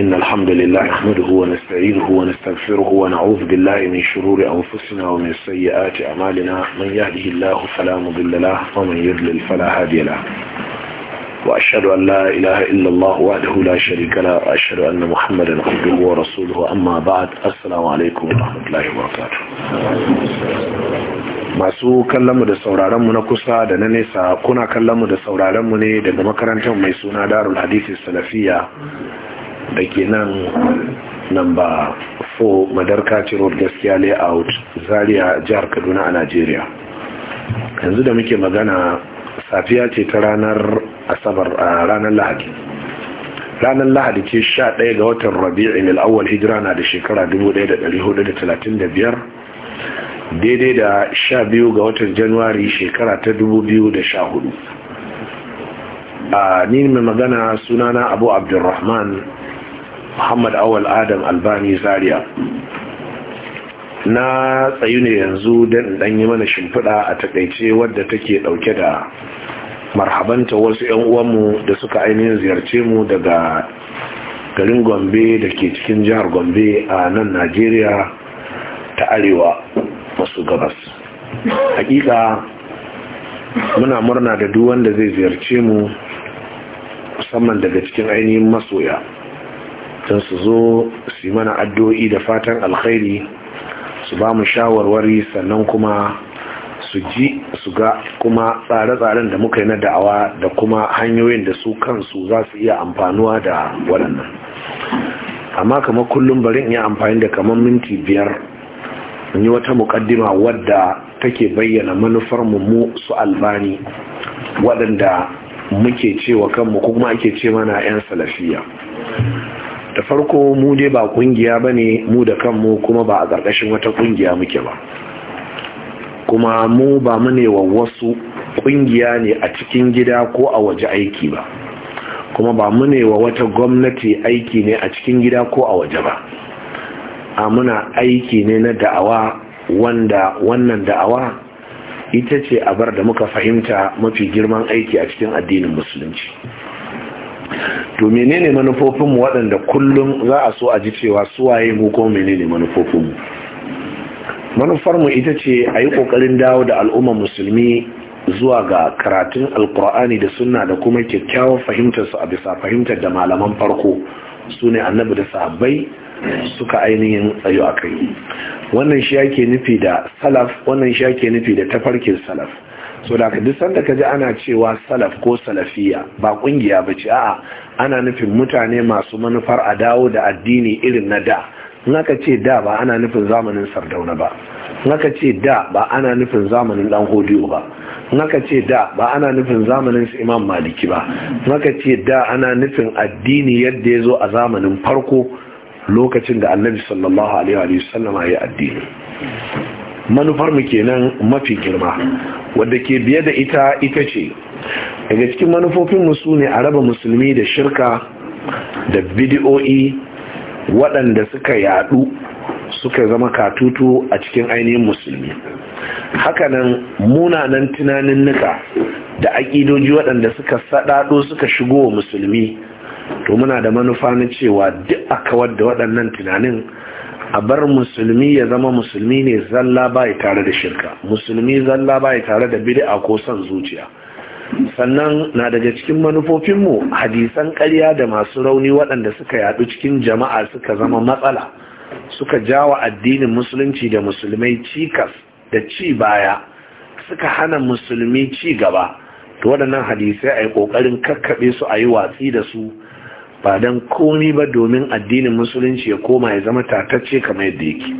إن الحمد لله نحمده ونستعينه ونستغفره ونعوذ بالله من شرور أنفسنا ومن سيئات أعمالنا من يهده الله فلا مضل له ومن يضلل فلا هادي له وأشهد أن لا إله إلا الله وحده لا شريك له وأشهد أن محمدا عبده ورسوله أما بعد السلام عليكم ورحمة الله وبركاته masu kallonmu da sauraronmu na kusa da na nesa kuna kallonmu da sauraronmu ne daga makarantar mai suna darul hadisi salafiya da ke nan namba 4 madarka road gaskiya layout zaria jihar kaduna a najeriya yanzu da muke magana safiya ce ta ranar asabar a ranar lahadi ranar lahadi ce 11 ga watan mil awal hijira na da shekara 1435 daidai da sha biyu ga watan januwari shekara ta 2014 a ni mai magana sunana abu abdulrahman muhammad awal adam albani zaria na tsayu ne yanzu don yi mana shimfiɗa a takaice wadda take ɗauke da marhabanta wasu 'yan uwanmu da suka ainihin ziyarce mu daga garin gombe da ke cikin jihar gombe a nan najeriya ta arewa masu gabas hakika muna murna da duk wanda zai ziyarce mu musamman daga cikin ainihin masoya don su zo su yi mana addu'o'i da fatan alkhairi su ba mu shawarwari sannan kuma su ji su ga kuma tsare-tsaren da muka yi na da'awa da kuma hanyoyin da su kansu za su iya amfanuwa da waɗannan amma kamar kullum barin in yi amfani da kamar minti biyar in yi wata muƙaddima wadda take bayyana manufar mu su albani waɗanda muke cewa kanmu kuma ake ce mana 'yan salafiya da farko mu dai ba kungiya ba ne mu da kanmu kuma ba a ƙarƙashin wata kungiya muke ba kuma mu ba mu ne wa wasu kungiya ne a cikin gida ko a waje aiki ba kuma ba mu ne wa wata gwamnati aiki ne a cikin gida ko a waje ba a muna aiki ne na da'awa wanda wannan da'awa ita ce abar da muka fahimta mafi girman aiki a cikin addinin musulunci to menene manufofinmu waɗanda kullum za a so a ji cewa suwaye mu ko menene manufar mu ita ce a yi ƙoƙarin dawo da al'ummar musulmi zuwa ga karatun alkur'ani da sunna da kuma kyakkyawar su a bisa fahimtar da malaman farko su ne annabi da sahabbai suka ainihin tsayo a kai wannan shi yake nufi da salaf wannan shi yake nufi da tafarkin salaf so da duk sanda ka ji ana cewa salaf ko salafiya ba kungiya ba ce a'a ana nufin mutane masu manufar a dawo da addini irin na da in ka ce da ba ana nufin zamanin sardauna ba in ka ce da ba ana nufin zamanin dan hodiyo ba in ka ce da ba ana nufin zamanin su imam maliki ba in ka ce da ana nufin addini yadda ya zo a zamanin farko lokacin da annabi sallallahu alaihi wa sallama ya addini manufar mu kenan mafi girma wadda ke biye da ita ita ce daga cikin manufofin mu sune a raba musulmi da shirka da bidiyo'i waɗanda suka yadu suka zama katutu a cikin ainihin musulmi Haka hakanan munanan tunanin nuka da aƙidoji waɗanda suka saɗaɗo suka shigo wa musulmi to muna da manufa na cewa duk a kawar da waɗannan tunanin a bar musulmi ya zama musulmi ne zalla bai tare da shirka musulmi zalla bai tare da bid'a ko son zuciya sannan na daga cikin manufofinmu hadisan ƙarya da masu rauni waɗanda suka yaɗu cikin jama'a suka zama matsala suka jawa addinin musulunci da musulmai cikas da ci baya suka hana musulmi ci gaba to waɗannan hadisai a yi ƙoƙarin kakkaɓe su a yi watsi da su ba don komi ba domin addinin musulunci ya koma ya zama tatacce kamar yadda yake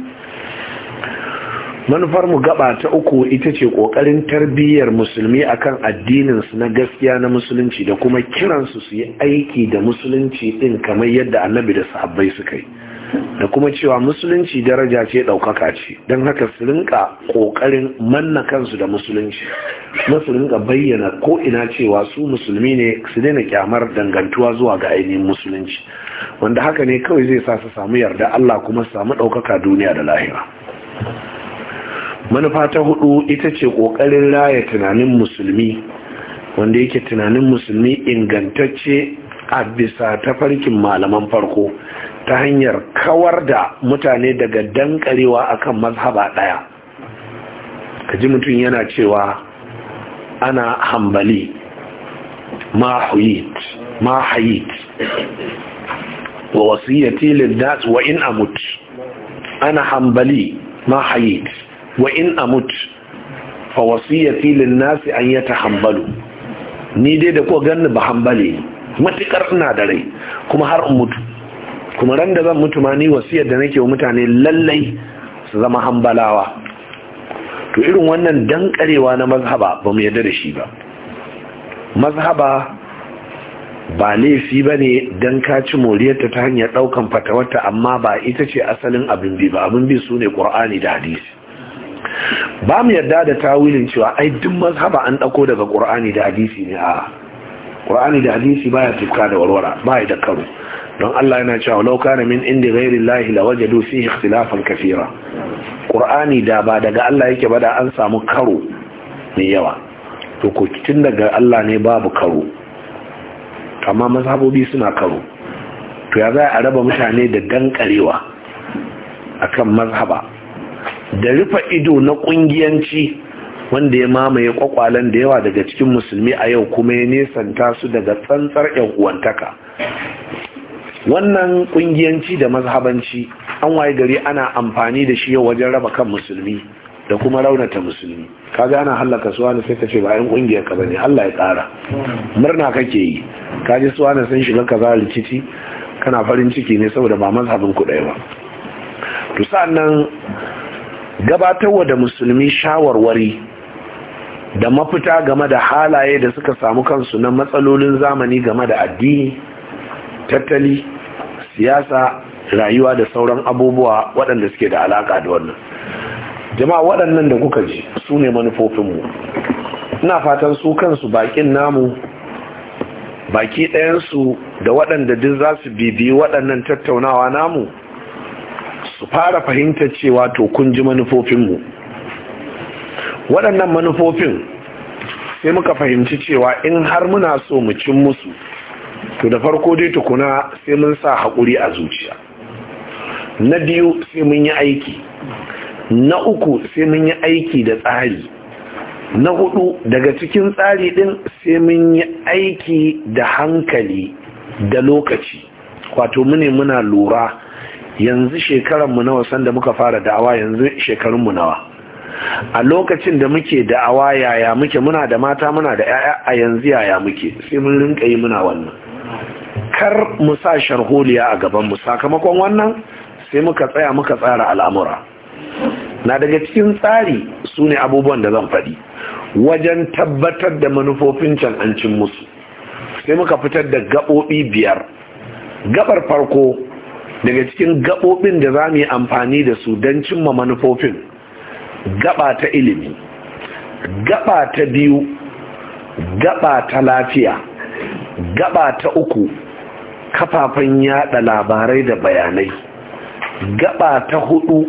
manufar mu gaba ta uku ita ce kokarin tarbiyyar musulmi akan addinin su na gaskiya na musulunci da kuma kiransu su yi aiki da musulunci din kamar yadda annabi da sahabbai suka yi da kuma cewa musulunci daraja ce ɗaukaka ce don haka su rinka ƙoƙarin manna kansu da musulunci su rinka bayyana ko ina cewa su musulmi ne su daina kyamar dangantuwa zuwa ga ainihin musulunci wanda haka ne kawai zai sa su samu yarda Allah kuma samu ɗaukaka duniya da lahira manufa ta hudu ita ce ƙoƙarin raya tunanin musulmi wanda yake tunanin musulmi ingantacce a bisa ta farkin malaman farko ta hanyar kawar da mutane daga dankarewa akan mazhaba ɗaya ka ji mutum yana cewa ana hambali ma hayit wa wasiyati lin-nas wa in amut ana hambali hayit wa in amut fa wasiyati lin-nas an yatahambalu ni dai da ko ganni ba hambali matukar ina da rai kuma har in mutu kuma ran da zan mutu ma ni wasiyar da nake wa mutane lallai su zama hambalawa to irin wannan dankarewa na mazhaba ba mu yarda da shi ba mazhaba ba laifi ba ne don kaci moriyarta ta hanyar ɗaukan fatawarta amma ba ita ce asalin abin bi ba abin bi sune ne ƙur'ani da hadisi ba mu yarda da tawilin cewa ai duk mazhaba an ɗauko daga ƙur'ani da hadisi ne a ƙur'ani da hadisi baya tufka da warwara ba da karo don Allah yana cewa law kana min indi ghairi la lawajadu fihi ikhtilafan kafira. qur'ani da ba daga Allah yake ba da an samu karo mai yawa to ko tun daga Allah ne babu karo amma mazhabobi suna karo to ya za a raba mutane da dankarewa akan mazhaba da rufe ido na ƙungiyanci wanda ya mamaye kwakwalen da yawa daga cikin musulmi a yau kuma ya nesanta su daga tsantsar yan uwantaka wannan kungiyanci da mazhabanci an waye gari ana amfani da shi yau wajen raba kan musulmi da kuma raunata musulmi kaga ana hallaka suwa ne sai ka ce bayan kungiyar ka bane Allah ya tsara murna kake yi Ka ji suwa ne sun shiga kaza rikici kana farin ciki ne saboda ba mazhabin ku ba to sa'annan gabatarwa da musulmi shawarwari da mafita game da halaye da suka samu kansu na matsalolin zamani game da addini tattali siyasa rayuwa da sauran abubuwa waɗanda suke da alaƙa da wannan jama'a waɗannan da kuka ji su ne manufofinmu ina fatan su kansu bakin namu baki ɗayansu da waɗanda duk za su bibiyi waɗannan tattaunawa namu su fara fahimta cewa to kun ji manufofinmu waɗannan manufofin sai muka fahimci cewa in har muna so mu cin musu to da farko dai tukuna sai mun sa haƙuri a zuciya na biyu sai mun yi aiki na uku sai mun yi aiki da tsari na hudu daga cikin tsari din sai mun yi aiki da hankali da lokaci wato mune muna lura yanzu shekaranmu nawa sanda muka fara da'awa yanzu shekarunmu nawa a lokacin da muke da'awa yaya muke muna da mata muna da 'ya'ya a yanzu yaya muke sai mun rinka yi muna wannan kar mu sa sharholiya a gabanmu sakamakon wannan sai muka tsaya muka tsara al'amura na daga cikin tsari su ne abubuwan da zan faɗi wajen tabbatar da manufofin can an musu sai muka fitar da gaɓoɓi biyar gaɓar farko daga cikin gaɓoɓin da za mu yi amfani da su don cimma manufofin gaɓa ta ilimi gaɓa ta biyu gaɓa ta lafiya gaba ta uku kafafen yada labarai da bayanai gaba ta hudu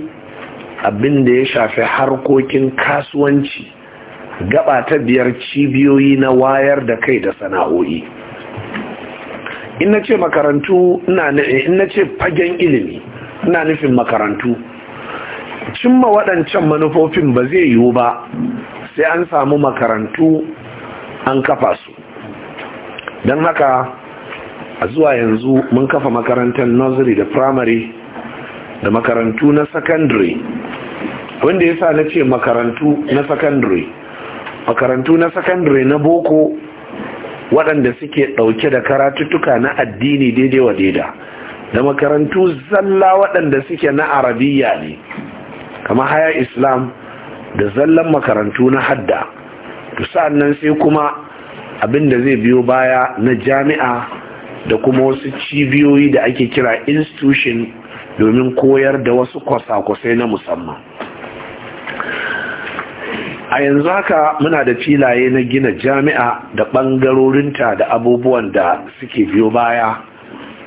abin da ya shafi harkokin kasuwanci gaba ta biyar cibiyoyi na wayar da kai da sana'o'i in na ce makarantu in na ce fagen ilimi ina nufin makarantu cimma waɗancan manufofin ba zai yiwu ba sai an samu makarantu an kafa su don haka a zuwa yanzu mun kafa makarantar nursery da primary da makarantu na secondary wanda ya sa na ce makarantu na secondary makarantu na secondary na boko waɗanda suke ɗauke da karatuttuka na addini daidai wa daida da makarantu zalla waɗanda suke na arabiya ne kama haya islam da zallan makarantu na hadda to sa'annan sai kuma abin da zai biyo baya na jami'a da kuma wasu cibiyoyi da ake kira institution domin koyar da wasu kwasa-kwasai na musamman a yanzu haka muna da filaye na gina jami'a da ɓangarorinta da abubuwan da suke biyo baya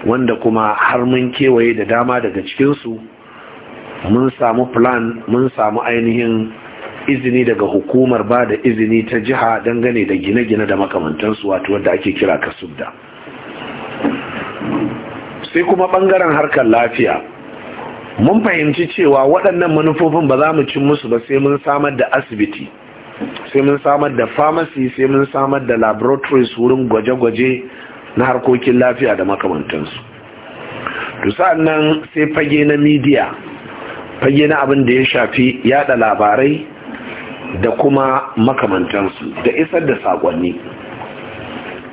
wanda kuma har mun kewaye da dama daga cikinsu mun samu plan mun samu ainihin izini daga hukumar ba da izini ta jiha dangane da gine-gine da makamantansu wato wadda ake kira kasubda sai kuma bangaren harkar lafiya mun fahimci cewa waɗannan manufofin ba za mu cin musu ba sai mun samar da asibiti sai mun samar da pharmacy sai mun samar da laboratories wurin gwaje-gwaje na harkokin lafiya da makamantansu sa'an nan sai fage na midiya fage na abin da ya shafi yada labarai da kuma makamantansu da isar da sakonni.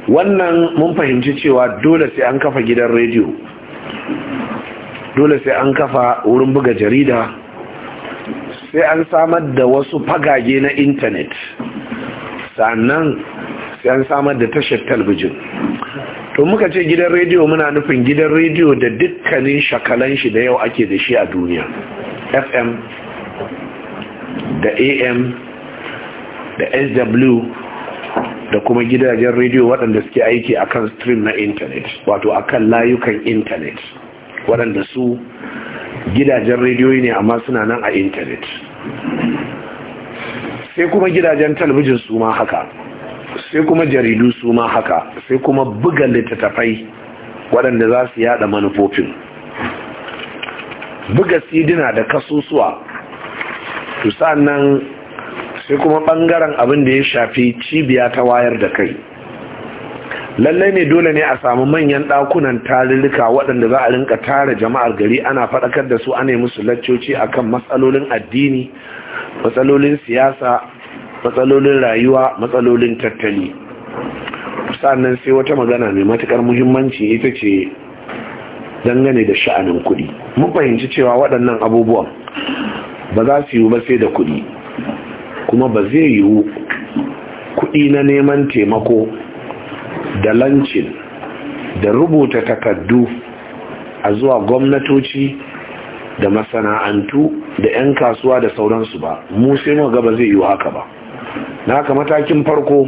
wannan mun fahimci cewa dole sai an kafa gidan rediyo dole sai an kafa wurin buga jarida sai an samar da wasu fagage na intanet sannan sai an samar da tashar talbijin to muka ce gidan rediyo muna nufin gidan rediyo da dukkanin shakalan shi da yau ake da shi a duniya fm da am da sw da kuma gidajen rediyo waɗanda suke aiki akan stream na intanet wato kan layukan intanet waɗanda su gidajen rediyoyi ne amma suna nan a intanet sai kuma gidajen talabijin su ma haka sai kuma jaridu su ma haka sai kuma buga littattafai waɗanda za su yada manufofin buga sidina da kasusuwa to nan sai kuma bangaren abin da ya shafi cibiya ta wayar da kai lallai ne dole ne a samu manyan ɗakunan tarurruka waɗanda za a rinka tara jama'ar gari ana faɗakar da su ana musu laccoci a kan matsalolin addini matsalolin siyasa matsalolin rayuwa matsalolin tattali sannan sai wata magana mai matukar muhimmanci ita ce dangane da sha'anin kuɗi mun fahimci cewa waɗannan abubuwan ba za su yi ba sai da kuɗi kuma ba zai yiwu kuɗi na neman taimako da lancin da rubuta takardu a zuwa gwamnatoci da masana'antu da 'yan kasuwa da sauransu ba mu sai maga ba zai yiwu haka ba na haka matakin farko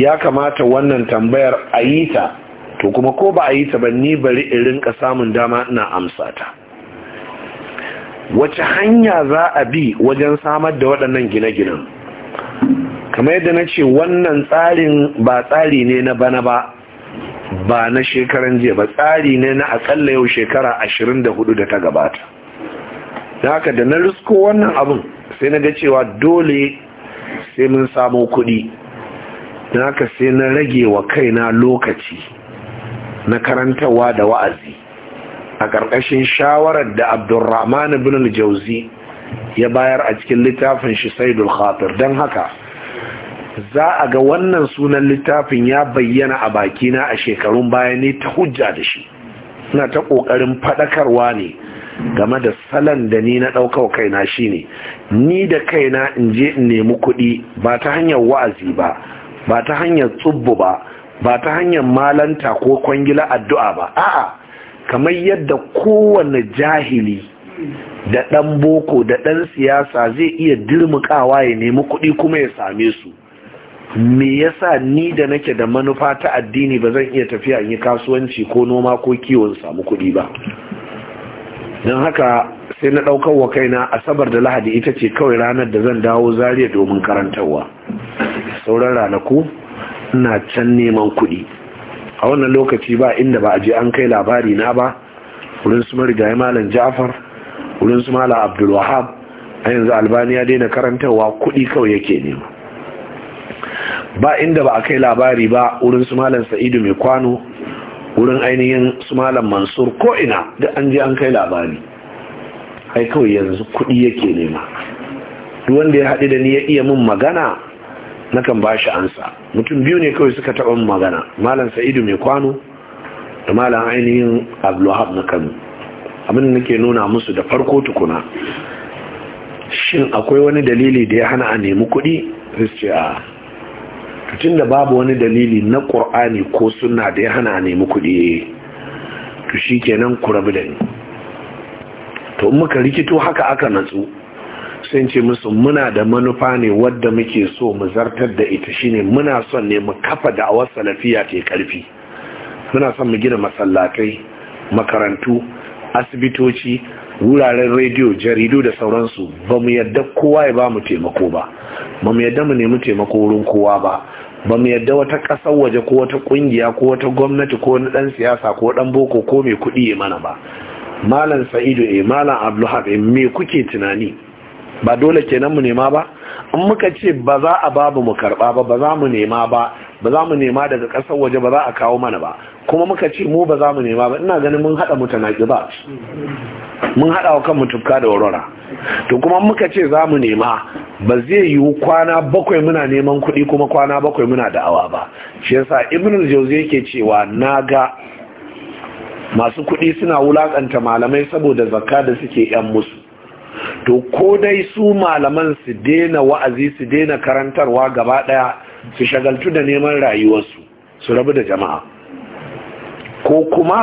ya kamata wannan tambayar a ta to kuma ko ba a yi ta ba ni bari in rinka samun dama ina amsa ta wace hanya za a bi wajen samar da waɗannan gine-ginen kamar yadda na ce wannan tsarin ba tsari ne na bana ba ba na shekaran jiya ba tsari ne na akalla yau shekara ashirin da hudu da ta gabata da haka da na risko wannan abin sai na ga cewa dole sai mun samo kuɗi da haka sai na rage wa kaina lokaci na karantarwa da wa'azi a ƙarƙashin shawarar da abdurrahman ibn al-jauzi ya bayar a cikin littafin shi saidul khatir don haka za a ga wannan sunan littafin ya bayyana a bakina a shekarun baya ne ta hujja da shi na ta ƙoƙarin faɗakarwa ne game da salon da ni na ɗaukar kaina shine ni da kaina in je in nemi kuɗi ba ta hanyar wa'azi ba ba ta hanyar tsubbu ba ba ta hanyar malanta ko kwangila addu'a ba a'a kamar yadda kowane jahili da ɗan boko da ɗan siyasa zai iya dirmukawa ya nemi kuɗi kuma ya same su me yasa ni da nake da manufa ta addini ba zan iya tafiya in yi kasuwanci ko noma ko kiwon samu kuɗi ba don haka sai na ɗaukar wa kaina asabar da lahadi ita ce kawai ranar da zan dawo zariya domin karantarwa sauran ranaku ina can neman kuɗi a wannan lokaci ba inda ba a je an kai labari na ba wurin su marigayi malam jafar wurin su malam abdulwahab a yanzu albaniya daina karantarwa kuɗi kawai yake nema ba inda ba a kai labari ba wurin su malam sa'idu mai kwano wurin ainihin su malam mansur ko ina da an je an kai labari ai kawai yanzu kuɗi yake nema duk wanda ya haɗu da ni ya iya min magana nakan ba shi ansa mutum biyu ne kawai suka taɓa mu magana malam sa'idu mai kwano da malam ainihin abdullahab na kano abin da nake nuna musu da farko tukuna shin akwai wani dalili da ya hana a nemi kuɗi ce a tutun da babu wani dalili na ƙur'ani ko suna da ya hana a nemi kuɗi to shi kenan ku rabu da ni to in muka rikito haka aka natsu kasance musu muna da manufa ne wadda muke so mu zartar da ita shine muna son ne mu kafa da awar salafiya ke karfi muna son mu gina masallatai makarantu asibitoci wuraren rediyo jaridu da sauransu ba mu yadda kowa ya ba mu taimako ba ba mu yadda mu nemi taimako wurin kowa ba ba mu yadda wata ƙasar waje ko wata ƙungiya ko wata gwamnati ko wani ɗan siyasa ko ɗan boko ko mai kuɗi ya mana ba malam sa'idu e malam abdulhab e me kuke tunani ba dole kenan mu nema ba in muka ce ba za a babu mu karba ba ba za mu nema ba ba za mu nema daga ƙasar waje ba za a kawo mana ba kuma muka ce mu ba za mu nema ba ina ganin mun haɗa tanaki ba mun haɗa wa kan mutuka da warwara to kuma muka ce za mu nema ba zai yiwu kwana bakwai muna neman kuɗi kuma kwana bakwai muna da'awa ba shi yasa ibn al-jawzi yake cewa na ga masu kuɗi suna wulakanta malamai saboda zakka da suke yan musu to ko dai su malaman su daina wa'azi su daina karantarwa gaba daya su shagaltu da neman rayuwarsu su rabu da jama'a ko kuma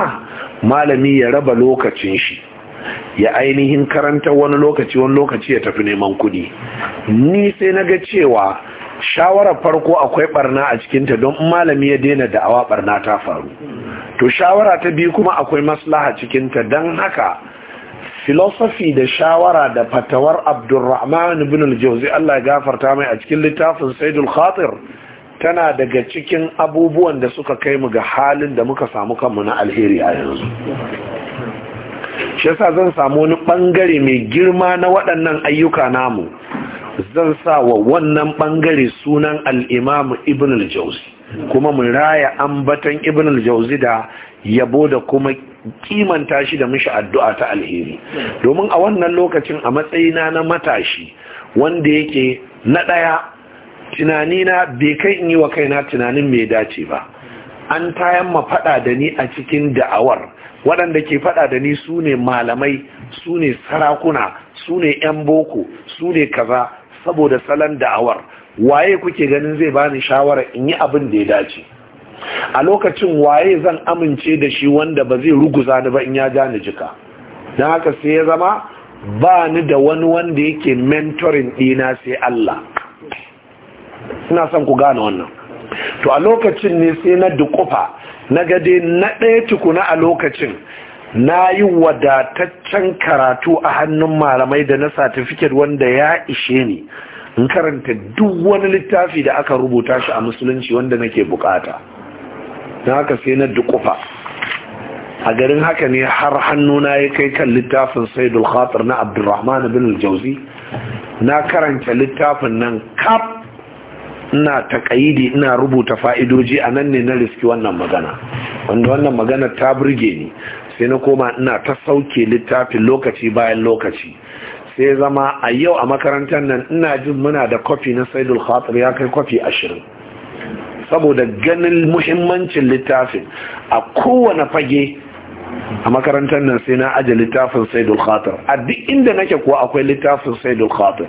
malami ya raba lokacin shi ya ainihin karanta wani lokaci wani lokaci ya tafi neman kudi ni sai na ga cewa shawarar farko akwai barna a cikinta don malami ya daina awa barna ta faru to shawara ta biyu kuma akwai maslaha cikinta don haka filosofi da shawara da fatawar abdurrahman ibn al-jawzi Allah ya gafarta mai a cikin littafin saidul khatir tana daga cikin abubuwan da suka kai mu ga halin da muka samu kanmu na alheri a yanzu shi yasa zan samu wani bangare mai girma na waɗannan ayyuka namu zan sa wa wannan bangare sunan al-imam ibn al-jawzi kuma mun raya ambatan ibn al-jawzi da yabo da kuma kimanta shi da mishi addu'a ta alheri domin a wannan lokacin a matsayina na matashi wanda yake na ɗaya tunanina bai kai in yi wa kaina tunanin mai dace ba an tayan ma faɗa da ni a cikin da'awar waɗanda ke faɗa da ni su ne malamai su ne sarakuna su ne 'yan boko su ne kaza saboda salon da'awar waye kuke ganin zai bani shawara in yi abin da ya dace a lokacin waye zan amince da shi wanda ba zai ruguza ni ba in ya ja ni jika don haka sai ya zama ba ni da wani wanda yake mentoring dina sai Allah ina son ku gane wannan to a lokacin ne sai na dukufa na gade na ɗaya tukuna a lokacin na yi wadataccen karatu a hannun malamai da na satifiket wanda ya ishe ni in karanta duk wani littafi da aka rubuta shi a musulunci wanda nake bukata na haka sai na dukufa a garin haka ne har hannu na ya kai kan littafin saidul khatir na abdulrahman bin aljauzi na karanta littafin nan kaf ina takaidi ina rubuta fa'idoji a nan ne na riski wannan magana wanda wannan magana ta burge ni sai na koma ina ta sauke littafin lokaci bayan lokaci sai zama a yau a makarantar nan ina jin muna da kwafi na saidul khatir ya kai kwafi ashirin saboda ganin muhimmancin littafin a kowane fage a makarantar nan sai na aje littafin saidul khatar a duk inda nake kuwa akwai littafin saidul khatar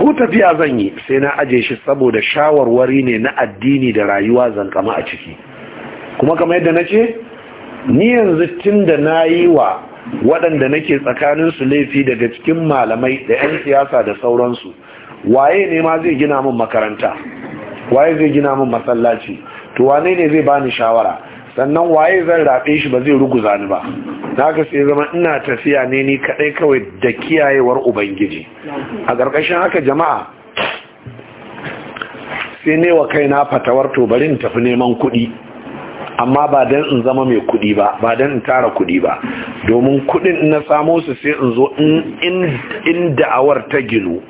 ko tafiya zan yi sai na aje shi saboda shawarwari ne na addini da rayuwa zankama a ciki kuma kama yadda na ce ni yanzu tun da na yi wa waɗanda nake tsakaninsu laifi daga cikin malamai da 'yan siyasa da sauransu waye ne ma zai gina min makaranta waye zai gina min masallaci to wane ne zai bani shawara sannan waye zan rabe shi ba zai ruguza ni ba naga sai zama ina tafiya ne ni kadai kawai da kiyayewar ubangiji a ƙarƙashin haka jama'a sai ne wa kaina fatawar to bari in tafi neman kuɗi amma ba dan in zama mai kuɗi ba ba dan in tara kuɗi ba domin kuɗin na samo su sai in zo in da'awar ta gino,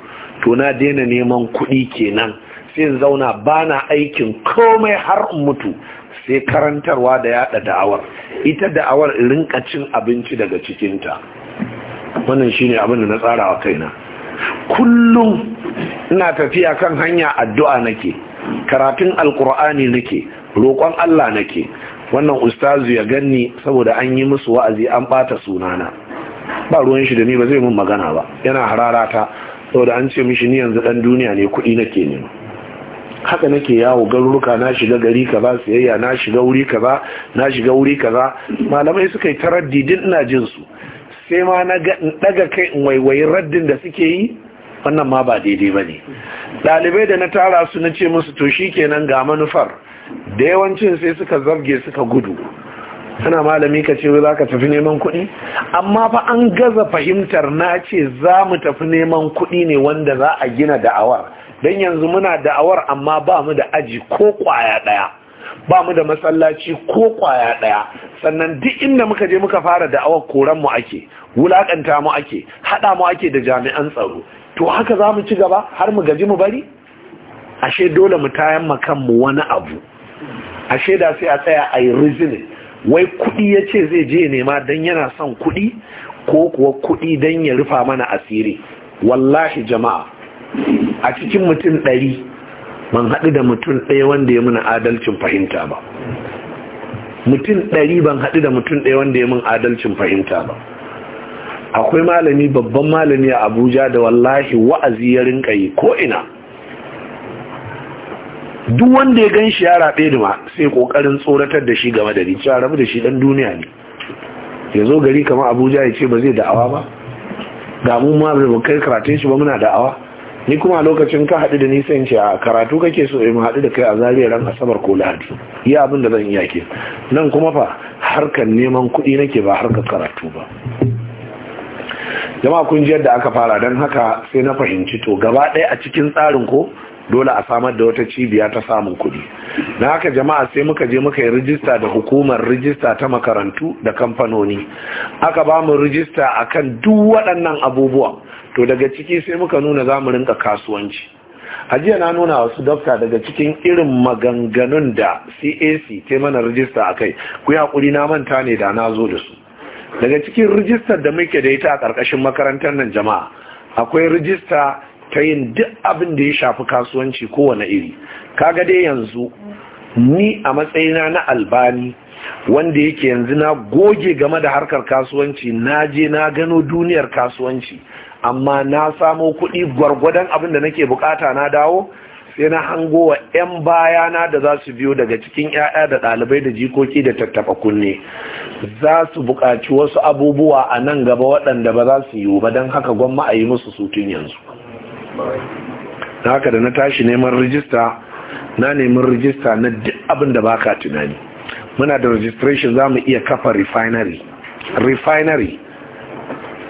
to na daina neman kuɗi kenan sai zauna bana aikin komai har in mutu sai karantarwa da yada da'awar ita da'awar rinka cin abinci daga cikinta wannan shine abin da na tsara wa kaina kullum ina tafiya kan hanya addu'a nake karatun alkur'ani nake roƙon Allah nake wannan ustazu ya ganni saboda an yi musu wa'azi an bata sunana ba ruwan shi da ni ba zai mun magana ba yana hararata saboda an ce mishi ni yanzu dan duniya ne kuɗi nake nema haka nake yawo garuruka na shiga gari kaza siyayya na shiga wuri kaza na shiga wuri kaza malamai suka yi ta raddi ina jin su sai ma na daga kai in waiwayi raddin da suke yi wannan ma ba daidai ba ne dalibai da na tara su na ce musu to shi shikenan ga manufar da yawancin sai suka zarge suka gudu ana malami ka ce za ka tafi neman kuɗi amma fa an gaza fahimtar na ce za mu tafi neman kuɗi ne wanda za a gina da'awar don yanzu muna da'awar amma ba mu da aji ko kwaya ɗaya ba mu da masallaci ko kwaya ɗaya sannan duk inda muka je muka fara da'awar koran mu ake wulakanta mu ake haɗa mu ake da jami'an tsaro to haka za mu ci gaba har mu gaji mu bari ashe dole mu tayan kanmu wani abu ashe da sai a tsaya a yi rizini wai kuɗi ya ce zai je nema don yana son kuɗi ko kuwa kuɗi don ya rufa mana asiri wallahi jama'a a cikin mutum ɗari ban haɗu da mutum ɗaya wanda ya muna adalcin fahimta ba mutum ɗari ban haɗu da mutum ɗaya wanda ya mun adalcin fahimta ba akwai malami babban malami a abuja da wallahi wa'azi ya rinka yi ko duk wanda ya gan shi ya raɓe da ma sai ƙoƙarin tsoratar da shi game da ni cewa rabu da shi ɗan duniya ne ya zo gari kamar abuja ya ce ba zai da'awa ba ga mu ma ba kai karatun shi ba muna da'awa ni kuma lokacin ka haɗu da nisan ce a karatu kake so in haɗu da kai a zariya ran asabar ko lahadi iya abin da zan iya ke nan kuma fa harkar neman kuɗi nake ba harkar karatu ba jama'a kun ji yadda aka fara don haka sai na fahimci to gaba ɗaya a cikin tsarin ko dole a samar da wata cibiya ta samun kuɗi na haka jama'a sai muka je muka yi rijista da hukumar rijista ta makarantu da kamfanoni aka ba mu rijista akan duk waɗannan abubuwan to daga ciki sai muka nuna za mu rinka kasuwanci hajiya na nuna wasu dafta daga cikin irin maganganun da cac ta mana rijista a kai ku hakuri na manta ne da na zo da su daga cikin rijistar da muke da ita a ƙarƙashin makarantar nan jama'a akwai rijista ta yin duk abin da ya shafi kasuwanci kowane iri kaga dai yanzu ni a matsayina na albani wanda yake yanzu na goge game da harkar kasuwanci na je na gano duniyar kasuwanci amma na samo kuɗi gwargwadon abin da nake bukata na dawo sai na hango wa 'yan bayana da za su biyo daga cikin 'ya'ya da ɗalibai da jikoki da tattafa kunne za su buƙaci wasu abubuwa a nan gaba waɗanda ba za su yi ba don haka gwamma a yi musu sutun yanzu na haka da na tashi neman rijista na neman rijista na abin da baka tunani muna da registration za mu iya kafa refinery refinery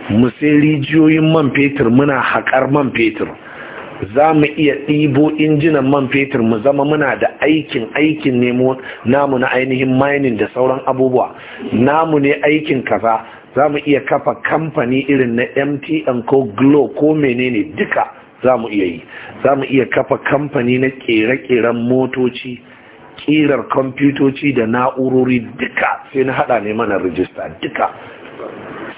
mu sai rijiyoyin man fetur muna haƙar man fetur za mu iya ɗibo injinan man fetur mu zama muna da aikin aikin nemo namu na ainihin mining da sauran abubuwa namu ne aikin kaza za mu iya kafa kamfani irin na mtn ko glo ko menene duka za mu iya yi za mu iya kafa kamfani na ƙere-ƙeren motoci ƙirar kwamfutoci da na'urori duka sai na haɗa ne mana rijista duka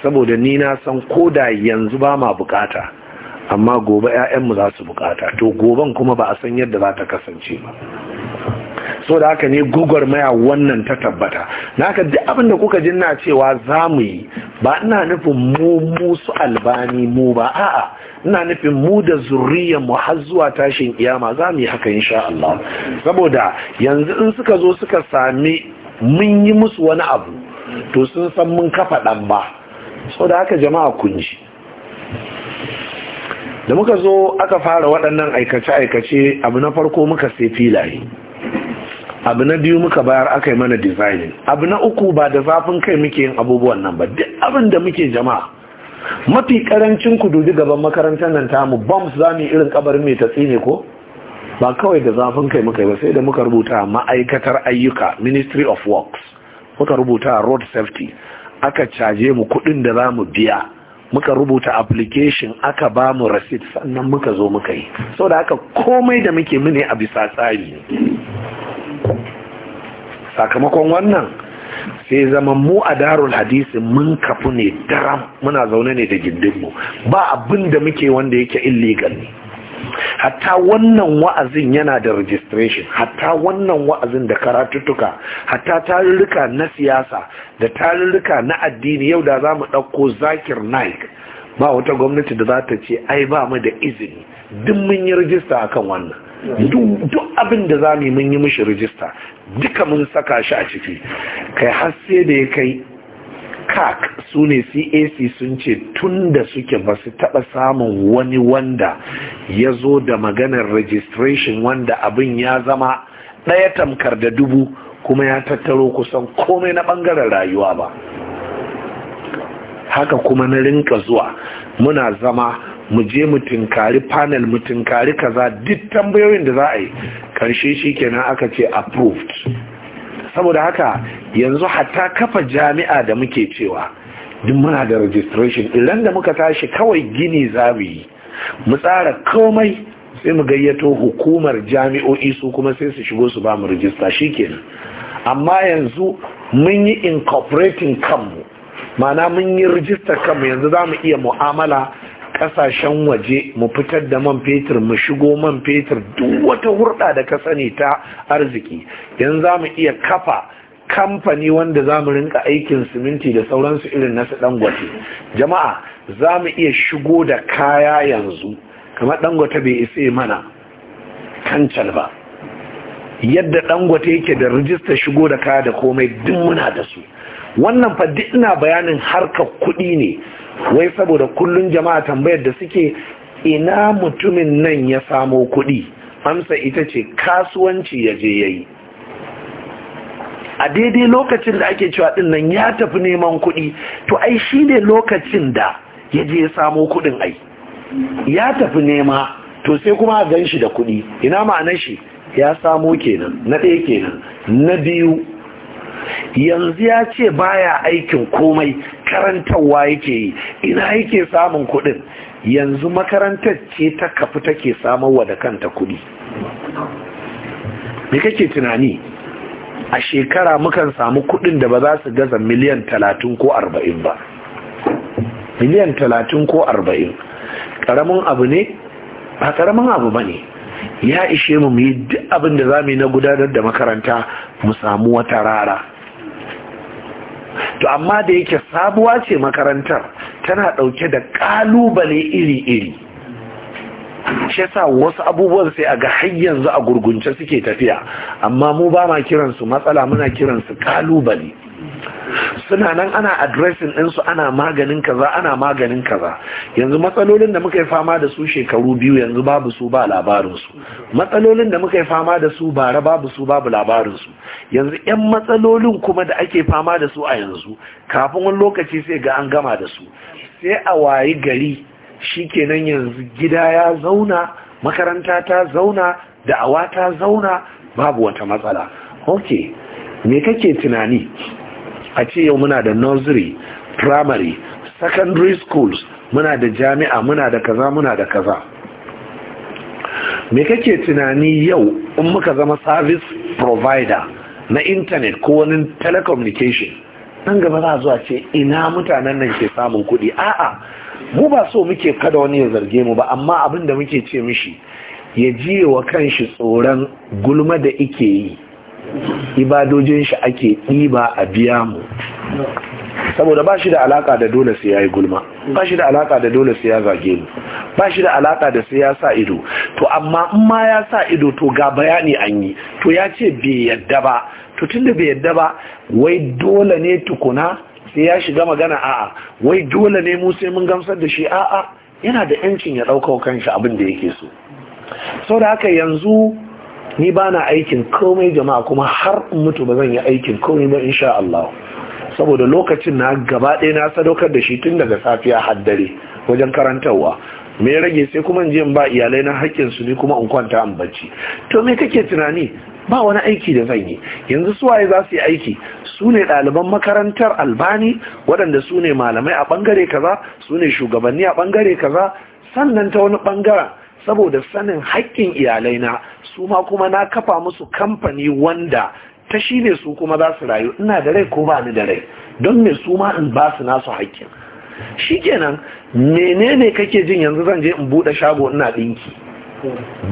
saboda ni na san koda yanzu ba ma bukata amma gobe 'ya'yanmu za su bukata to goben kuma ba a san yadda za ta kasance ba so da haka ne gugwar maya wannan ta tabbata na haka duk abin da kuka jin cewa za mu yi ba ina nufin mu musu albani mu ba a'a ina nufin mu da zuriyar mu har zuwa tashin iyama. za mu yi haka insha Allah saboda yanzu in suka zo suka sami mun yi musu wani abu to sun san mun kafa dan ba so da haka jama'a kunji da muka zo aka fara waɗannan aikace-aikace abu na farko muka sai filaye abu na biyu muka bayar aka yi mana designing abu na uku ba da zafin kai muke yin abubuwan nan ba duk abin da muke jama'a mafi karancin kududu gaban makarantar nan tamu bombs za mu irin kabar mai tatsi ne ko ba kawai da zafin kai muka yi ba sai da muka rubuta ma'aikatar ayyuka ministry of works muka rubuta road safety aka caje mu kuɗin da za mu biya muka rubuta application aka ba mu receipt sannan muka zo muka yi da haka komai da muke mune a bisa tsari sakamakon wannan sai zama mu a darul hadisi mun kafu ne daram muna zaune ne da gindinmu ba abin da muke wanda yake illegal ne hatta wannan wa'azin yana da registration hatta wannan wa'azin da karatuttuka hatta tarurruka na siyasa da tarurruka na addini yau da za mu ɗauko zakir naik ba wata gwamnati da za ta ce ai ba mu da izini duk mun yi rajista akan wannan duk abin da za mu yi mun yi mishi rajista duka mun saka shi a ciki kai har sai da ya kai CAC su ne cac sun ce tun da suke ba su taɓa samun wani wanda ya zo da maganar registration wanda abin ya zama ɗaya tamkar da dubu kuma ya tattaro kusan komai na ɓangaren rayuwa ba haka kuma na rinka zuwa muna zama mu je mu tinkari panel mu tinkari kaza duk tambayoyin da za a yi karshe shi kenan aka ce approved saboda haka yanzu hatta kafa jami'a da muke cewa duk muna da registration idan da muka tashi kawai gini za mu yi mu tsara komai sai mu gayyato hukumar jami'o'i su kuma sai su shigo su ba mu rijista shikenan amma yanzu mun yi incorporating kanmu mana mun yi rijistar kanmu yanzu za mu iya mu'amala kasashen waje mu fitar da man fetur mu shigo man fetur duk wata hurɗa da ka sani ta arziki idan za mu iya kafa kamfani wanda za mu rinka aikin siminti da sauransu irin nasu dangote jama'a za mu iya shigo da kaya yanzu kamar dangote bai isa mana kancal ba yadda dangote yake da rijista shigo da kaya da komai duk muna da su wannan fa ina bayanin harkar kuɗi ne wai saboda kullun jama'a tambayar da suke ina mutumin nan ya samo kuɗi amsa ita ce kasuwanci ya je ya yi a daidai lokacin da ake cewa ɗin nan ya tafi neman kuɗi to ai shi ne lokacin da ya je ya samo kuɗin ai ya tafi nema to sai kuma a gan shi da kuɗi ina ma'anar shi ya samo kenan na ɗaya kenan na biyu yanzu ya ce baya aikin komai karantarwa yake yi ina yake samun kuɗin yanzu makarantar ce ta kafi take samarwa da kanta kuɗi me kake tunani a shekara mukan samu kuɗin da ba za su gaza miliyan talatin ko arba'in ba miliyan talatin ko arba'in ƙaramin abu ne ba ƙaramin abu ba ne ya ishe mu mu yi duk abin da za mu yi na gudanar da makaranta mu samu wata rara to amma da yake sabuwa ce makarantar tana ɗauke da ƙalubale iri-iri shi yasa wasu abubuwan sai a ga har yanzu a gurgunce suke tafiya amma mu ba ma kiransu matsala muna kiransu ƙalubale suna nan ana addressing ɗinsu ana maganin kaza ana maganin kaza yanzu matsalolin da muka yi fama da su shekaru biyu yanzu babu su ba labarinsu matsalolin da muka yi fama da su bara babu su babu labarinsu yanzu 'yan matsalolin kuma da ake fama da su a yanzu kafin wani lokaci sai ga an gama da su sai a wayi gari shi kenan yanzu gida ya zauna makaranta ta zauna da'awa ta zauna babu wata matsala ok me kake tunani a ce yau muna da nursery primary secondary schools muna da jami'a muna da kaza muna da kaza me kake tunani yau in muka zama service provider na intanet ko wani telecommunication nan gaba za zuwa ce ina mutanen nan ke samun kuɗi a'a mu ba so muke kada wani ya zarge mu ba amma abin da muke ce mishi ya jiye wa kanshi tsoron gulma da ike yi ibadojin shi ake ɗiba a biya mu saboda ba shi da alaka da dole sai ya yi gulma ba shi da alaka da dole sai ya zage mu ba shi da alaka da sai ya sa ido to amma in ma ya sa ido to ga bayani an yi to ya ce bai yadda ba to tunda bai yadda ba wai dole ne tukuna sai ya shiga magana a'a wai dole ne mu sai mun gamsar da shi a'a yana da yancin ya ɗauka kanshi abin da yake so sau da haka yanzu ni ba na aikin komai jama'a kuma har mutu ba zan yi aikin komai ba insha Allah saboda lokacin na gaba ɗaya na sadaukar da shi tun daga safiya haddare wajen karantarwa me rage sai kuma je ba iyalai na haƙƙin su ne kuma in kwanta an bacci to me kake tunani ba wani aiki da zan yi yanzu su waye za su yi aiki su ne ɗaliban makarantar albani waɗanda su ne malamai a ɓangare kaza su ne shugabanni a ɓangare kaza sannan ta wani ɓangaren saboda sanin haƙƙin iyalai na su ma kuma na kafa musu kamfani wanda ta shi ne su kuma za su rayu ina da rai ko ba ni da rai don me su ma in ba su nasu haƙƙin shi kenan menene kake jin yanzu zan je in buɗe shago ina ɗinki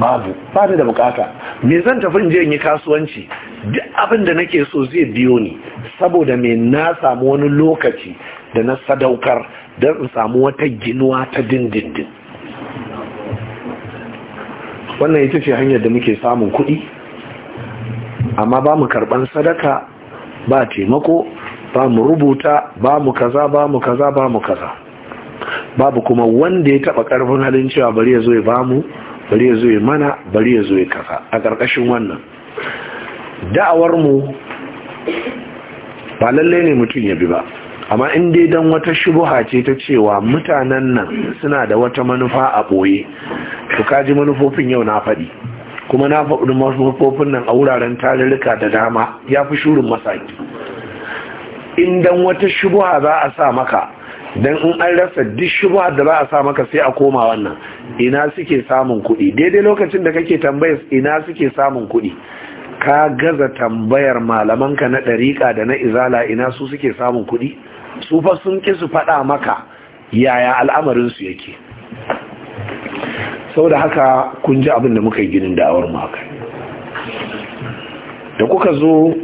babu ba ni da bukata me zan tafi in je in yi kasuwanci duk abin da nake so zai biyo ni saboda me na samu wani lokaci da na sadaukar don in samu wata ginuwa ta dindindin wannan ita ce hanyar da muke samun kuɗi amma ba mu karɓar sadaka ba taimako ba mu rubuta ba mu kaza ba mu kaza ba mu kaza babu kuma wanda ya taɓa ƙarfin halin cewa bari ya zo ya bamu bari ya zo ya mana bari ya zo ya kaza a ƙarƙashin wannan da'awar mu ba lallai ne mutum ya bi ba amma in dai dan wata shubuha ce ta cewa mutanen nan suna da wata manufa a ɓoye to kaji manufofin yau na faɗi kuma na faɗi manufofin nan a wuraren tarurruka da dama ya fi shurin masaki in dan wata shubuha za a sa maka don in an rasa duk shubuha da za a sa maka sai a koma wannan ina suke samun kuɗi daidai lokacin da kake tambayar ina suke samun kuɗi ka gaza tambayar malamanka na ɗariƙa da na izala ina su suke samun kuɗi su fa sun ki su faɗa maka yaya al'amarinsu yake sau da haka kun ji abin da muka yi ginin da'awar mu da kuka zo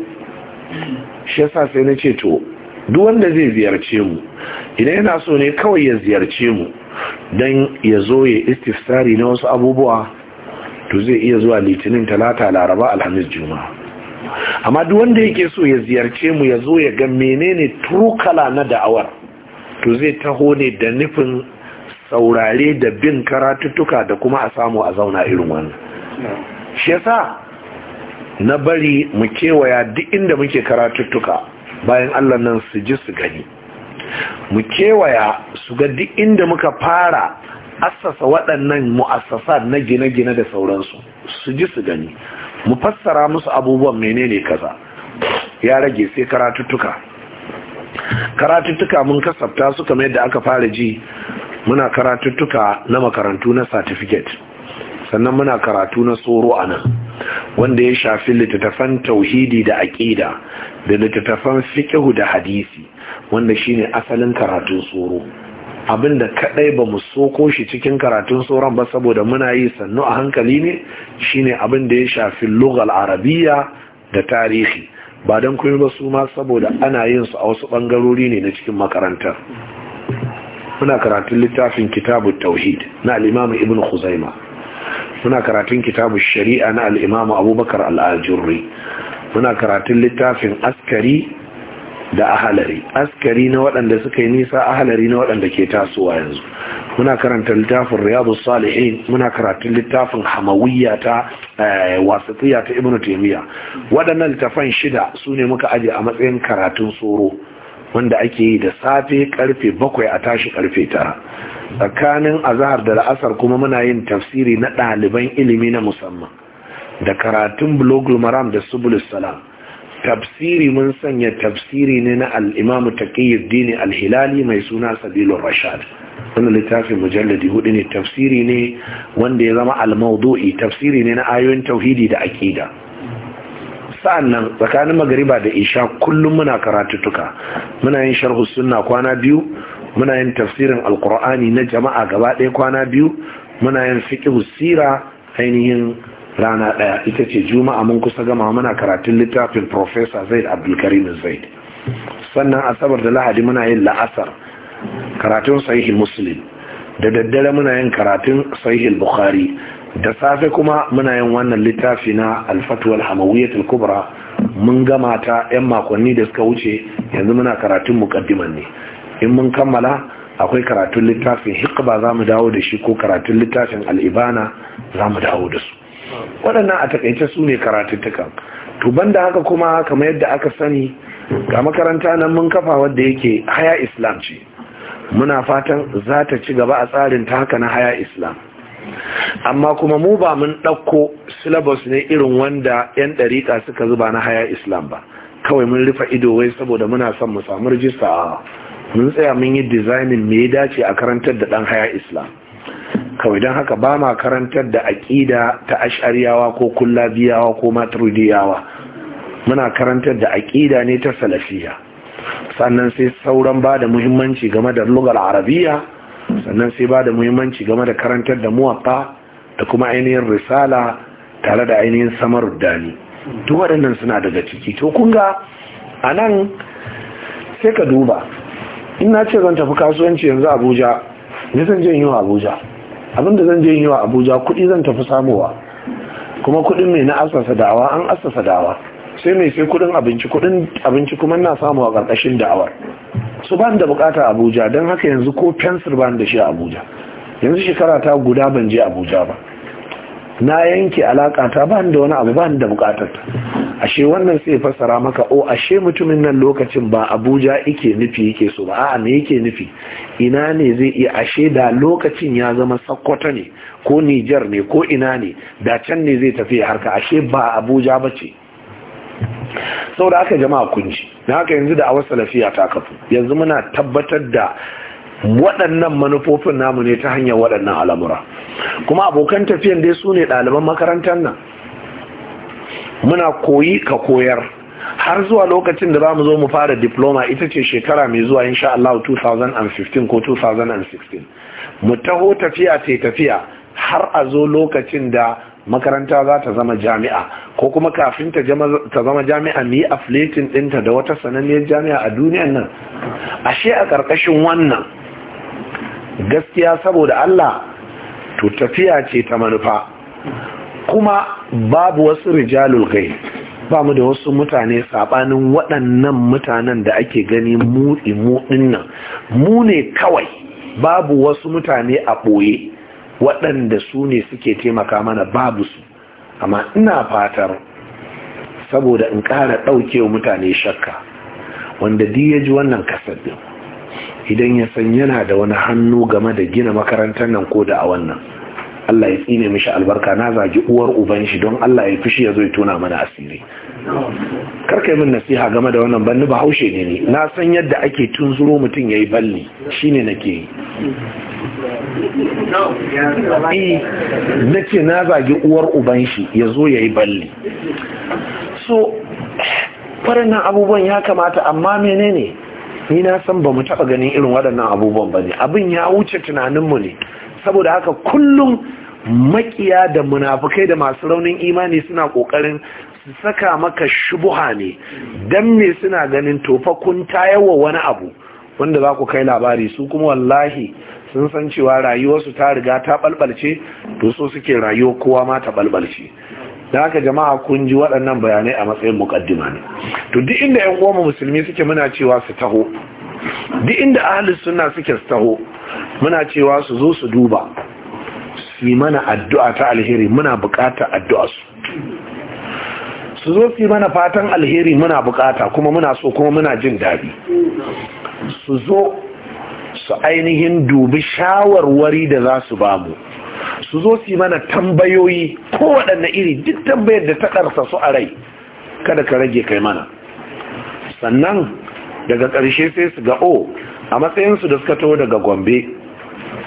shi yasa sai na ce to duk wanda zai ziyarce mu idan yana so ne kawai ya ziyarce mu don ya zo ya istifsari na wasu abubuwa to zai iya zuwa litinin talata laraba alhamis juma'a amma duk wanda yake so ya ziyarce mu ya zo ya ga menene turkala na da'awar to zai taho ne da nufin saurare da bin karatuttuka da kuma a samu a zauna irin wannan shi yasa na bari mu kewaya duk inda muke karatuttuka bayan Allah nan su ji su gani mu kewaya su ga duk inda muka fara assasa waɗannan mu'assasa na gine-gine da sauransu su ji su gani mu fassara musu abubuwan menene kaza ya rage sai karatuttuka karatuttuka mun kasafta su kamar yadda aka fara ji muna karatuttuka na makarantu na certificate sannan muna karatu na tsoro a nan wanda ya shafi littattafan tauhidi da aƙida da littattafan fiƙihu da hadisi wanda shine asalin karatun tsoro abinda kadai ba mu soko shi cikin karatun sauran ba saboda muna yi sannu a hankali ne shine abin da ya shafi lugal arabiya da tarihi ba don kuma ba su ma saboda ana yin su a wasu bangarori ne na cikin makarantar muna karatun littafin kitabu tauhid na al'imamu ibn khuzaima muna karatun kitabu shari'a na al'imamu abubakar al'ajirri muna karatun littafin askari da ahalari askari na waɗanda suka yi nisa ahalari na waɗanda ke tasowa yanzu muna karanta littafin riyadu salihin muna karatun littafin hamawiyya ta eh, wasatiyya ta ibnu taymiya waɗannan littafan shida su ne muka aje a matsayin karatun tsoro wanda ake yi da safe karfe bakwai a tashi karfe tara tsakanin azahar da la'asar kuma muna yin tafsiri na ɗaliban ilimi na musamman da karatun bulogul maram da subulus salam tafsiri mun sanya tafsiri ne na al'imamu taƙiyyar al-hilali mai suna sabilun rashad Wani littafin mujalladi hudu ne tafsiri ne wanda ya zama al-maudu'i tafsiri ne na ayoyin tauhidi da aƙida sa'annan tsakanin magariba da isha kullum muna karatuttuka muna yin sharhu sunna kwana biyu muna yin tafsirin alkur'ani na jama'a gaba ɗaya kwana biyu muna yin fiqh sira ainihin rana ɗaya ita ce juma'a mun kusa gama muna karatun littafin professor zaid abdulkarim zaid sannan asabar da lahadi muna yin la'asar karatun sahih muslim da daddare muna yin karatun saihil bukhari da safe kuma muna yin wannan littafi na alfatuwal hamawiyatul kubra mun gama ta yan makonni da suka wuce yanzu muna karatun mukaddiman ne in mun kammala akwai karatun littafin hikba za mu dawo da shi ko karatun littafin al'ibana za mu dawo da su waɗannan a takaice su ne karatuttukan to banda haka kuma kamar yadda aka sani ga makaranta nan mun kafa wadda yake haya islam ce muna fatan za ta ci gaba a tsarin ta haka na haya islam amma kuma mu ba mun ɗauko syllabus ne irin wanda 'yan ɗariƙa suka zuba na haya islam ba kawai mun rufe ido wai saboda muna son mu samu rijista mun tsaya mun yi dizainin me ya dace a karantar da ɗan haya islam kawai don haka ba ma karantar da aƙida ta ash'ariyawa ko kullabiyawa ko maturidiyawa muna karantar da aƙida ne ta salafiya sannan sai sauran ba da muhimmanci game da lugar arabiya sannan sai ba da muhimmanci game da karantar da muwaka da kuma ainihin risala tare da ainihin samar dani duk waɗannan suna daga ciki to kunga ga a nan sai ka duba ina ce zan tafi kasuwanci yanzu abuja nisan zan yi wa abuja abinda zan je yi wa abuja kuɗi zan tafi samuwa kuma kuɗin mai na asasa da'awa an asasa da'awa sai mai sai kuɗin abinci kuɗin abinci kuma na samuwa a ƙarƙashin da'awar su ban da bukata abuja don haka yanzu ko fensir ban da shi a abuja yanzu shekara ta guda ban je abuja ba na yanke alakata ta ba da wani abu ba da bukatar ta ashe wannan sai fassara maka o ashe mutumin nan lokacin ba abuja ike nufi yake so ba a'a me yake nufi ina ne zai iya ashe da lokacin ya zama sakkwata ne ko nijar ne ko ina ne da can ne zai tafi harka ashe ba abuja ba ce sau da aka jama'a kunci na haka yanzu da awar salafiya ta kafu yanzu muna tabbatar da waɗannan manufofin namu ne ta hanyar waɗannan al'amura kuma abokan tafiyan dai su ne ɗaliban makarantar nan muna koyi ka koyar har zuwa lokacin da za mu zo mu fara diploma ita ce shekara mai zuwa insha Allah 2015 ko 2016 mu taho tafiya ta tafiya har a zo lokacin da makaranta za ta zama jami'a ko kuma kafin ta zama jami'a mu yi affiliating ɗinta da wata sananniyar jami'a a duniyan nan ashe a ƙarƙashin wannan gaskiya saboda Allah to tafiya ce ta manufa kuma babu wasu rijalul gai ba mu da wasu mutane sabanin waɗannan mutanen da ake gani mu nan mu ne kawai babu wasu mutane a ɓoye waɗanda su ne suke taimaka mana babu su amma ina fatar saboda in ƙara ɗauke mutane shakka wanda duk ya ji wannan kasar ɗin idan ya san yana da wani hannu game da gina makarantar nan ko da a wannan Allah ya tsine mishi albarka na zagi uwar uban shi don Allah ya fishi ya zo ya tona mana asiri karka yi min nasiha game da wannan banni ba haushe ne ne. na san yadda ake tunzuro mutum ya yi balli na nake yi eh, na ce na zagi uwar uban shi ya zo ya yi balli so nan abubuwan ya kamata amma menene ni na san ba mu taɓa ganin irin waɗannan abubuwan ba ne abin ya wuce tunaninmu ne saboda haka kullum makiya da munafukai da masu raunin imani suna ƙoƙarin su saka maka shubuha ne don me suna ganin tofa kun yawa wani abu wanda za ku kai labari su kuma wallahi sun san cewa rayuwarsu ta riga ta ɓalɓalce to so suke rayuwa kowa ma ta ɓalɓalce da haka jama'a kun ji waɗannan bayanai a matsayin mukaddima ne to duk inda yan uwa musulmi suke muna cewa su taho duk inda ahlus sunna suke su taho muna cewa su zo su duba su mana addu'a ta alheri muna buƙatar addu'a su su zo su yi mana fatan alheri muna buƙata kuma muna so kuma muna jin daɗi su zo su ainihin dubi shawarwari da za su bamu su zo su mana tambayoyi ko iri duk tambayar da ta ƙarsa su a rai kada ka rage kai mana sannan daga ƙarshe sai su ga o a matsayinsu da suka taho daga gombe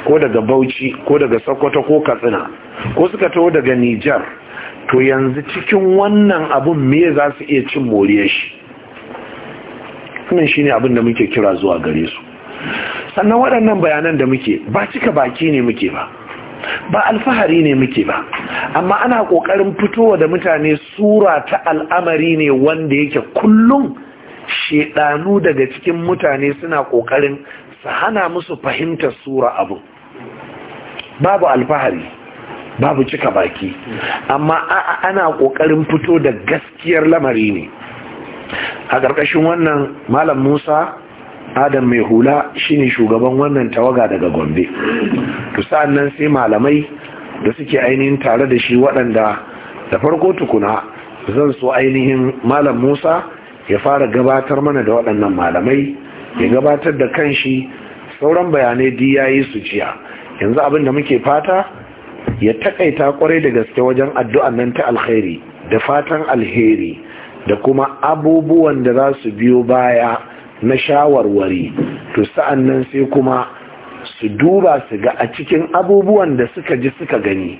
ko daga bauchi ko daga sokoto ko katsina ko suka taho daga nijar to yanzu cikin wannan abun me za su iya cin moriyar shi shi ne abin da muke kira zuwa gare su sannan waɗannan bayanan da muke ba cika baki ne muke ba ba alfahari ne muke ba amma ana kokarin fitowa da mutane sura ta al'amari ne wanda yake kullum shedanu daga cikin mutane suna kokarin su hana musu fahimtar sura abu babu alfahari babu cika baki amma ana kokarin fito da gaskiyar lamari ne a ƙarƙashin wannan malam musa adam mai hula shine shugaban wannan tawaga daga gombe to sa'an nan sai malamai da suke ainihin tare da shi waɗanda da farko tukuna zan so ainihin malam musa ya fara gabatar mana da waɗannan malamai ya gabatar da kanshi sauran bayanai di ya yi su jiya yanzu abin da muke fata ya takaita kwarai da gaske wajen addu'an nan ta alheri da fatan alheri da kuma abubuwan da za su biyo baya na shawarwari to sa'an nan sai kuma su duba su ga a cikin abubuwan da suka ji suka gani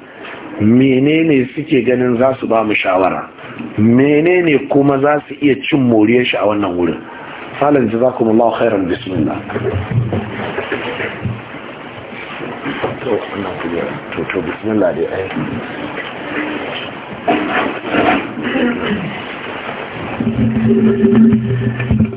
menene suke ganin za su ba mu shawara menene kuma za su iya cin moriyar shi a wannan wurin salin ji za kuma lau khairar bismillah Thank you.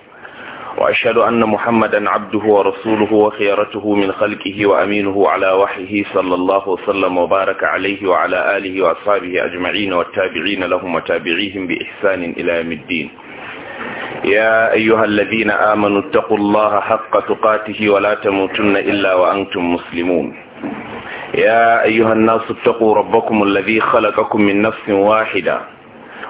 وأشهد أن محمدا عبده ورسوله وخيرته من خلقه وأمينه على وحيه صلى الله وسلم وبارك عليه وعلى آله وأصحابه أجمعين والتابعين لهم وتابعيهم بإحسان إلى يوم الدين يا أيها الذين آمنوا اتقوا الله حق تقاته ولا تموتن إلا وأنتم مسلمون يا أيها الناس اتقوا ربكم الذي خلقكم من نفس واحدة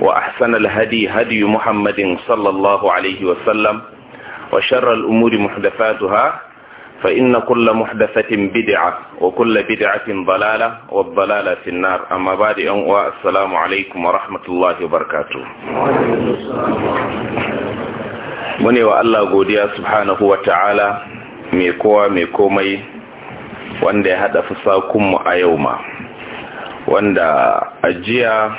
وأحسن الهدي هدي محمد صلى الله عليه وسلم وشر الأمور محدثاتها فإن كل محدثة بدعة وكل بدعة ضلالة والضلالة في النار أما بعد أنواع السلام عليكم ورحمة الله وبركاته mune wa Allah godiya subhanahu wa ta'ala mai kowa mai komai wanda ya haɗa fusakunmu a yau ma wanda ajiya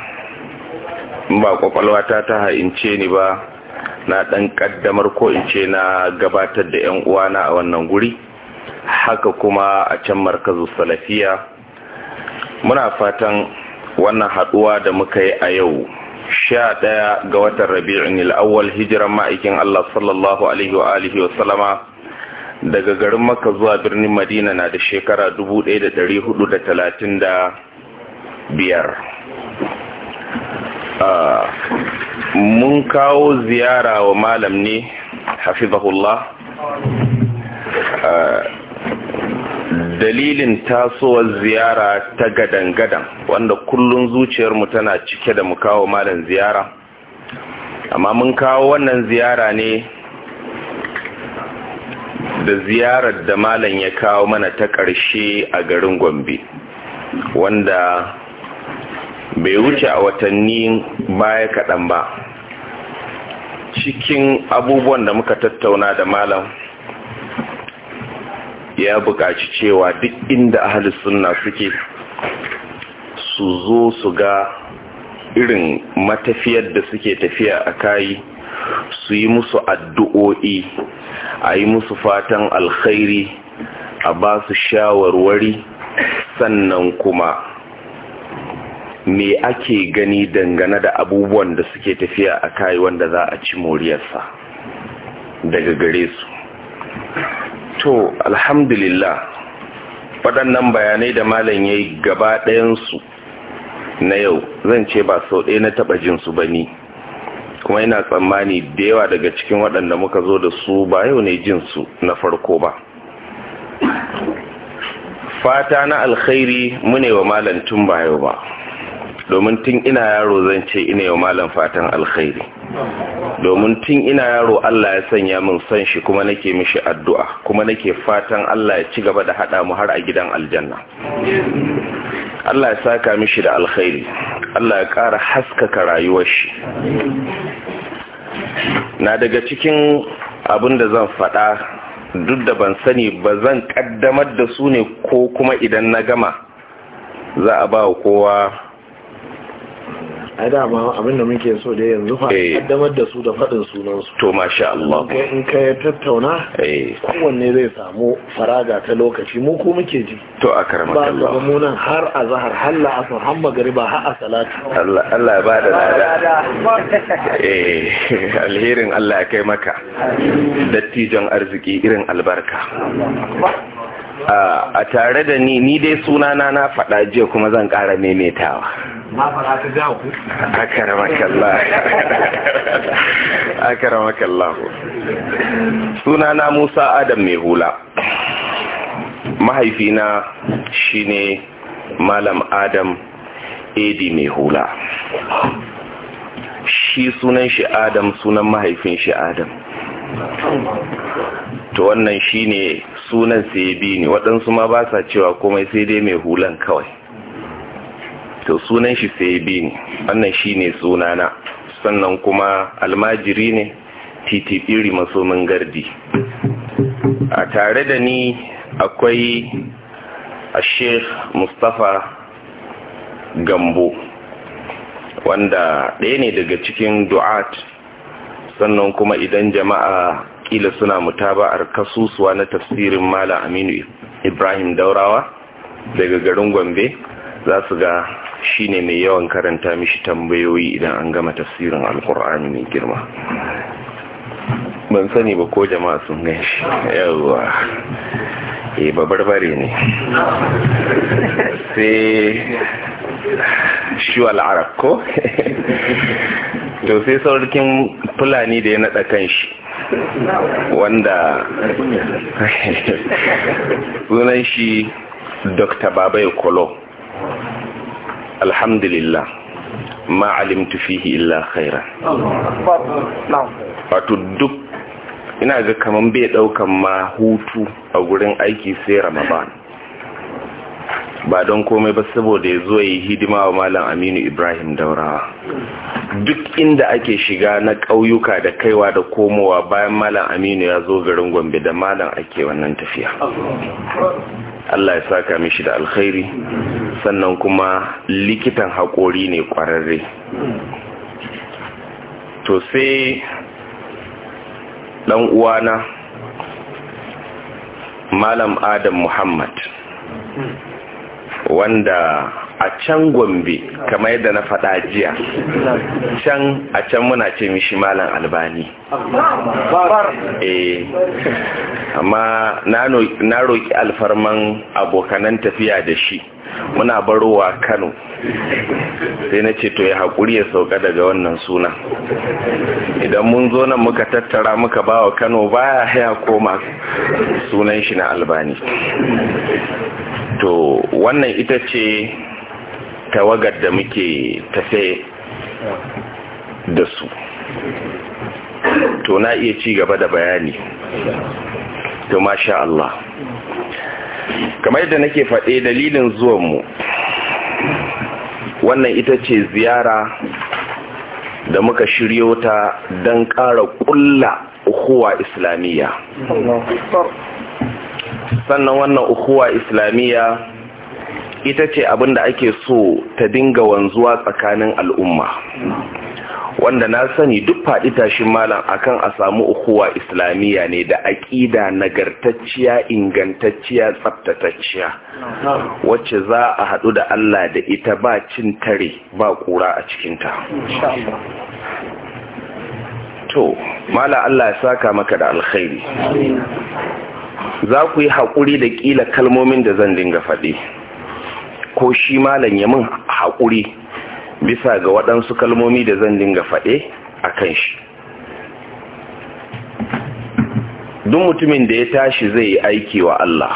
in ba kwakwalwa ta ta ha'ince ni ba na ɗan ƙaddamar ko in ce na gabatar da 'yan uwana a wannan guri haka kuma a can markazu salafiya muna fatan wannan haɗuwa da muka yi a yau sha ɗaya ga watan rabi'in al'awwal hijiran ma'aikin Allah sallallahu alaihi wa alihi wa sallama daga garin maka zuwa birnin madina na da shekara biyar. mun kawo ziyara wa malam ne hafizahullah dalilin tasowar ziyara ta gadan-gadan wanda kullum zuciyarmu tana cike da mu kawo malam ziyara amma mun kawo wannan ziyara ne da ziyarar da malam ya kawo mana ta ƙarshe a garin gombe wanda bai wuce a watanni baya kaɗan ba cikin abubuwan da muka tattauna da malam ya buƙaci cewa duk inda ahalus sunna suke su zo su ga irin matafiyar da suke tafiya a kayi su yi musu addu'o'i a yi musu fatan alkhairi a ba su shawarwari sannan kuma me ake gani dangane da abubuwan da suke tafiya a kai wanda za a ci moriyarsa daga gare su to alhamdulillah waɗannan bayanai da malam ya yi gaba ɗayansu na yau zan ce ba sau ɗaya na taɓa jinsu ba ni kuma yana tsammani da yawa daga cikin waɗanda muka zo da su ba yau ne jinsu na farko ba fata na alkhairi mune wa malam tun ba yau ba domin tun ina yaro zan ce ina yau malam fatan alkhairi domin tun ina yaro Allah ya sanya min san shi kuma nake mishi addu'a kuma nake fatan Allah ya ci gaba da haɗa mu har a gidan aljanna Allah ya saka mishi da alkhairi Allah ya ƙara haskaka rayuwar shi na daga cikin abin da zan faɗa duk da ban sani ba zan ƙaddamar da su ne ko kuma idan na gama za a ba kowa a da abin da muke so da yanzu fa eh. kaddamar da su da faɗin sunansu to masha Allah in ka ya tattauna eh. kowanne zai samu faraga ta lokaci mu ko muke ji to a karamar Allah ba mu nan har azhar har la'asar har magriba a salati Allah Allah ya bada lada eh alherin Allah ya kai maka dattijan arziki irin albarka ah, a tare da ni ni dai sunana na faɗa jiya kuma zan ƙara maimaitawa ma fara Musa Adam mai hula mahaifina shine malam Adam Edi mai hula shi sunan shi Adam sunan mahaifin shi Adam to wannan shine sunan sai bi ne waɗansu ma ba sa cewa komai sai dai mai hulan kawai to sunan shi bi ne wannan shi ne sunana sannan kuma almajiri ne titibiri masomin gardi a tare da ni akwai a sheikh mustapha gambo wanda ɗaya ne daga cikin du'at sannan kuma idan jama'a kila suna mutaba'ar kasusuwa na tafsirin malam aminu ibrahim daurawa daga garin gombe za su ga shine mai yawan karanta mishi tambayoyi idan an gama tafsirin alkur'ani mai girma ban sani ba ko jama'a sun gan shi Yawwa, e ba barbare ne sai shi al'arab ko to sai saurikin fulani da ya naɗa kan shi wanda sunan shi dr babai kolo alhamdulillah ma alimtu fihi illa khaira wato duk ina ga kaman bai daukan ma hutu a gurin aiki sai ramadan ba don komai ba saboda ya zo yi hidima wa malam aminu ibrahim daurawa duk inda ake shiga na ƙauyuka da kaiwa da komowa bayan malam aminu ya zo garin gombe da malam ake wannan tafiya Allah ya saka mishi da alkhairi sannan kuma likitan haƙori ne ƙwararre to sai ɗan uwana malam adam muhammad wanda a can gombe kamar yadda na faɗa jiya can a can muna ce mishi malam albani eh amma na roƙi alfarman abokanan tafiya da shi muna barowa kano sai na ce to ya haƙuri ya sauka daga wannan suna idan mun zo nan muka tattara muka bawa kano baya ya koma sunan shi na albani to wannan ita ce tawagar da muke tafe da su to na iya ci gaba da bayani to masha Allah kamar yadda nake faɗe dalilin zuwanmu wannan ita ce ziyara da muka shiryo ta don ƙara ƙulla uhuwa islamiyya sannan wannan ukuwa islamiyya ita ce abin da ake so ta dinga wanzuwa tsakanin al'umma wanda na sani duk faɗi tashin malam akan a samu ukuwa islamiyya ne da aƙida nagartacciya ingantacciya tsaftatacciya wacce za a haɗu da Allah da ita ba cin tare ba ƙura a cikinta to mala Allah ya saka maka da alkhairi za ku yi haƙuri da ƙila kalmomin da zan dinga faɗi ko shi malam ya min haƙuri bisa ga waɗansu kalmomi da zan dinga faɗe a kan shi duk mutumin da ya tashi zai yi aiki wa Allah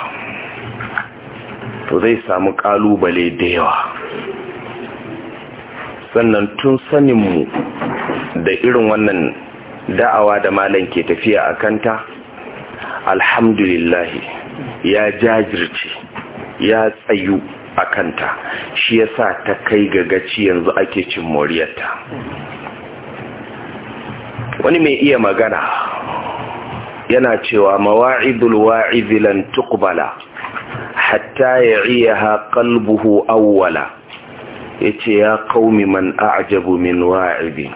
to zai samu ƙalubale da yawa sannan tun saninmu da irin wannan da'awa da malam ke tafiya a kanta alhamdulillah ya jajirce ya tsayu a kanta shi ya sa ta kai ga gaci yanzu ake cin moriyarta wani mai iya magana yana cewa mawa'idul wa'idhi tukbala tuqbala hatta iya qalbuhu awwala yace ya kaumi man a'jabu min wa'idi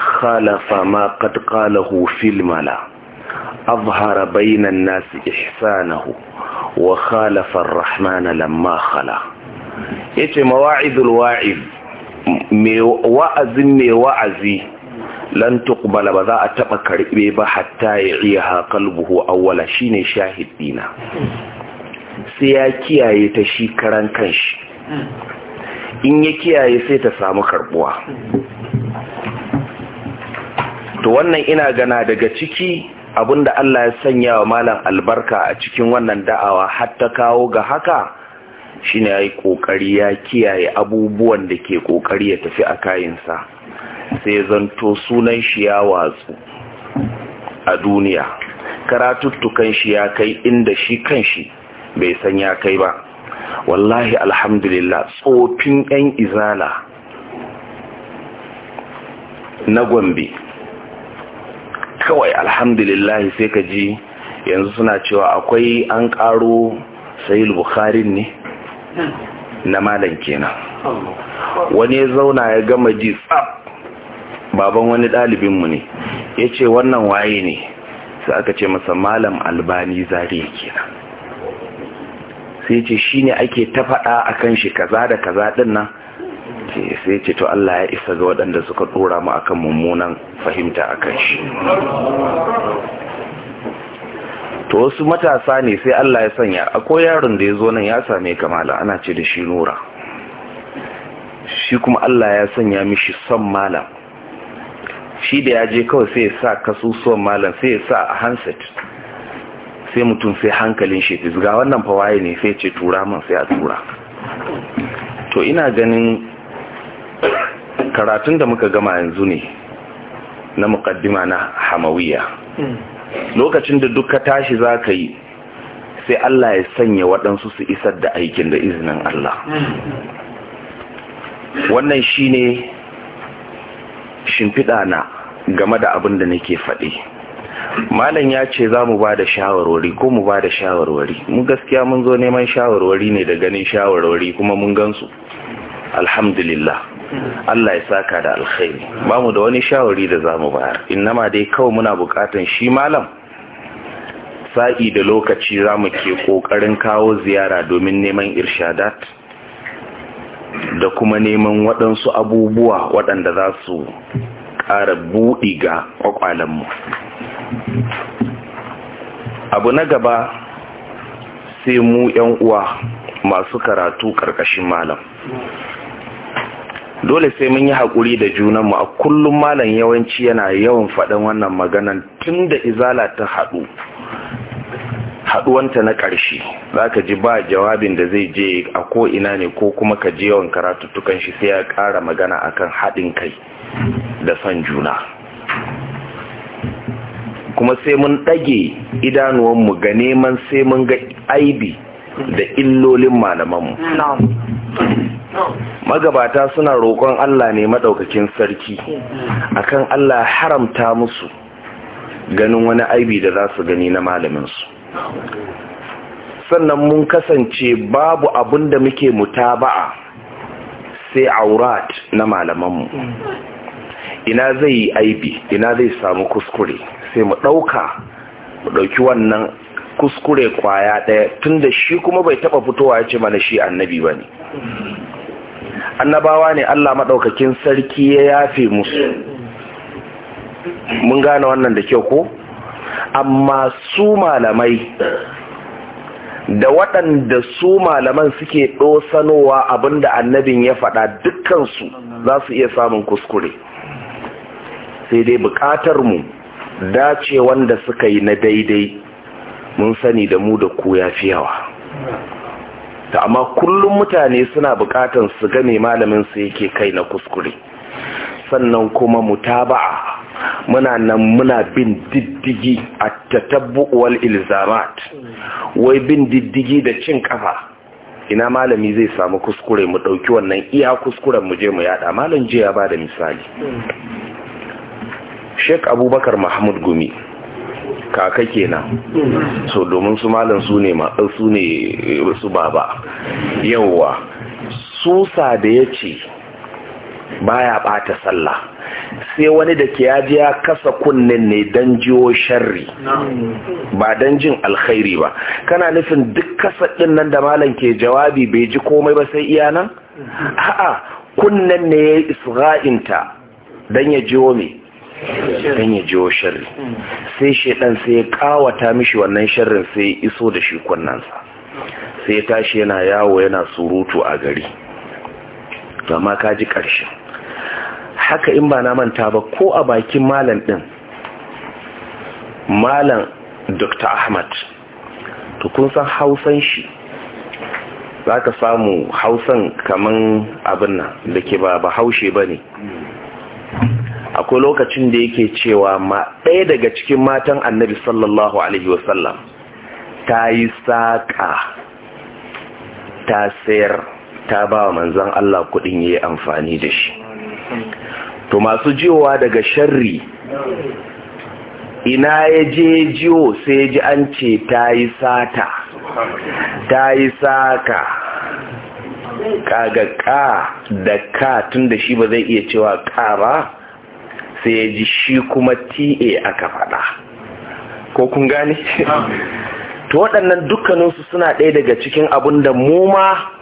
khalafa ma qad qalahu filmala أظهر bainan nasi إحسانه وخالف الرحمن لما خلا يتي مواعظ الواعظ وعز مي وعزي lan tuqbala ba za a taɓa karbe ba hatta ya riha qalbuhu awwala shine shahid dina sai ya kiyaye ta shi karan kanshi in ya kiyaye sai ta samu karbuwa to wannan ina gana daga ciki abinda Allah ya sanya wa malam albarka a cikin wannan da'awa har ta kawo ga haka shine yayi kokari ya kiyaye abubuwan da ke kokari ya tafi a kayinsa sai zanto sunan shi ya watsu a duniya karatuttukan shi ya kai inda shi kanshi bai san ya kai ba wallahi alhamdulillah tsofin yan izala na gombe kawai alhamdulillah sai ka ji yanzu suna cewa akwai an karo sayil bukharin ne na malam kenan wani ya zauna ya gama ji tsab baban wani ɗalibinmu ne ya ce wannan waye ne sai aka ce masa malam albani ya kenan sai ce shi ne ake ta faɗa a kan shi kaza da kaza ɗin nan sai ce to Allah ya isa ga waɗanda suka ɗora mu akan mummunan fahimta kan shi to wasu matasa ne sai Allah ya sanya akwai yaron da ya zo nan ya same kamala ana ce da shi nura shi kuma Allah ya sanya mishi son malam shi da ya je kawai sai ya sa kasusuwan malam sai ya sa a handset sai mutum sai hankalin shi fisga wannan fawaye ne sai ce tura min sai a tura to ina ganin karatun da muka gama yanzu ne na mukaddima na hamawiya hmm. lokacin da duka tashi za ka yi sai Allah ya sanya waɗansu su isar da aikin da izinin Allah hmm. wannan shi ne shimfiɗa na game da abin da nake faɗi malam ya ce za mu ba da shawarwari ko mu ba da shawarwari mu gaskiya mun zo neman shawarwari ne da ganin shawarwari kuma mun gansu alhamdulillah Allah ya saka da alkhairi ba mu da wani shawari da zamu bayar ma dai kawai muna bukatan shi malam sa'i da lokaci zamu ke kokarin kawo ziyara domin neman irshadat da kuma neman waɗansu abubuwa waɗanda za su ƙara buɗi ga ƙwaƙwalenmu abu na gaba sai mu 'yan uwa masu karatu ƙarƙashin malam dole sai mun yi hakuri da junanmu a kullum malam yawanci yana yawan faɗin wannan maganan tun da izala ta haɗu haɗuwanta na ƙarshe za ka ji ba jawabin da zai je a ko ina ne ko kuma ka je yawan karatuttukan shi sai ya ƙara magana akan haɗin kai da son juna kuma sai mun ɗage idanuwanmu ga neman sai mun ga aibi da illolin malamanmu magabata suna roƙon Allah ne maɗaukakin sarki akan Allah haramta musu ganin wani aibi da za su gani na malaminsu sannan mun kasance babu abin da muke mutaba'a sai aurat na malamanmu ina zai yi aibi ina zai samu kuskure sai mu ɗauka mu ɗauki wannan kuskure kwaya ɗaya tun da shi kuma bai taɓa fitowa ya ce mana shi annabi ba ne annabawa ne Allah maɗaukakin sarki ya yafe musu mun gane wannan da kyau ko amma su malamai da waɗanda su malaman suke ɗosanowa abinda annabin ya faɗa dukkansu za su iya samun kuskure sai dai buƙatar mu dace wanda suka yi na daidai mun sani da mu da ku ya fi yawa ta amma kullum mutane suna bukatan su game malamin su yake kai na kuskure sannan kuma mutaba'a muna nan muna bin diddigi a tatabbu ilzamat wai bin diddigi da cin kafa ina malami zai samu kuskure mu ɗauki wannan iya kuskuren mu je mu yada malam jiya ba da misali shek Abubakar Mahmud Gumi kaka kenan so domin su malam su ne su ne su baba yawwa susa da ya ce baya bata sallah sai wani da ke yaji ya kasa kunnen ne don jiwo sharri ba don jin alkhairi ba kana nufin duk kasa ɗin nan da malam ke jawabi bai ji komai ba sai iya nan a'a kunnen ne ya isra'inta don ya jiwo mai dan ya jiwo sharri sai shedan sai ya kawata mishi wannan sharrin sai ya iso da shi kunnansa sai tashi yana yawo yana surutu a gari amma ka ji ƙarshen haka in ba na manta ba ko a bakin malam din malam dr ahmad to kun san hausan shi za ka samu hausan kaman abin nan da ke ba bahaushe ba ne akwai lokacin da yake cewa ma ɗaya daga cikin matan annabi sallallahu alaihi wasallam ta yi saƙa ta sayar ta ba wa manzan Allah kuɗin ya yi amfani da shi to masu jiwa daga sharri ina ya je jiwo sai ji an ce ta yi sata ta yi saƙa kaga ka da ka tun da shi ba zai iya cewa ka ba sai ya ji shi kuma ta aka faɗa ko kun gane? to waɗannan dukkaninsu suna ɗaya daga cikin abin da mu ma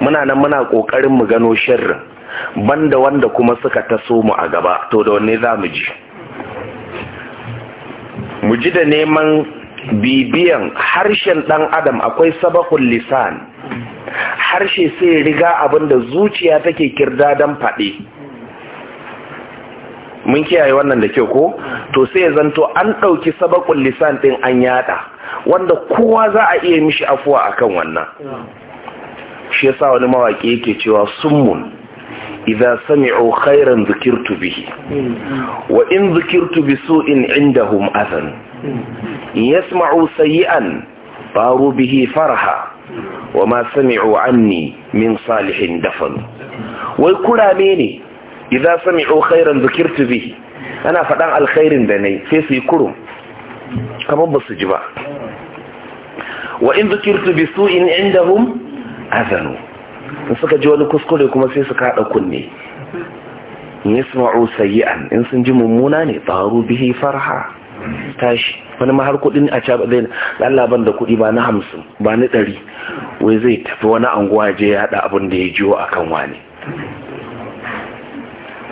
muna nan muna ƙoƙarin mu gano shirin, banda wanda kuma suka taso mu a gaba to da wanne za mu ji mu ji da neman bibiyan harshen ɗan adam akwai sabakun lisan harshe sai riga abin da zuciya take kirda don faɗi mun kiyaye wannan da kyau ko to sai ya zanto an ɗauki sabakun lisan ɗin an yada wanda kowa za a iya mishi afuwa akan wannan shi yasa wani mawaki yake cewa summun idza sami'u khairan dhukirtu bihi wa in dhukirtu bi su'in indahum athan yasma'u sayyi'an faru bihi farha wa ma sami'u anni min salihin dafan wai kurame ne idza sami'u khairan dhukirtu bihi ana fadan alkhairin da nayi sai su yi kurum kamar ba su ji ba wa in dhukirtu bi su'in indahum azanu in suka ji wani kuskure kuma sai su kada kunne yasma'u sayyi'an in sun ji mummuna ne taru bihi farha tashi wani ma har kudin a caba zai Allah ban da kudi ba na hamsin ba na ɗari wai zai tafi wani anguwa je ya haɗa abin da ya jiwo akan wani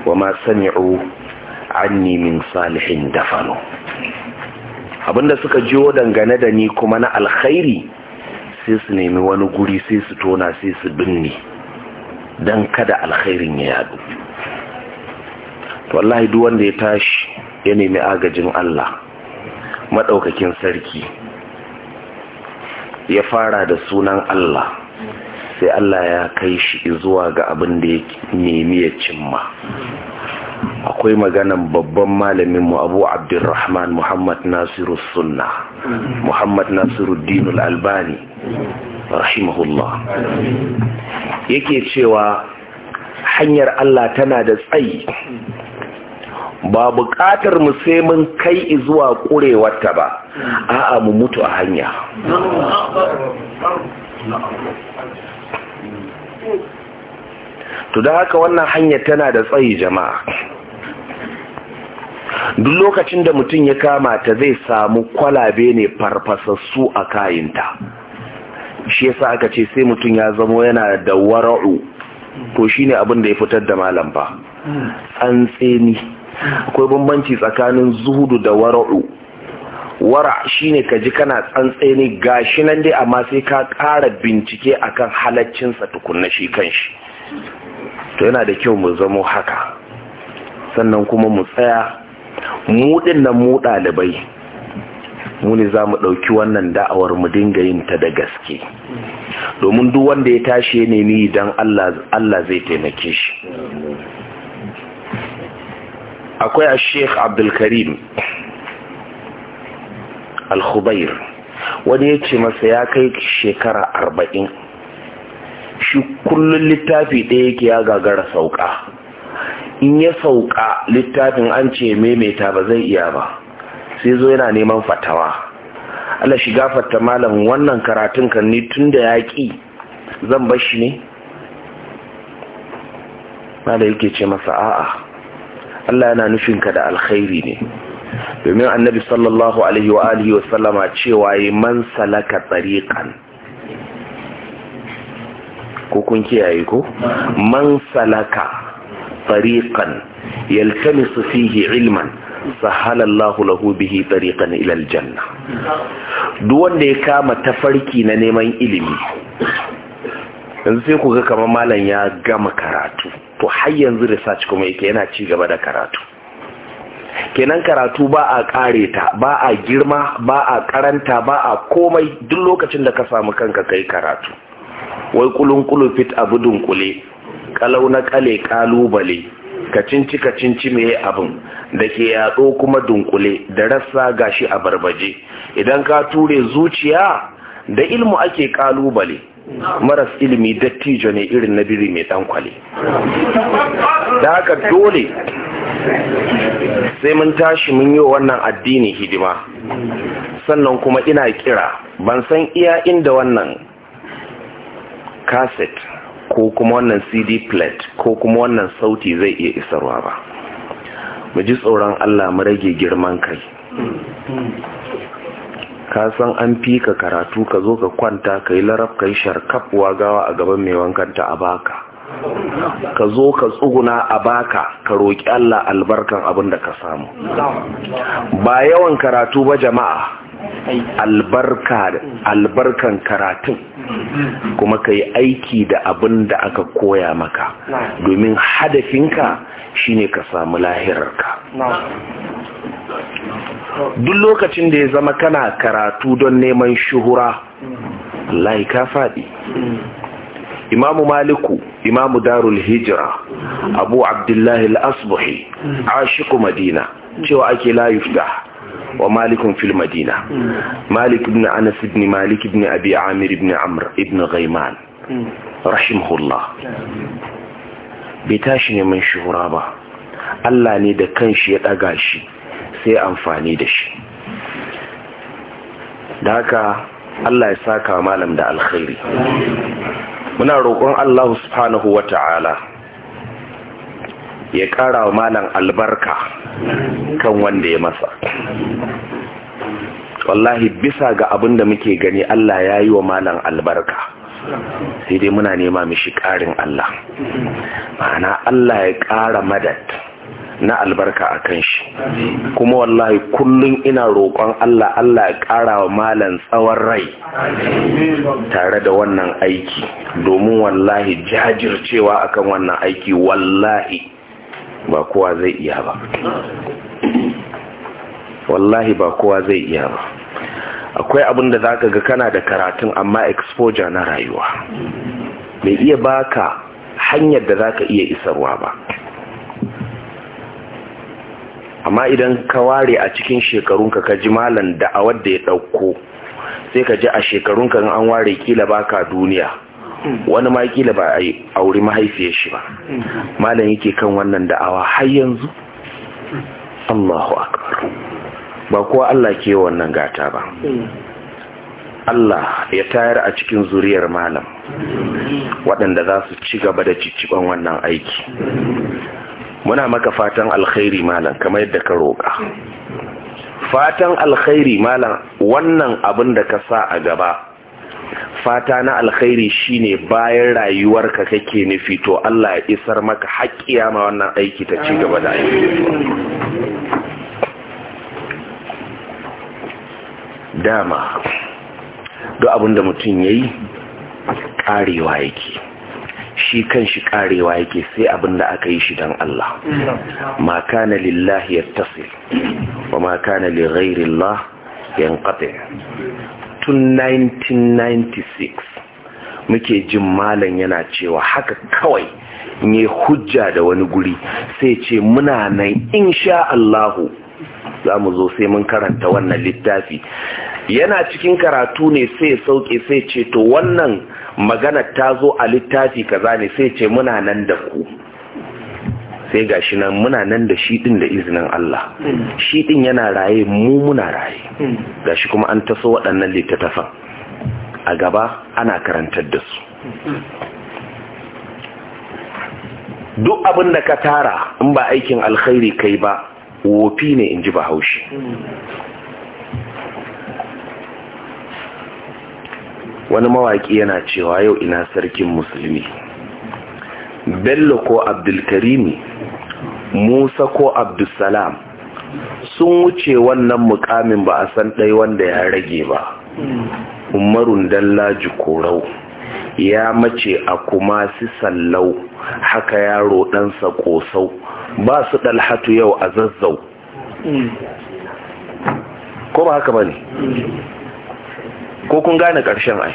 wa ma sami'u anni min salihin dafanu abinda suka jiwo dangane da ni kuma na alkhairi sai su nemi wani guri sai su tona sai su binne don kada alkhairin ya yadu wallahi duk wanda ya tashi ya nemi agajin Allah maɗaukakin sarki ya fara da sunan Allah sai Allah ya kai shi zuwa ga abin da ya nemi ya cimma akwai maganan babban malamin mu abu abdurrahman muhammad nasiru sunna muhammad nasiru dinul albani rahimahullah yake cewa hanyar Allah tana da tsayi ba buƙatar mu sai mun kai zuwa ƙurewarta ba a'a mu mutu a hanya to da haka wannan hanyar tana da tsayi jama'a duk lokacin da mutum ya kama ta zai samu kwalabe ne farfasassu a kayinta shi yasa aka ce sai mutum ya zamo yana da wara'u to shine abin da ya fitar da malam ba tsantseni akwai bambanci tsakanin zuhudu da wara'u wara shine ka ji kana tsantseni gashi nan dai amma sai ka ƙara bincike akan halaccinsa tukunna shi kan shi. to yana da kyau mu zamo haka sannan kuma mu tsaya mu nan mu ɗalibai mu ne za mu ɗauki wannan da'awar mu dinga yin ta da gaske domin duk wanda ya tashi ne ni Idan Allah zai taimake shi akwai a sheikh abdulkarim al-khubair wani ya ce masa ya kai shekara arba'in shi kullum littafi ɗaya yake ya gagara sauka in ya sauka littafin an ce maimaita ba zai iya ba sai zo yana neman fatawa Allah shi gafarta malam wannan karatun kan ni tun da ya zan bar shi ne Malam yake ce masa a'a Allah yana nufinka da alkhairi ne domin annabi sallallahu alaihi wa alihi wa sallama cewa yi man salaka tsariƙan kun kiyaye ko man salaka tsariƙan yaltamisu fihi ilman sahalallahu lahu bihi tariqan ilal janna. duk wanda ya kama tafarki na neman ilimi yanzu sai kuga kamar malam ya gama karatu to har yanzu research kuma yake yana ci gaba da karatu kenan karatu ba a kare ta ba a girma ba a karanta ba a komai duk lokacin da ka samu kanka kai karatu wai kulun kulu fit abu dunkule kalau na kale kalubale kacinci kacinci mai abin da ke yaɗo kuma dunkule da rassa gashi a barbaje idan ka ture zuciya da ilmu ake kalubale maras ilimi dattijo ne irin na biri mai dan da haka dole sai mun tashi mun yi wannan addini hidima sannan kuma ina kira ban san iya inda wannan kaset ko kuma wannan cd plate ko kuma wannan sauti zai iya isarwa ba mu ji tsoron allah mu rage girman kai ka san an fi ka karatu ka zo ka kwanta ka yi larab ka yi sharkafuwa gawa a gaban mai wankanta a baka ka zo ka tsuguna a baka ka roƙi Allah albarkan abin da ka samu ba yawan karatu ba jama'a albarka albarkan karatun kuma ka yi aiki da abin da aka koya maka domin hadafinka shine ka samu lahirarka duk lokacin da ya zama kana karatu don neman shuhura wallahi ka faɗi imamu maliku imamu darul hijira abu abdullahi al'asbuhi ashiku madina cewa ake layufta wa malikun fil madina malik ibn anas ibn malik ibn abi amir ibn amr ibn ghaiman rahimahullah bai tashi neman shuhura ba Allah ne da kanshi ya ɗaga shi sai amfani da shi da haka Allah ya saka malam da alkhairi muna roƙon Allah subhanahu wa ta'ala ya ƙara wa malam albarka kan wanda ya masa wallahi bisa ga abin da muke gani Allah ya yi wa malam albarka sai dai muna nema mishi ƙarin Allah ma'ana Allah ya ƙara madad na albarka a kan shi kuma wallahi kullum ina roƙon Allah Allah ya ƙara wa malam tsawon rai tare da wannan aiki domin wallahi jajircewa akan wannan aiki wallahi ba kowa zai iya ba wallahi ba kowa zai iya ba akwai abin da za ka ga kana da karatun amma exposure na rayuwa bai iya baka hanyar da za ka iya isarwa ba amma idan ka ware a cikin shekarunka ka ji malam a wadda ya ɗauko sai ka ji a shekarunka an ware kila baka duniya wani ma kila ba a auri mahaifiyar shi ba malam yake kan wannan da'awa har yanzu Allahu akbar ba kuwa Allah ke wannan gata ba Allah ya tayar a cikin zuriyar malam waɗanda za su ci gaba da ciciban wannan aiki muna maka fatan alkhairi malam kamar yadda ka roƙa fatan alkhairi malam wannan abin da ka sa a gaba fata na alkhairi shine bayan rayuwarka kake nufi to Allah ya isar maka haƙƙiya ma wannan aiki ta ci gaba da aiki dama duk da mutum yayi karewa yake shi kan shi karewa yake sai abin da aka yi shi don Allah ma kana lillahi yattasil wa ma kana li ghairi Allah tun 1996 muke jin malam yana cewa haka kawai ne hujja da wani guri sai ce muna nan insha Allahu za mu zo sai mun karanta wannan littafi yana cikin karatu ne sai sauke sai ce to wannan magana ta zo a littafi kaza ne sai ce muna nan da ku sai ga shi nan muna nan da shi din da izinin Allah shi din yana raye mu muna raye ga shi kuma an taso waɗannan littattafan a gaba ana karantar da su duk abin da ka tara in ba aikin alkhairi kai ba wofi ne in ji bahaushe wani mawaƙi yana cewa yau ina sarkin musulmi bello ko abdulkarimi musa ko abdulsalam sun wuce wannan mukamin ba a san ɗai wanda ya rage ba umarun Laji korau ya mace a kuma si sallau haka yaro ɗansa ƙosau ba su ɗalhatu yau a zazzau mm. ko ba haka ba ne mm. ko kun gane ƙarshen ai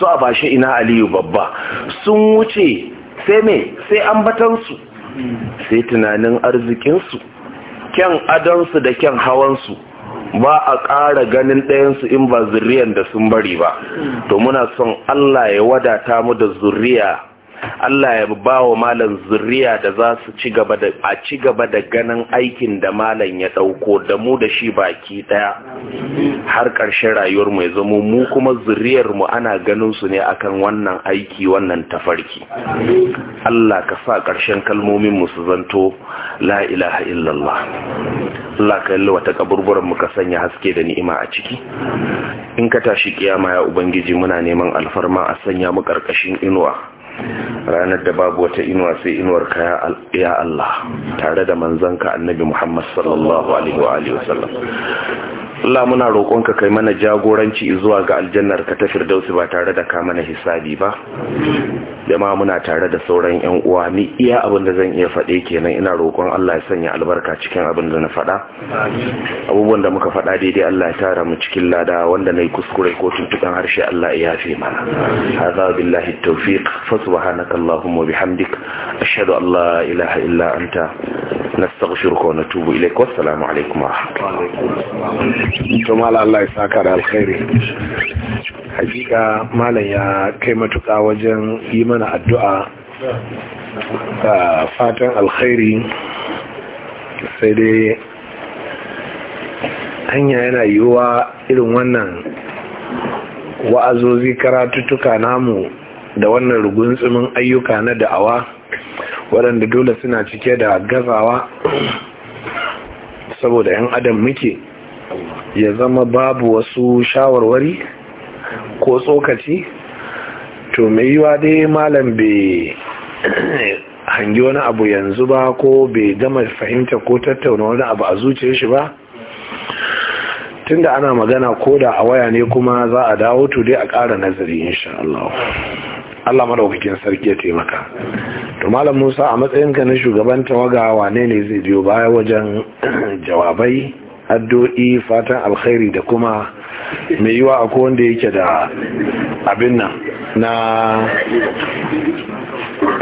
su a bashi ina aliyu babba sun wuce sai me sai an ambatansu sai tunanin arzikinsu kyan adonsu da kyan hawansu ba a ƙara ganin ɗayansu in ba zuriyan da sun bari ba to muna son Allah ya wadata mu da zuriya Allah ya ba wa malam zuriya da za su ci gaba da a ci gaba da ganin aikin da malam ya ɗauko da mu da shi baki ɗaya har ƙarshen rayuwar mu ya zamo mu kuma zuriyar mu ana ganin su ne akan wannan aiki wannan tafarki Allah ka sa ƙarshen kalmomin mu su zanto la ilaha illallah Allah ka yi wata kaburburan muka sanya haske da ni'ima a ciki in ka tashi kiyama ya ubangiji muna neman alfarma a sanya mu ƙarƙashin inuwa ranar da babu wata inuwa sai inuwar ka ya Allah tare da manzanka annabi Muhammad sallallahu alaihi wa alihi wasallam Allah muna roƙonka kai mana jagoranci zuwa ga aljannar ka ta firdausi ba tare da ka mana hisabi ba jama'a muna tare da sauran yan uwa ni iya abin da zan iya faɗe kenan ina roƙon Allah ya sanya albarka cikin abin da na faɗa abubuwan da muka faɗa daidai Allah ya tara mu cikin lada wanda nayi kuskure ko tuntuɓen harshe Allah ya yafe mana hadha billahi tawfiq fa subhanaka allahumma bihamdik ashhadu an la ilaha illa anta nastaghfiruka wa natubu wa assalamu alaikum wa rahmatullahi tumala Allah ya saka da alkhairi hakika malam ya kai matuka wajen yi mana addu'a ga fatan alkhairi sai dai hanya yana yiwuwa irin wannan wa'azozi karatuttuka namu da wannan rugunsumin ayyuka na da'awa waɗanda dole suna cike da gazawa saboda 'yan adam muke ya zama babu wasu shawarwari ko tsokaci to mai yiwa dai malam bai hangi wani abu yanzu ba ko bai gama fahimta ko tattauna wani abu a zuciya shi ba tunda ana magana ko da a waya ne kuma za a dawo to dai a ƙara nazari insha Allah Allah madaukakin sarki ya taimaka to malam Musa a matsayinka na shugaban tawaga wane ne zai biyo baya wajen jawabai addu'o'i fatan alkhairi da kuma mai yiwa akwai wanda yake da abin nan na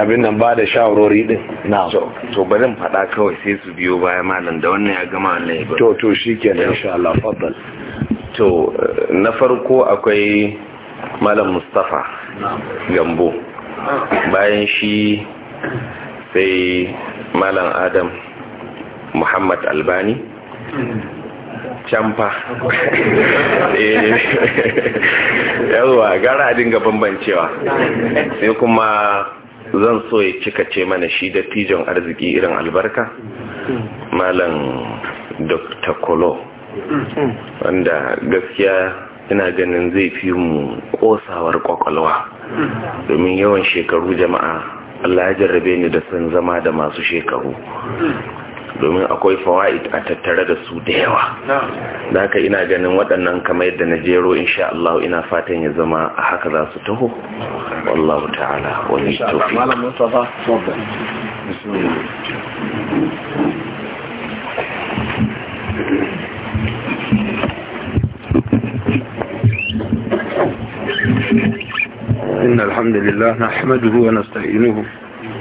abin nan ba da shawarori din na to bari mu faɗa kawai sai su biyo baya malam da wannan ya gama wannan ya to to shikenan insha Allah faddal to na farko akwai malam Mustafa Gambo bayan shi sai malam Adam Muhammad Albani canfa eh, yawa gara a dinga bambancewa sai kuma zan so ya cika ce mana shi da tijon arziki irin albarka malam dr kolo wanda gaskiya ina ganin zai fi mu kosawar kwakwalwa domin yawan shekaru jama'a Allah ya jarrabe ni da sun zama da masu shekaru domin akwai fawaid a tattare da su da yawa da haka ina ganin waɗannan kamar yadda na jero insha Allah ina fatan ya zama a haka za su taho Allah ta'ala wani tofi إن الحمد لله نحمده ونستعينه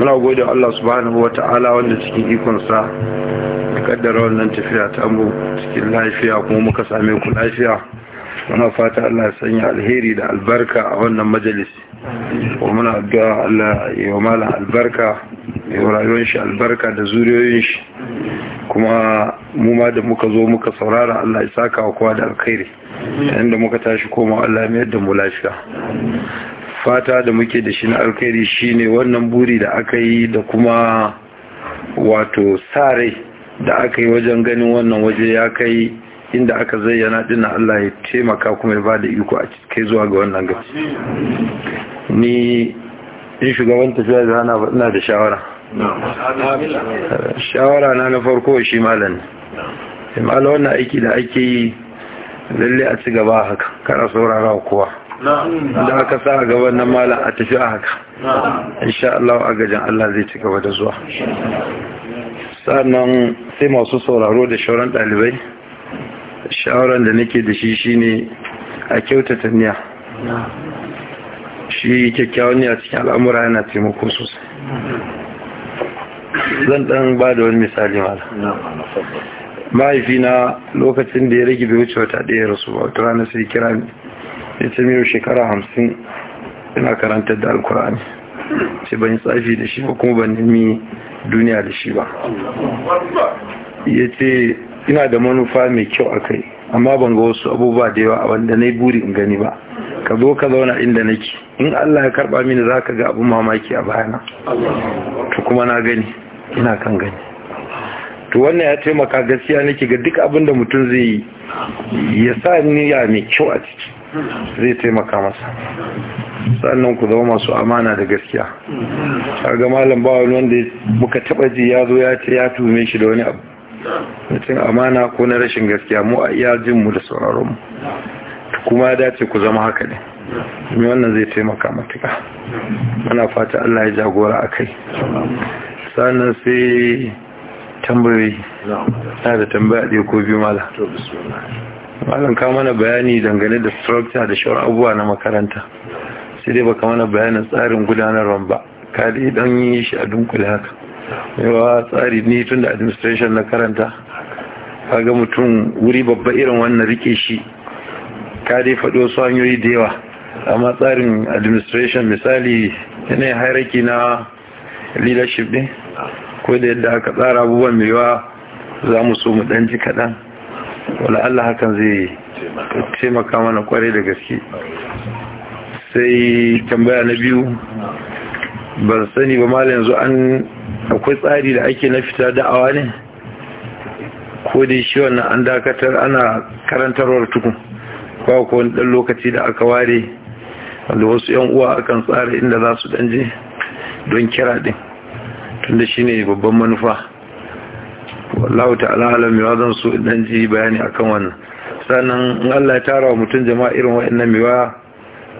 muna gode Allah subhanahu ta'ala wanda cikin ikonsa da kaddara wannan tafiya ta mu cikin lafiya kuma muka same ku lafiya muna fata Allah ya sanya alheri da albarka a wannan majalis wa muna addu'a Allah ya yi wa malam albarka ya yi rayuwar shi albarka da zuriyoyin shi kuma mu ma da muka zo muka saurara Allah ya saka wa kowa da alkhairi yayin da muka tashi koma Allah ya mayar da mu lafiya fata da muke da shi na alkhairi shine wannan buri da aka yi da kuma wato sare da aka yi wajen ganin wannan waje ya kai inda aka zayyana dina Allah ya taimaka kuma ya bada iko a kai zuwa ga wannan gaba ni in shugaban tafiya da hana ina da shawara shawara na na farko shi malam ne malam wannan aiki da ake yi lalle a ci gaba haka kana saurara kowa da aka sa a gaban na malam a tafi a haka insha Allah a gajin Allah zai ci gaba da zuwa sannan sai masu sauraro da shauran ɗalibai shauran da nake da shi shine a kyautata niyya shi kyakkyawan niyya cikin al'amura yana taimako sosai zan dan ba da wani misali mala mahaifina lokacin da ya rage bai wuce wata ɗaya rasu ba wata rana sai kira ne sai ce miyo shekara hamsin ina karanta da alkur'ani sai ban tsafi da shi ba kuma ban nemi duniya da shi ba ya ce ina da manufa mai kyau a kai amma ban ga wasu abubuwa da yawa wanda na yi buri in gani ba ka zo ka zauna inda nake in allah ya karba mini za ka ga abin mamaki a bayana to kuma na gani ina kan gani to wannan ya taimaka gaskiya nake ga duk abin da mutum zai yi ya sa niyya mai kyau a ciki zai taimaka masa sannan ku zama masu amana da gaskiya ga malam ba wani wanda muka taba ji ya zo ya ce ya tume shi da wani abu mutum amana ko na rashin gaskiya mu a iya jin mu da sauraron mu kuma ya dace ku zama haka ne mai wannan zai taimaka matuka. muna fata Allah ya jagora a kai sannan sai tambayoyi na da tambaya ɗaya ko biyu mala malam ka mana bayani dangane da structure da shawar abubuwa na makaranta sai dai baka mana bayanin tsarin gudanarwar ba ka dai dan yi shi a dunkule haka yawa tsari ni tun da administration na karanta ka ga mutum wuri babba irin wannan rike shi ka dai faɗi su hanyoyi da yawa amma tsarin administration misali yanayin hierarchy na leadership ne ko da yadda aka tsara abubuwan mai yawa za mu so mu ɗan ji kaɗan wala Allah hakan zai taimaka mana kware da gaske sai tambaya na biyu ban sani ba mala yanzu an akwai tsari da ake na fita da'awa ne ko dai shi wannan an dakatar ana karantarwar tukun ba ko wani dan lokaci da aka ware wanda wasu yan uwa akan tsara inda za su danje don kira din tunda shine babban manufa wallahu ta'ala alam ya zan so idan ji bayani akan wannan sannan in Allah ya tara mutum jama'a irin wa'annan miwa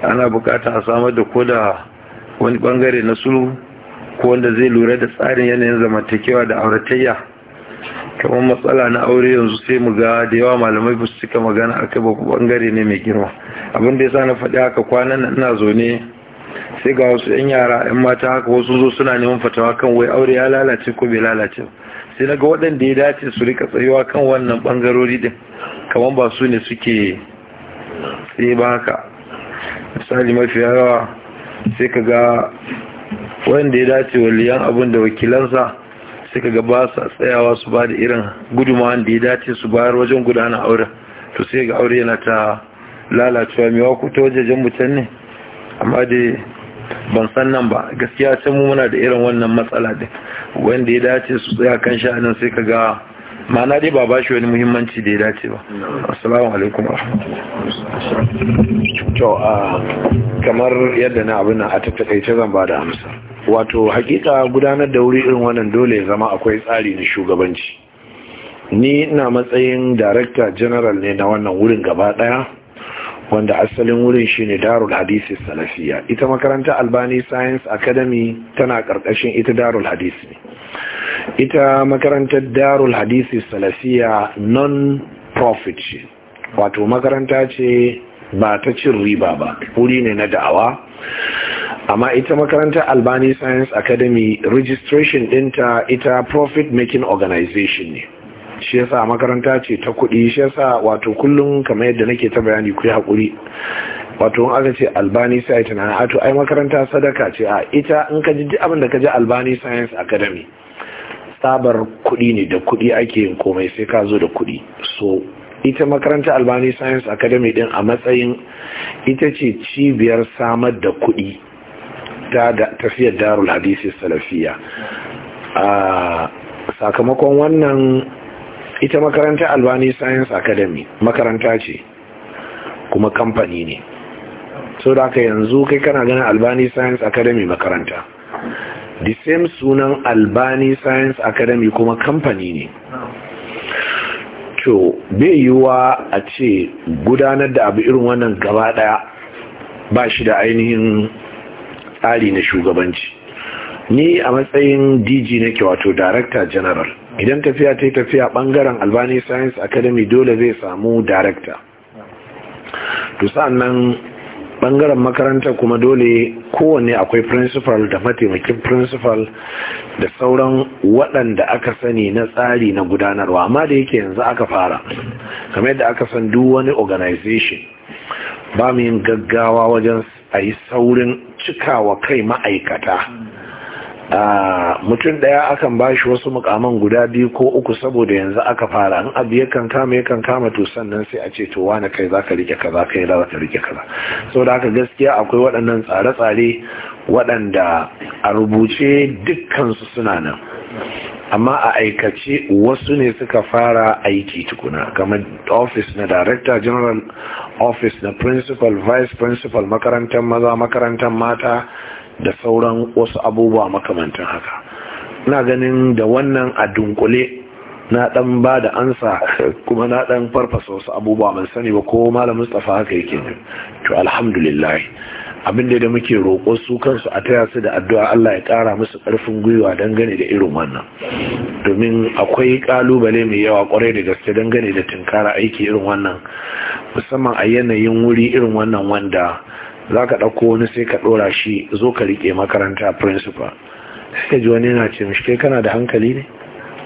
ana bukata a samar da koda wani bangare na sulu ko wanda zai lura da tsarin yanayin zamantakewa da auratayya kamar matsala na aure yanzu sai mu ga da yawa malamai ba su cika magana a kai babu bangare ne mai girma abin da ya sa na faɗi haka kwanan nan ina zaune sai ga wasu 'yan yara 'yan mata haka wasu zo suna neman fatawa kan wai aure ya lalace ko bai lalace ba. sai na ga waɗanda ya dace su rika tsayuwa kan wannan ɓangarori din kamar ba su ne suke tsaye ba haka misali mafi yawa sai ka ga waɗanda ya dace waliyan abin da wakilansa sai ka ga ba sa tsayawa su ba da irin gudumawan da ya dace su bayar wajen gudana aure to sai ga aure yana ta lalacewa mewa wako ta wajajen mutane amma dai ban san nan ba gaskiya can mu muna da irin wannan matsala din wanda ya dace su tsaya kan sha'anin sai ka ga ma'ana dai ba ba shi wani muhimmanci da ya dace ba assalamu alaikum to kamar yadda na abin a tattakaice zan ba da amsa wato hakika gudanar da wuri irin wannan dole ya zama akwai tsari na shugabanci ni ina matsayin director general ne na wannan wurin gaba daya wanda asalin wurin shine darul hadisi salafiya ita makarantar albani science academy tana karkashin ita darul hadisi ne ita makarantar darul hadisi salafiya non-profit ce wato makaranta ce ba ta cin riba ba wuri ne na da'awa amma ita makarantar albani science academy registration dinta ita profit making organization ne shi yasa makaranta ce ta kuɗi shi yasa wato kullum kamar yadda nake ta bayani ku yi haƙuri wato in aka ce albani sai na ato ai makaranta sadaka ce a ita in ka ji abin ka ji albani science academy sabar kuɗi ne da kuɗi ake yin komai sai ka zo da kuɗi so ita makaranta albani science academy din a matsayin ita ce cibiyar samar da kuɗi ta tafiyar darul hadisi salafiya a ah, sakamakon wannan ita makarantar albani science academy makaranta ce kuma kamfani ne so da aka yanzu kai kana ganin albani science academy makaranta the same sunan albani science academy kuma kamfani ne to bai yiwuwa a ce gudanar da abu irin wannan gaba daya ba shi da ainihin tsari na shugabanci ni a matsayin dg nake wato director general idan tafiya ta yi tafiya bangaren albani science academy dole zai samu director to sa'annan bangaren makaranta kuma dole kowanne akwai principal da mataimakin principal da sauran waɗanda aka sani na tsari na gudanarwa amma da yake yanzu aka fara kamar da aka san duk wani organization ba mu yin gaggawa wajen a yi saurin cikawa kai ma'aikata mutum daya akan bashi wasu mukaman guda biyu ko uku saboda yanzu aka fara in abu kan kama yakan kama to sannan sai a ce to wani kai za ka rike kaza kai za ka rike kaza saboda haka gaskiya akwai waɗannan tsare-tsare waɗanda a rubuce dukkansu suna nan amma a aikace wasu ne suka fara aiki tukuna kamar office na director general office na principal vice principal makarantar maza makarantar mata da sauran wasu abubuwa makamantan haka na ganin da wannan a dunkule na dan ba da ansa kuma na dan farfasa wasu abubuwa ban sani ba ko malam Mustapha haka yake ne to alhamdulillah abin da muke roƙo su kansu a taya su da addu'a Allah ya ƙara musu ƙarfin gwiwa dangane da irin wannan domin akwai ƙalubale mai yawa ƙwarai da gaske dangane da tunkara aiki irin wannan musamman a yanayin wuri irin wannan wanda za ka ɗauko wani sai ka ɗora shi zo ka riƙe makaranta principal sai ka ji wani yana ce mishi kai kana da hankali ne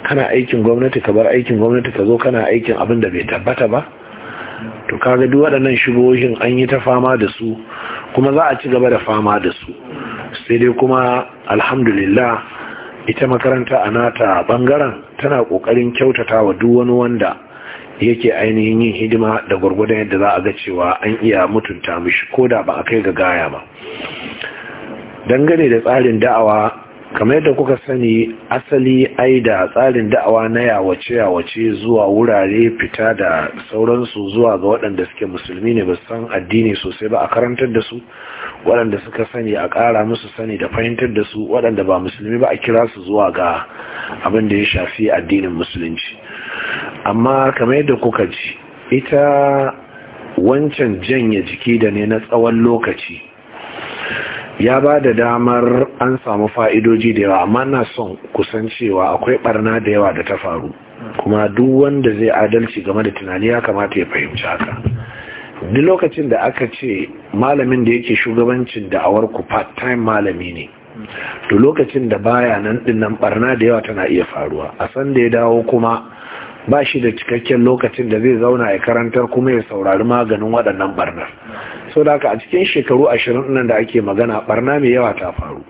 kana aikin gwamnati ka bar aikin gwamnati ka zo kana aikin abin da bai tabbata ba to kaga duk waɗannan shigohin an yi ta fama da su kuma za a ci gaba da fama da su sai dai kuma alhamdulillah ita makaranta a nata ɓangaren tana ƙoƙarin kyautata wa duk wani wanda yake ainihin yin hidima da gwargwadon yadda za a ga cewa an iya mutunta mishi ko da ba a kai ga gaya ba dangane da tsarin da'awa kamar yadda kuka sani asali ai da tsarin da'awa na yawace yawace zuwa wurare fita da sauransu zuwa ga waɗanda suke musulmi ne ba san addini sosai ba a karantar da su waɗanda suka sani a ƙara musu sani da fahimtar da su waɗanda ba musulmi ba a kira su zuwa ga abin da ya shafi addinin musulunci amma kamar yadda kuka ji ita wancan janye jiki da ne na tsawon lokaci ya ba da damar an samu fa'idoji da yawa amma na son kusancewa akwai barna da yawa da ta faru kuma duk wanda zai adalci game da tunani ya kamata ya fahimci haka duk lokacin da aka ce malamin da yake shugabancin da'awar ku part-time malami ne to lokacin da baya nan dinnan barna da yawa tana iya faruwa a san da ya dawo kuma ba shi da cikakken lokacin da zai zauna ya karantar kuma ya saurari maganin waɗannan barnar so da haka a cikin shekaru ashirin nan da ake magana barna mai yawa ta faru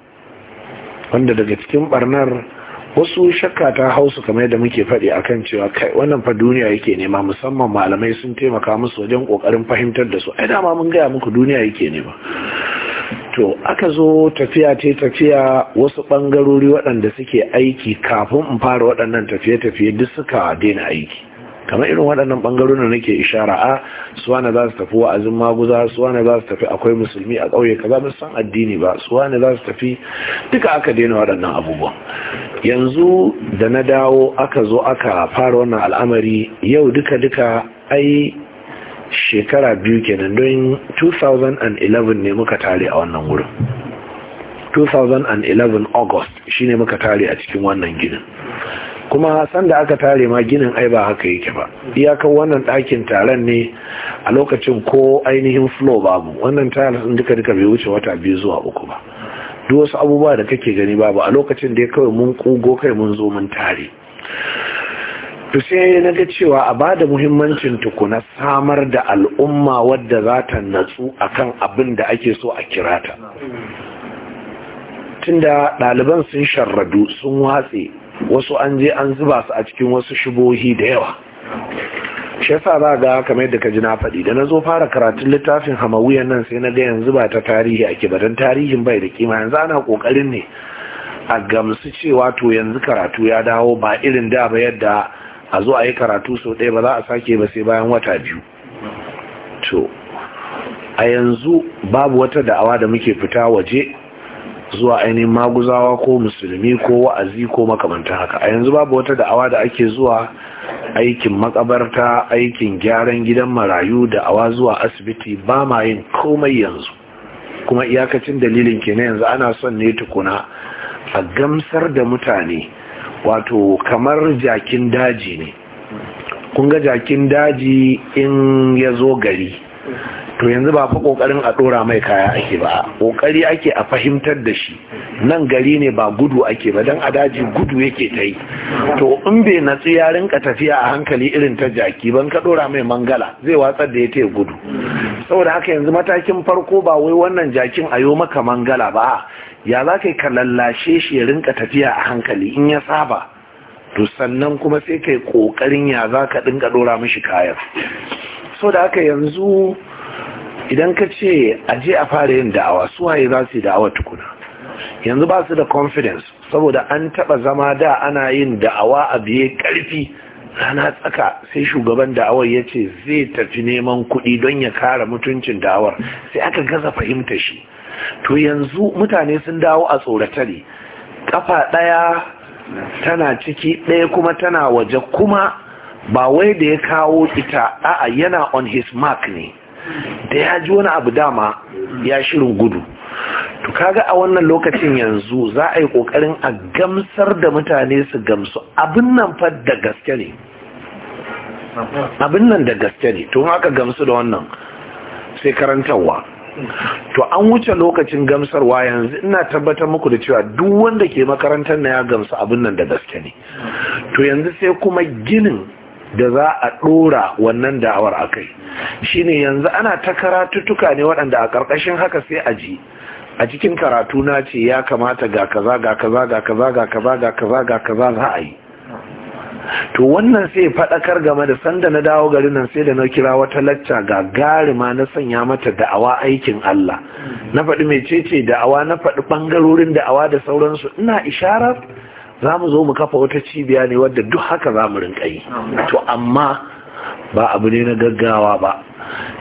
wanda daga cikin barnar wasu shakka ta hausu kamar yadda muke faɗi kan cewa kai wannan fa duniya yake nema musamman malamai sun taimaka musu wajen kokarin fahimtar da su ai dama mun gaya muku duniya yake nema to aka zo tafiya ta tafiya wasu ɓangarori waɗanda suke aiki kafin in fara waɗannan tafiye-tafiye duk suka daina aiki kamar irin waɗannan ɓangarorin nake ishara a suwane za su tafi wa'azin maguza ne za su tafi akwai musulmi a ƙauye kaza mu san addini ba ne za su tafi duka aka daina waɗannan abubuwa. yanzu da na dawo aka zo aka fara wannan al'amari yau duka duka ai shekara biyu kenan don 2011 ne muka tare a wannan wurin 2011 august shine muka tare a cikin wannan gidan kuma sanda aka tare ma ginin ai ba haka yake ba iyakar wannan ɗakin taron ne a lokacin ko ainihin flow babu wannan taron sun duka duka bai wuce wata biyu zuwa uku ba duk wasu abubuwa da kake gani babu a lokacin da ya kawai mun kugo kai mun zo mun tare to sai na ga cewa a ba da muhimmancin tukuna samar da al'umma wadda za ta natsu akan abin da ake so a kirata tunda ɗaliban sun sharradu sun watse wasu an je an zuba su a cikin wasu shubohi da yawa shi yasa za ga kamar yadda ka na faɗi da na zo fara karatun littafin hamawuyan nan sai na ga yanzu ba ta tarihi ake ba don tarihin bai da kima yanzu ana ƙoƙarin ne a gamsu cewa to yanzu karatu ya dawo ba irin da ba yadda a zo a yi karatu sau ɗaya ba za a sake ba sai bayan wata biyu to a yanzu babu wata da'awa da muke fita waje zuwa ainihin maguzawa ko musulmi ko wa'azi ko makamantar haka a yanzu babu wata da'awa da ake zuwa aikin makabarta aikin gyaran gidan marayu da'awa zuwa asibiti ba ma yin komai yanzu kuma iyakacin dalilin ke na yanzu ana son ne tukuna a gamsar da mutane wato kamar jakin daji ne kun ga jakin daji in ya zo gari to yanzu ba fa kokarin a dora mai kaya ake ba kokari ake a fahimtar da shi nan gari ne ba gudu ake ba dan adaji gudu yake ta yi to in bai natsu ya rinka tafiya a hankali irin ta jaki ban ka dora mai mangala zai watsar da ya ta gudu saboda haka yanzu matakin farko ba wai wannan jakin a yo maka mangala ba ya za ka ka lallashe shi ya rinka tafiya a hankali in ya saba to sannan kuma sai kai kokarin ya za ka dinka dora mishi kayan so da haka yanzu idan ka ce je a fara yin da'awa su haye za su yi da'awa tukuna yanzu ba su da confidence saboda an taba zama da ana yin da'awa a biye karfi rana tsaka sai shugaban da'awar ya ce zai tafi neman kuɗi don ya kara mutuncin da'awar sai aka gaza fahimta shi to yanzu mutane sun dawo a tsoratare kafa ɗaya tana ciki ɗaya kuma tana waje kuma ba wai da ya kawo ita a'a yana on his mark ne da ya ji wani abu dama ya shirin gudu to kaga a wannan lokacin yanzu za a yi kokarin a gamsar da mutane su gamsu abin nan fa da gaske ne abin nan da gaske ne to haka gamsu da wannan sai karantarwa to an wuce lokacin gamsarwa yanzu ina tabbatar muku da cewa duk wanda ke makarantar na ya gamsu abin nan da gaske ne to yanzu sai kuma ginin da za a ɗora wannan da'awar a kai shine yanzu ana ta karatuttuka ne waɗanda a ƙarƙashin haka sai a ji a cikin karatu na ce ya kamata ga kaza ga kaza ga kaza ga kaza ga kaza ga kaza za a yi to wannan sai faɗakar game da sanda na dawo garin nan sai da na kira wata lacca ga garima na sanya mata da'awa aikin Allah na faɗi mai cece da'awa na faɗi ɓangarorin da'awa da sauransu ina isharar za mu zo mu kafa wata cibiya ne wadda duk haka za mu rinka yi to amma ba abu ne na gaggawa ba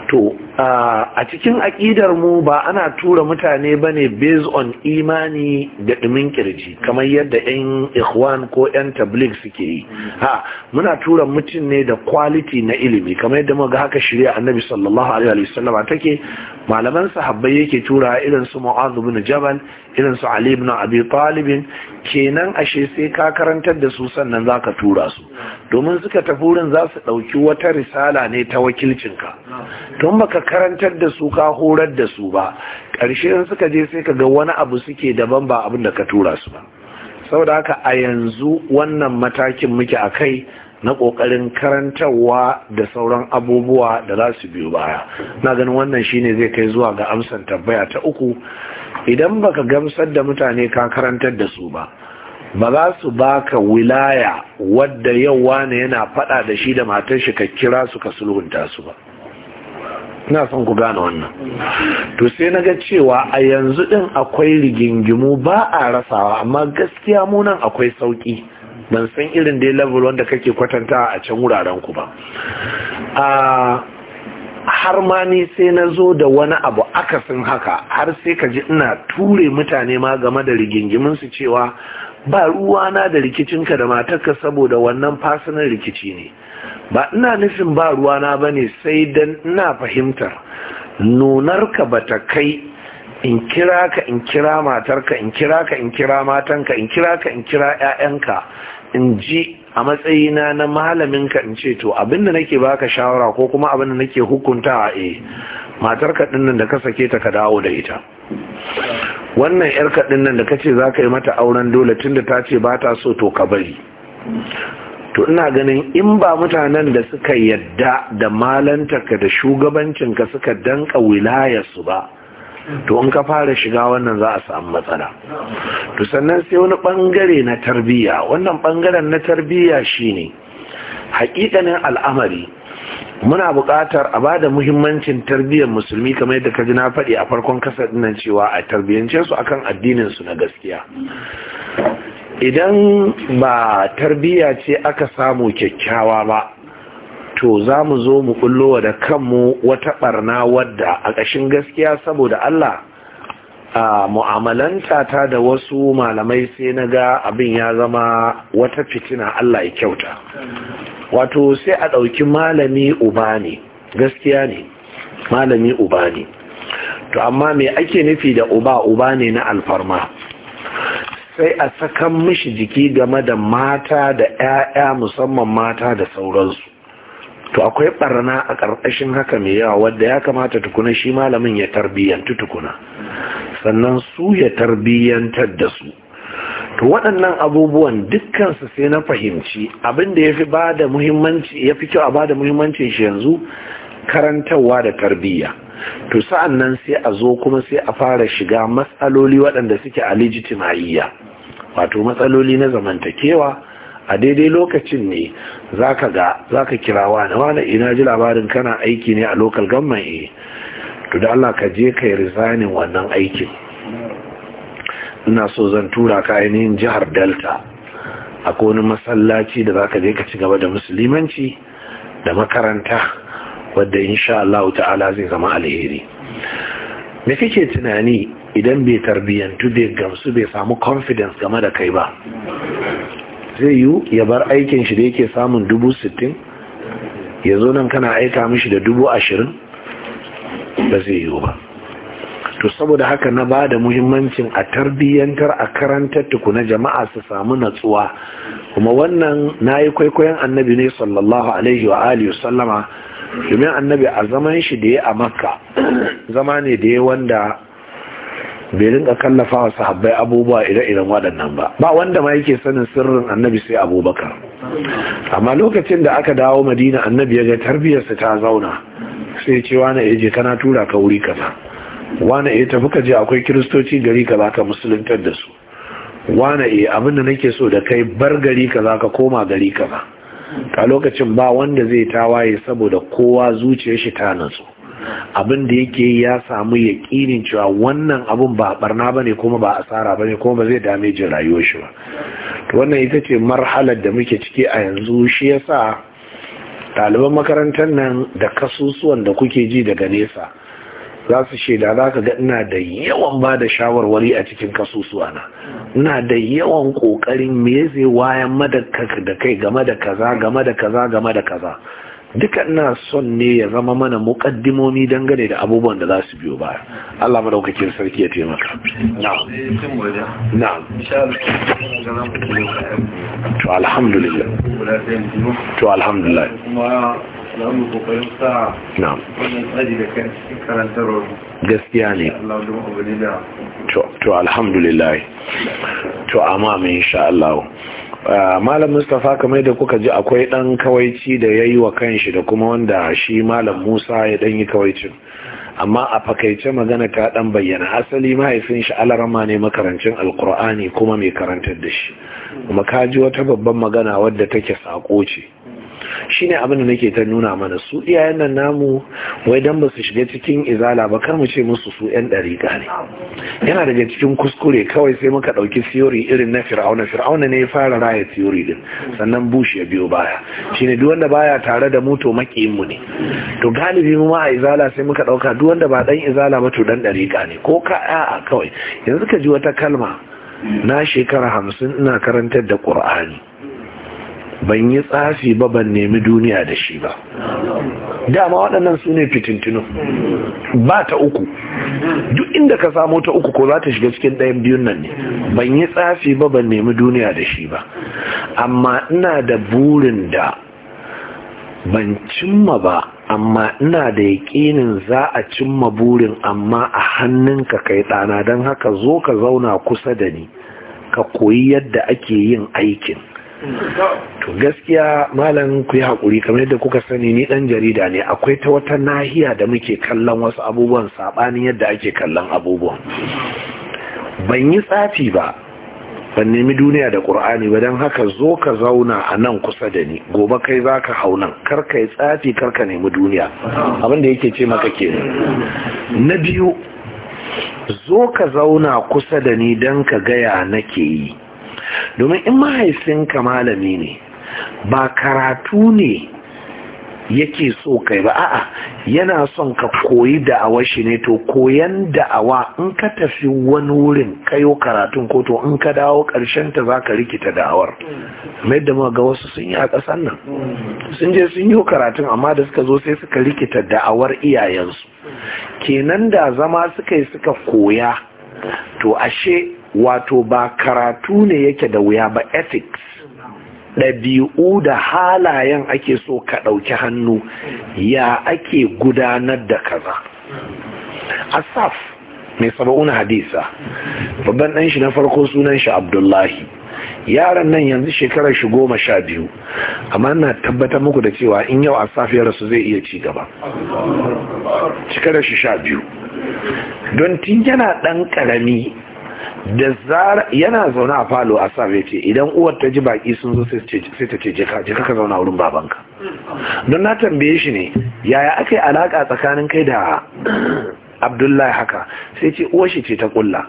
to a cikin aƙidar mu ba ana tura mutane ba ne based on imani da ɗumin kirji kamar yadda 'yan ikhwan ko 'yan tablik suke yi ha muna tura mutum ne da quality na ilimi kamar yadda muka haka shirya annabi sallallahu alaihi wasallama take malaman sahabbai yake tura irin su mu'adh bin jabal irin su Ali ibn Abi Talib kenan ashe sai ka karantar da su sannan zaka tura su domin suka tafi wurin za su dauki wata risala ne ta wakilcin ka don baka karantar da su ka horar da su ba karshe in suka je sai ka ga wani abu suke daban ba abin da ka tura su ba saboda haka a yanzu wannan matakin muke a kai na ƙoƙarin karantarwa da sauran abubuwa da za su biyu baya na ganin wannan shine zai kai zuwa ga amsan tabbaya ta uku idan baka gamsar da mutane ka karantar da su ba ba za su baka wilaya wadda yau wane yana fada da shi da matar shi ka kira su ka sulhunta su ba ina son ku gane wannan to sai na ga cewa a yanzu din akwai rigingimu ba a rasawa amma gaskiya munan akwai sauki ban san irin dai level wanda kake kwatanta a can wuraren ku ba ah, har ma ni sai na zo da wani abu akasin haka har sai ka ji ina ture mutane ma game da rigingimin su cewa ba ruwana da rikicinka da matarka saboda wannan fasinan rikici ne ba ina nufin ba ruwana ba ne sai dan ina fahimtar nunarka ba ta kai in kira ka in kira matarka in kira ka in kira matanka in kira ka in kira 'ya'yanka in ji a matsayina na malamin ka in ce to abinda nake baka shawara ko kuma abinda nake hukunta a eh matar ka nan da ka sake ta ka dawo da ita wannan yar ka nan da kace zaka yi mata auren dole tunda ta ce ba ta so to ka bari to ina ganin in ba mutanen da suka yadda da ka da shugabancin ka suka danka su ba to in ka fara shiga wannan za a samu matsala to sannan sai wani bangare na tarbiyya wannan bangaren na tarbiyya shine hakikanin al'amari muna buƙatar a bada muhimmancin tarbiyyar musulmi kamar yadda kaji na faɗi a farkon kasar dinan cewa a tarbiyyance su akan addinin su na gaskiya idan ba tarbiyya ce aka samu kyakkyawa ba to za mu zo mu kullowa da kanmu wata barna wadda a ƙashin gaskiya saboda Allah a mu'amalanta ta da wasu malamai sai na ga abin ya zama wata fitina Allah ya kyauta wato sai a ɗauki malami uba ne gaskiya ne malami uba ne to amma me ake nufi da uba uba ne na alfarma sai a sakan mishi jiki game da mata da 'ya'ya musamman mata da sauransu to akwai barna a ƙarƙashin haka mai yawa wadda ya kamata tukuna shi malamin ya tarbiyyantu tukuna sannan su ya tarbiyyantar da su to waɗannan abubuwan dukkansu sai na fahimci abinda ya fi bada muhimmanci ya fi kyau a bada muhimmanci shi yanzu karantarwa da tarbiyya to sa'an nan sai a zo kuma sai a fara shiga matsaloli waɗanda suke a legitimayya wato matsaloli na zamantakewa a daidai lokacin ne zaka ka ga zaka kira wani wani ina ji labarin kana aiki ne a lokal gamman e eh. to da Allah ka je ka yi rizanin wannan aikin ina so zan tura ka ainihin jihar delta a wani masallaci da zaka je ka ci gaba da musulmanci da makaranta wanda insha Allah ta'ala zai zama alheri me kake tunani idan bai tarbiyantu bai gamsu bai samu confidence game da kai ba zai yiwu ya bar aikin shi da yake samun dubu sittin ya zo nan kana aika mishi da dubu ashirin ba zai yiwu ba to saboda haka na ba da muhimmancin a tarbiyyantar a karantar tukuna jama'a su samu natsuwa kuma wannan na yi kwaikwayon annabi ne sallallahu alaihi wa aliyu sallama domin annabi a zaman shi da ya a makka zama ne da ya wanda bai rinka kallafa wa sahabbai abubuwa ire-iren waɗannan ba ba wanda ma yake sanin sirrin annabi sai abubakar amma lokacin da aka dawo madina annabi ya ga tarbiyarsa ta zauna sai ce wani ya eh, je kana tura ka wuri kaza wani ya eh, tafi ka je akwai kiristoci gari kaza ka musuluntar da su wani ya eh, abin da nake so da kai bar gari kaza ka koma gari kaza a lokacin ba wanda zai tawaye saboda kowa zuciyar shi ta natsu abin da yake ya samu yaƙinin cewa wannan abin ba barna ba ne kuma ba asara ba ne kuma ba zai dame jin rayuwar shi ba wannan ita ce marhalar da muke ciki a yanzu shi ya sa ɗaliban makarantar nan da kasusuwan da kuke ji daga nesa za su shaida za ka ga ina da yawan ba da shawarwari a cikin kasusuwa na ina da yawan kokarin me zai wayan madaka da kai game da kaza game da kaza game da kaza duka ina son ne ya zama mana muƙaddimomi dangane da abubuwan da za su biyo baya Allah madaukakin sarki ya taimaka na'am to alhamdulillah to alhamdulillah gaskiya ne to alhamdulillah to amma insha Allah malam mustafa kamar da kuka ji akwai dan kawaici da ya yi wa kanshi da kuma wanda shi malam musa ya dan yi kawaicin amma a fakaice magana ta dan bayyana asali mahaifin shi alarama ne makarancin alkur'ani kuma mai karantar da shi kuma ka wata babban magana wadda take sako ce shine abin da nake ta nuna mana su iyayen nan namu wai don ba su shiga cikin izala ba kar mu ce musu su yan dariƙa ne yana daga cikin kuskure kawai sai muka ɗauki siyori irin na fir'auna fir'auna ne ya fara raya siyori din sannan bushe ya biyo baya shine duk wanda baya tare da mu to ne to galibi mu ma a izala sai muka ɗauka duwanda wanda ba dan izala ba to dan dariƙa ne ko ka a kawai yanzu ka ji wata kalma na shekara hamsin ina karantar da ƙur'ani ban yi tsafi ba ban nemi duniya da shi ba dama waɗannan su ne fitintinu ba ta uku duk inda ka samo ta uku ko za ta shiga cikin ɗayan biyun nan ne ban yi tsafi ba ban nemi duniya da shi ba amma ina da burin da ban cimma ba amma ina da yaƙinin za a cimma burin amma a hannunka kai ɗana don haka zo ka zauna kusa da ni ka koyi yadda ake yin aikin to gaskiya malam ku yi haƙuri kamar yadda kuka sani ni ɗan jarida ne akwai ta wata nahiya da muke kallon wasu abubuwan saɓanin yadda ake kallon abubuwan ban yi tsafi ba ban nemi duniya da ƙur'ani ba don haka zo ka zauna a nan kusa da ni gobe kai za ka hau nan karka yi tsafi karka nemi duniya abinda yake ce maka ke na biyu zo ka zauna kusa da ni don ka gaya nake yi domin in mahaifinka malami ne ba karatu ne yake so kai ba a'a yana son ka koyi awa shi ne to koyan da'awa in ka tafi wani wurin kayo karatun ko to in ka dawo karshen ta za ka rikita da'awar mai da ga wasu sun yi a ƙasar nan sun je sun yi karatun amma da suka zo sai suka rikita da'awar iyayensu kenan da zama suka yi suka koya to ashe wato ba karatu ne yake da wuya ba ethics ɗabi'u da halayen ake so ka ɗauki hannu ya ake gudanar da kaza asaf mai saba'un hadisa babban ɗan shi na farko sunan shi abdullahi yaran nan yanzu shekarar shi goma sha biyu amma na tabbatar muku da cewa in yau a safiyar su zai iya ci gaba shekarar shi sha biyu don tun yana ɗan ƙarami da zara yana zaune a falo a sa ce idan uwar ta ji baki sun zo sai ta ce jika ka zauna wurin babanka don na tambaye shi ne yaya aka yi alaka tsakanin kai da abdullahi haka sai ce uwar shi ce ta kulla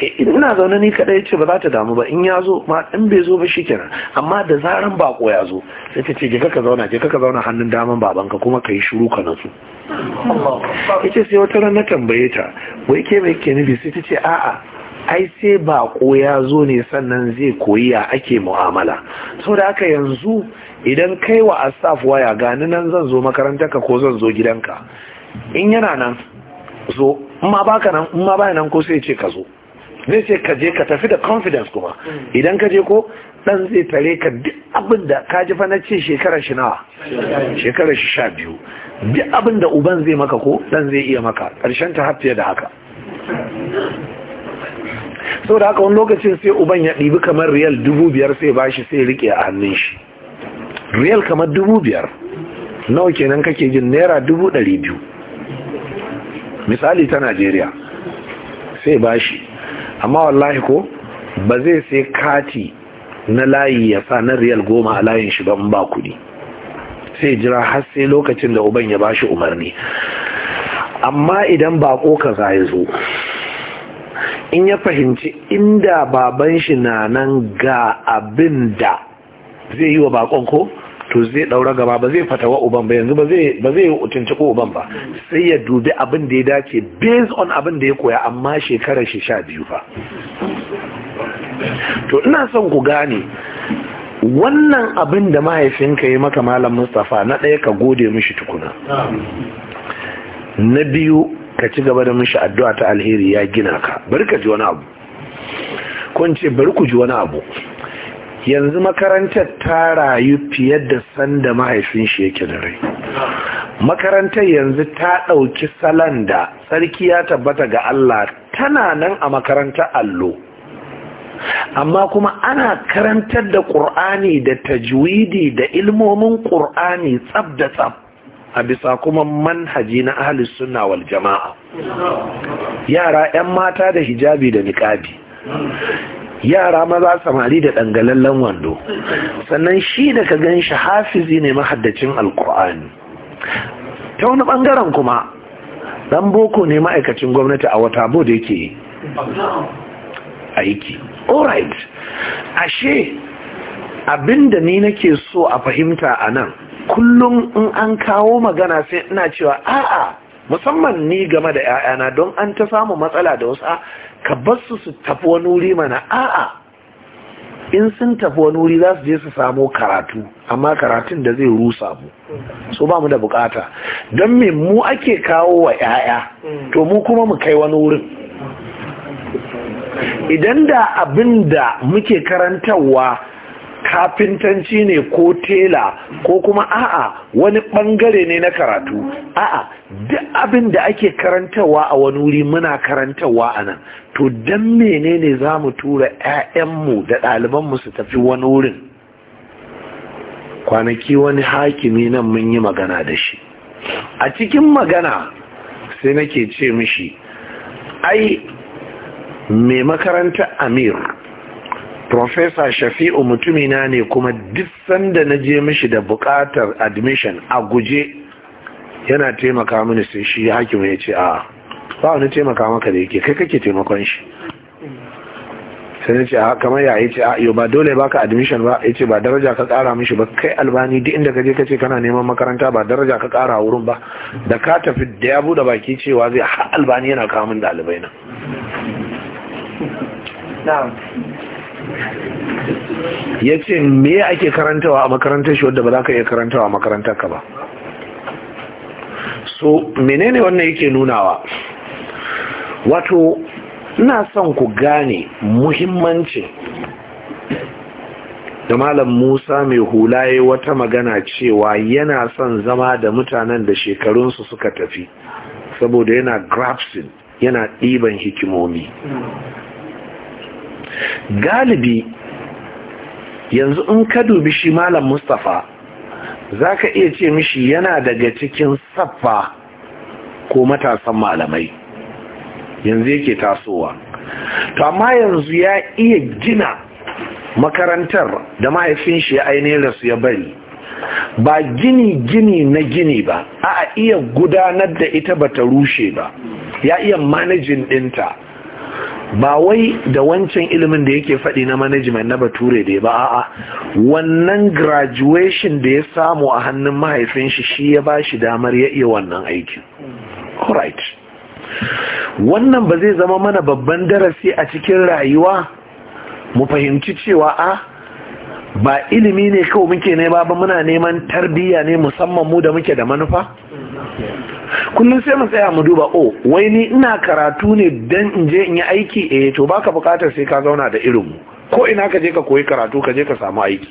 eh, ina zaune ni kadai ce ba za ta damu ba in ya zo ma in bai zo ba shi kenan amma da zarar bako ya zo sai ta ce jika ka zauna jika ka zauna hannun daman babanka kuma ka yi shiru ka nasu ya ce sai wata ran na tambaye ta wai ke mai ke sai ta ce a'a ai sai baƙo ya zo ne sannan zai koyi ya ake mu'amala da haka yanzu idan kai wa asaf waya gani nan zan zo makarantarka ko zan zo gidanka in yana nan zo in ma baka nan ma baya nan ko sai ce ka zo zai ce ka je ka tafi da confidence kuma idan ka je ko dan zai tare ka duk abin da ka ji fana ce shekarar shi nawa shekarar shi sha biyu duk abin da uban zai maka ko dan zai iya maka ƙarshen ta hafiye da haka saboda haka wani lokacin sai uban ya ɗibi kamar riyal dubu biyar sai ba shi sai riƙe a hannun shi riyal kamar dubu biyar nawa kenan kake jin naira dubu ɗari biyu misali ta najeriya sai ba shi amma wallahi ko ba zai sai kati na layi ya sa na riyal goma a layin shi ba in ba kuɗi sai jira har sai lokacin da uban ya ba shi umarni amma idan bako kaza ya zo in ya fahimci inda baban shi na nan ga abin da zai yi wa bakon ko to zai daura gaba ba zai fatawa uban ba yanzu ba zai yi ko uban ba sai ya dubi abin da ya dace based on abin da ya koya amma shekarar shi sha biyu ba to ina son ku gane wannan abin da mahaifinka ya maka malam mustapha na ɗaya ka gode mishi tukuna na biyu ka ci gaba da mishi addu'a ta alheri ya gina ka bari ka ji wani abu kun ce bari ku ji wani abu yanzu makarantar ta rayu fiye da sanda mahaifin shi yake da rai makarantar yanzu ta ɗauki salon da sarki ya tabbata ga Allah tana nan a makarantar allo amma kuma ana karantar da ƙur'ani da tajwidi da ilmomin ƙur'ani tsab da tsab a bisa kuma manhaji na ahalis suna wal jama'a yara 'yan mata da hijabi da niƙabi yara maza samari da ɗangalallen wando sannan shi da ka gan shi hafizi ne mahaddacin alkur'ani ta wani ɓangaren kuma ɗan boko ne ma'aikacin gwamnati a wata bo da yake aiki alright ashe abinda ni nake so a fahimta a nan kullum in an kawo magana sai ina cewa a'a musamman ni game da 'ya'yana don an ta samu matsala da wasu ka bar su su tafi wani wuri mana a'a in sun tafi wani wuri za su je su samu karatu amma karatun da zai rusa mu so ba mu da bukata don me mu ake kawo wa 'ya'ya to mu kuma mu kai wani wurin idan da abin da muke karantarwa kafintanci ne ko tela ko kuma a'a wani bangare ne na karatu a'a duk abin da ake karantarwa a wani wuri muna karantarwa a nan to don menene za mu tura 'ya'yanmu da ɗalibanmu su tafi wani wurin kwanaki wani hakimi nan mun yi magana da shi a cikin magana sai nake ce mishi ai mai makarantar amir Profesa Shafi'u mutumina ne kuma duk sanda na je mishi da bukatar admission a guje yana taimaka mini sai shi hakimu ya ce a ba wani taimaka maka da yake kai kake taimakon shi sai na ce a kamar ya ce a yau ba dole baka admission ba ya ce ba daraja ka kara mishi ba kai albani duk inda ka je ka ce kana neman makaranta ba daraja ka kara wurin ba da ka tafi da ya bude baki cewa zai har albani yana kamun ɗalibai na ya ce me ake karantawa a makarantar shi wadda ba za ka iya karantawa a makarantar ka ba so menene wannan yake nunawa wato ina son ku gane muhimmancin da malam musa mai hula ya wata magana cewa yana son zama da mutanen da shekarunsu suka tafi saboda yana grafsin yana ɗiban hikimomi galibi yanzu in ka dubi shi malam mustapha za ka iya ce mishi yana daga cikin saffa ko matasan malamai yanzu yake tasowa to amma yanzu ya iya gina makarantar da mahaifin shi ainihin su ya bari ba gini-gini na gini ba a iya gudanar da ita ba ta rushe ba ya iya manajin dinta ba wai da wancan ilimin da yake faɗi na management na bature da ba a'a wannan graduation da ya samu a hannun mahaifin shi shi ya ba shi damar ya iya wannan aikin alright wannan ba zai zama mana babban darasi a cikin rayuwa mu fahimci cewa a ba ilimi ne kawai muke ne ba muna neman tarbiyya ne musamman mu da muke da manufa kullum sai mu tsaya mu duba o oh, wai ni ina karatu ne dan in je in yi aiki eh to baka bukatar sai ka zauna da irin mu ko ina ka je ka koyi karatu ka je ka samu aiki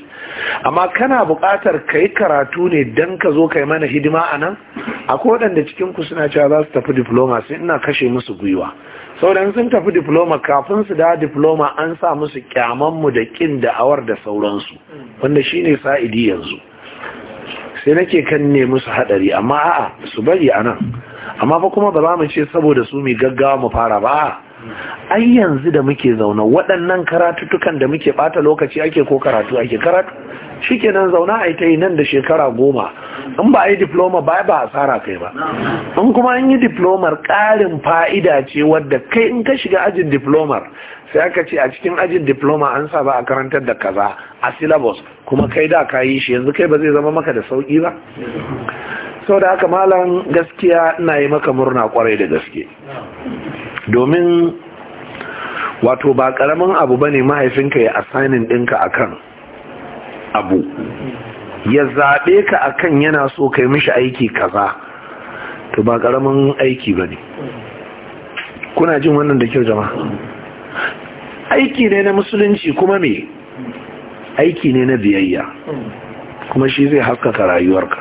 amma kana bukatar ka yi karatu ne don ka zo ka yi mana hidima a nan akwai waɗanda cikin ku suna cewa za su tafi diploma sai ina kashe musu gwiwa sauran sun tafi diploma kafin su da diploma an sa musu kyamanmu da kin da'awar da sauransu wanda shine sa'idi yanzu sai nake kan ne musu hadari amma a'a su bari a nan. amma fa kuma ba za mu ce saboda su mai gaggawa mu fara ba ai yanzu da muke zaune waɗannan karatuttukan da muke ɓata lokaci ake ko karatu ake karatu shi nan zauna a ita yi nan da shekara goma in ba a yi diploma ba ba asara kai ba in kuma an yi diplomar ƙarin fa'ida ce wadda kai in ka shiga ajin diplomar sai aka ce a cikin ajin diploma an sa ba a karantar da kaza a syllabus kuma kai da ka yi shi yanzu kai ba zai zama maka da sauki ba sau da haka malam gaskiya na yi maka murna kwarai da gaske domin wato ba karamin abu ba ne mahaifinka ya assignin ɗinka a kan abu ya zaɓe ka akan yana so yi mishi aiki kaza to ba ƙaramin aiki ba ne kuna jin wannan da kyau jama'a aiki ne na musulunci kuma me aiki ne na biyayya kuma shi zai haskaka rayuwarka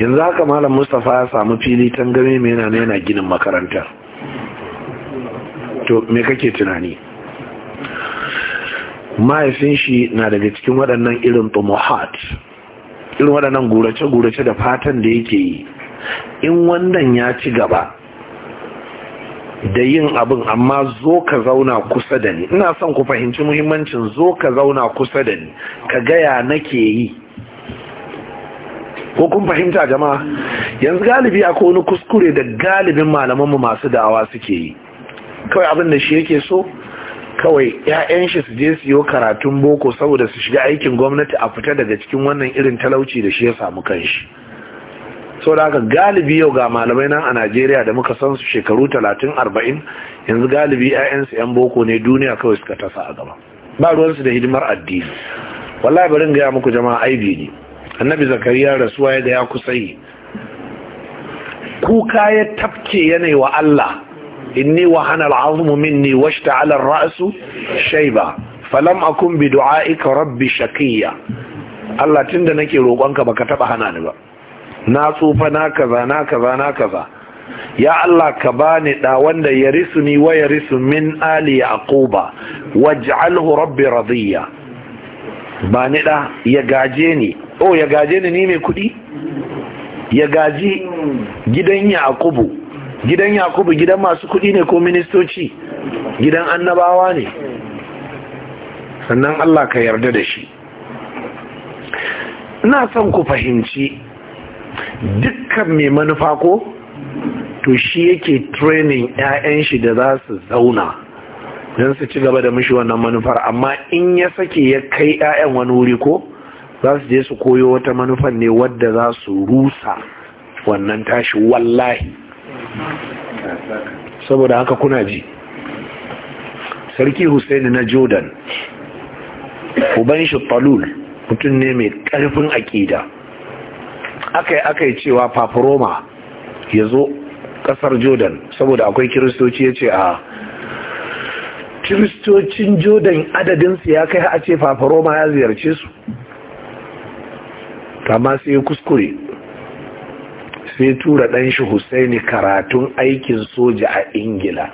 yanzu haka malam mustapha ya samu fili tangame mai yana yana ginin makarantar to me kake tunani mahaifin shi na daga cikin waɗannan irin tumuhat irin waɗannan gurace-gurace da fatan da yake yi in wannan ya ci gaba da yin abin amma zo ka zauna kusa da ni ina son ku fahimci muhimmancin zo ka zauna kusa da ni ka gaya nake yi ko kun fahimta jama'a yanzu galibi akwai wani kuskure da galibin malamanmu masu da'awa suke yi kawai abin da shi yake so kawai 'ya'yan shi su je su yi karatun boko saboda su shiga aikin gwamnati a fita daga cikin wannan irin talauci da shi ya samu kanshi sau da haka galibi yau ga malamai nan a najeriya da muka san su shekaru 30-40 yanzu galibi 'ya'yansu 'yan boko ne duniya kawai suka tasa a gaba ba ruwansu da hidimar addini wallahi barin gaya muku jama'a aibi ne annabi zakariya rasuwa ya da ya kusayi kuka ya tafke yanayi wa allah inni wa hana al'azmu minni washta'ala ar-ra'su shayba falam akun bi du'aika rabbi shaqiyya Allah tunda nake roƙonka baka taba hana ni ba na tsufa na kaza na kaza na kaza ya Allah ka bani da wanda ya risuni wa ya min ali yaquba waj'alhu rabbi radiya bani da ya gaje ni oh ya gaje ni ni mai kudi ya gaji gidan yaqubu gidan yakubu gidan masu kuɗi ne ko ministoci gidan annabawa ne sannan Allah ka yarda da shi ina son ku fahimci dukkan mai manufa ko to shi yake training 'ya'yan shi da za su zauna don su ci gaba da mishi wannan manufar amma in ya sake ya kai 'ya'yan wani wuri ko za su je su koyo wata manufar ne wadda za su rusa wannan tashi wallahi saboda haka kuna ji sarki Hussaini na jordan uban shi falul mutum ne mai karfin aƙida aka yi aka yi cewa papiroma ya zo ƙasar jordan saboda akwai kiristoci ya ce a ah, kiristocin jordan adadinsu ya kai a ce papiroma ya ziyarce su kama sai kuskure sai tura ɗan shi husaini karatun aikin soja a ingila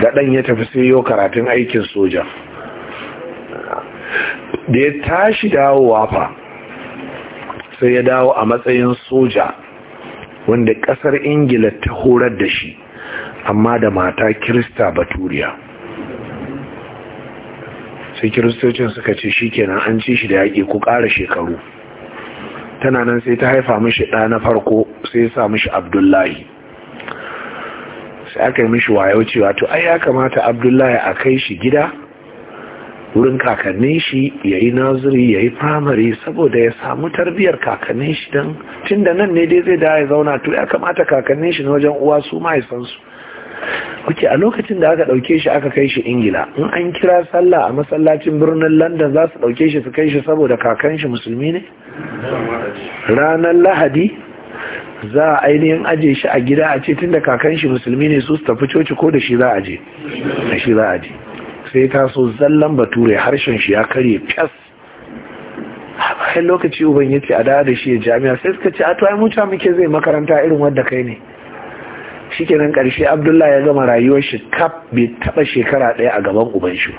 da ɗan ya tafi sai yau karatun aikin soja da ya tashi dawowa fa sai ya dawo a matsayin soja wanda ƙasar ingila ta horar da shi amma da mata kirista baturiya sai kiristocin suka ce shi kenan an ci shi da yaƙi ku ƙara shekaru tana nan sai ta haifa mishi ɗa na farko sai ya sa mishi abdullahi sai aka yi mishi wayo cewa to ai ya kamata abdullahi a kai shi gida wurin kakannin shi ya yi naziri ya yi firamare saboda ya samu tarbiyyar kakannin shi don tun da nan ne dai zai da ya zauna to ya kamata kakannin shi na wajen uwa su ma ya san su kuke a lokacin da aka ɗauke shi aka kai shi ingila in an kira sallah a masallacin birnin london za su ɗauke shi su kai shi saboda kakan shi musulmi ne ranar lahadi za a ainihin aje shi a gida a ce tun da kakan shi musulmi ne su tafi coci ko da shi za a je da shi za a je sai zallan bature harshen shi ya karye fas bayan lokaci uban ya a da shi ya jami'a sai suka ce a to ai muke zai makaranta irin wadda kai ne shikenan karshe abdullahi ya gama rayuwar shi kaf bai taba shekara daya a gaban uban shi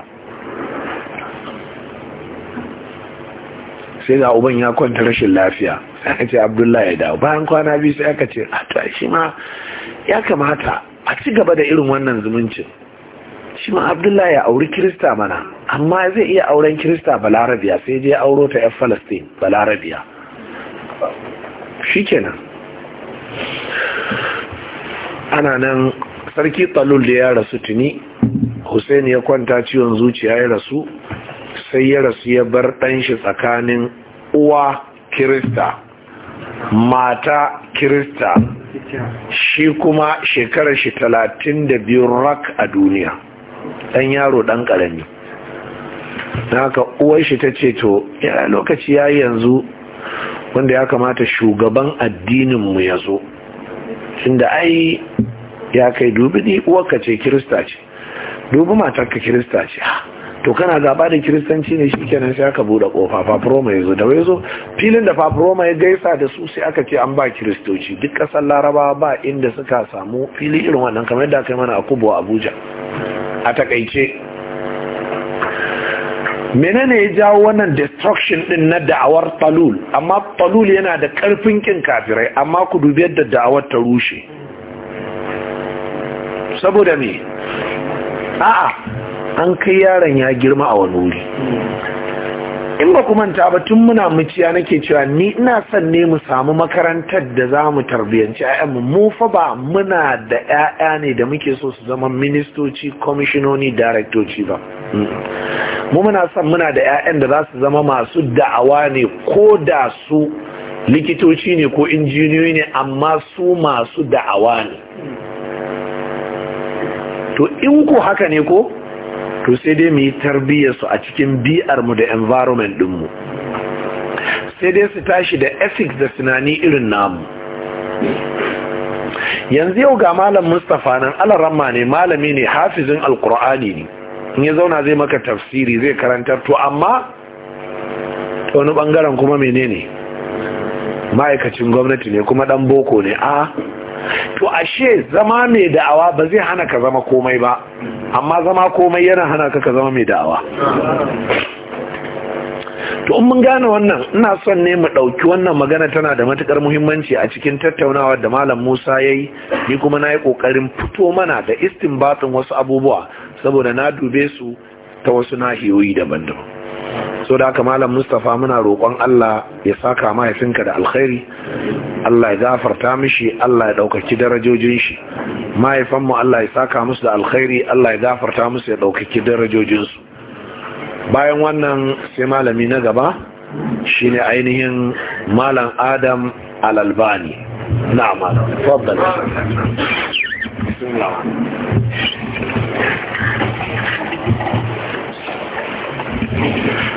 sai ga uban ya kwanta rashin lafiya aka ce abdullahi ya dawo bayan kwana biyu sai aka ce a ta shi ma ya kamata a ci gaba da irin wannan zumunci shi ma abdullahi ya auri kirista mana amma zai iya auren kirista balarabiya sai je auro ta yan falastin balarabiya shi kenan ana nan sarki talul da ya rasu tuni hussein ya kwanta ciwon zuciya ya rasu sai ya rasu ya bar ɗanshi tsakanin uwa kirista mata kirista shi kuma shekarar shi talatin da biyu rak a duniya ɗan yaro ɗan ƙarami na haka uwar shi ta ce to lokaci ya yanzu wanda ya kamata shugaban addininmu ya zo inda ai ya kai dubi ni uwarka ce kirista ce dubi matarka kirista ce to kana zaba da kiristanci ne shi kenan sai aka bude kofa faforoma yazo zo da wai filin da faforoma ya gaisa da su sai aka ce an ba kiristoci duk kasar laraba ba inda suka samu fili irin wannan kamar yadda aka yi mana a kubo abuja a takaice menene ya jawo wannan destruction din na da'awar talul amma talul yana da karfin kin kafirai amma ku dubi yadda da'awar ta rushe saboda me a'a an kai yaron ya girma a wani wuri in ba manta ba tun muna muciya nake cewa ni ina son ne mu samu makarantar da za mu tarbiyyanci ayyanmu mu fa ba muna da 'ya'ya ne da muke so su zama ministoci kwamishinoni daraktoci ba mu muna son muna da 'ya'yan da za su zama masu da'awa ne ko da su likitoci ne ko injiniyoyi ne amma su masu da'awa ne to in ku haka ne ko to sai dai mu yi su a cikin mu da environment din mu, sai dai su tashi da ethics da tunani irin namu yanzu yau ga malam mustapha nan ramma ne malami ne hafizin alkur'ani ne in ya zauna zai maka tafsiri zai karantar to amma wani bangaren kuma menene ma'aikacin gwamnati ne kuma dan boko ne a to ashe zama mai da'awa ba zai hana ka zama komai ba amma zama komai yana hana ka ka zama mai da'awa to in mun gane wannan ina son ne mu ɗauki wannan magana tana da matukar muhimmanci a cikin tattaunawa da malam musa yayi ni kuma na yi ƙoƙarin fito mana da istinbatin wasu abubuwa saboda na dube su ta wasu nahiyoyi daban-daban so da haka malam Mustapha muna roƙon Allah ya saka mahaifinka da alkhairi Allah ya gafarta mishi Allah ya ɗaukaki darajojin shi mahaifanmu Allah ya saka musu da alkhairi Allah ya gafarta musu ya ɗaukaki darajojinsu bayan wannan sai malami na gaba shine ainihin malam Adam al-Albani na faddal Thank you.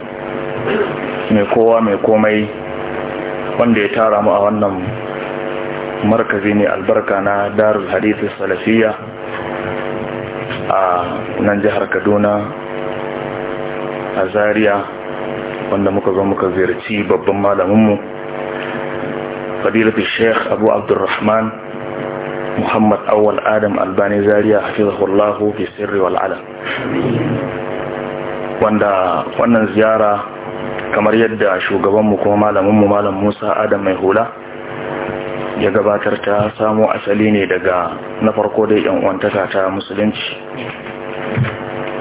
mai kowa mai komai wanda ya tara mu a wannan markazi ne albarka na darul hadithi salafiya a nan jihar kaduna a zaria wanda muka zo muka ziyarci babban malaminmu fadilatu sheikh abu abdurrahman muhammad awal adam albani zaria hafizahullahu fi sirri wal'ala wanda wannan ziyara kamar yadda shugabanmu kuma malaminmu malam musa adam mai hula ya gabatar ta samo asali ne daga na farko dai yan'uwantaka ta musulunci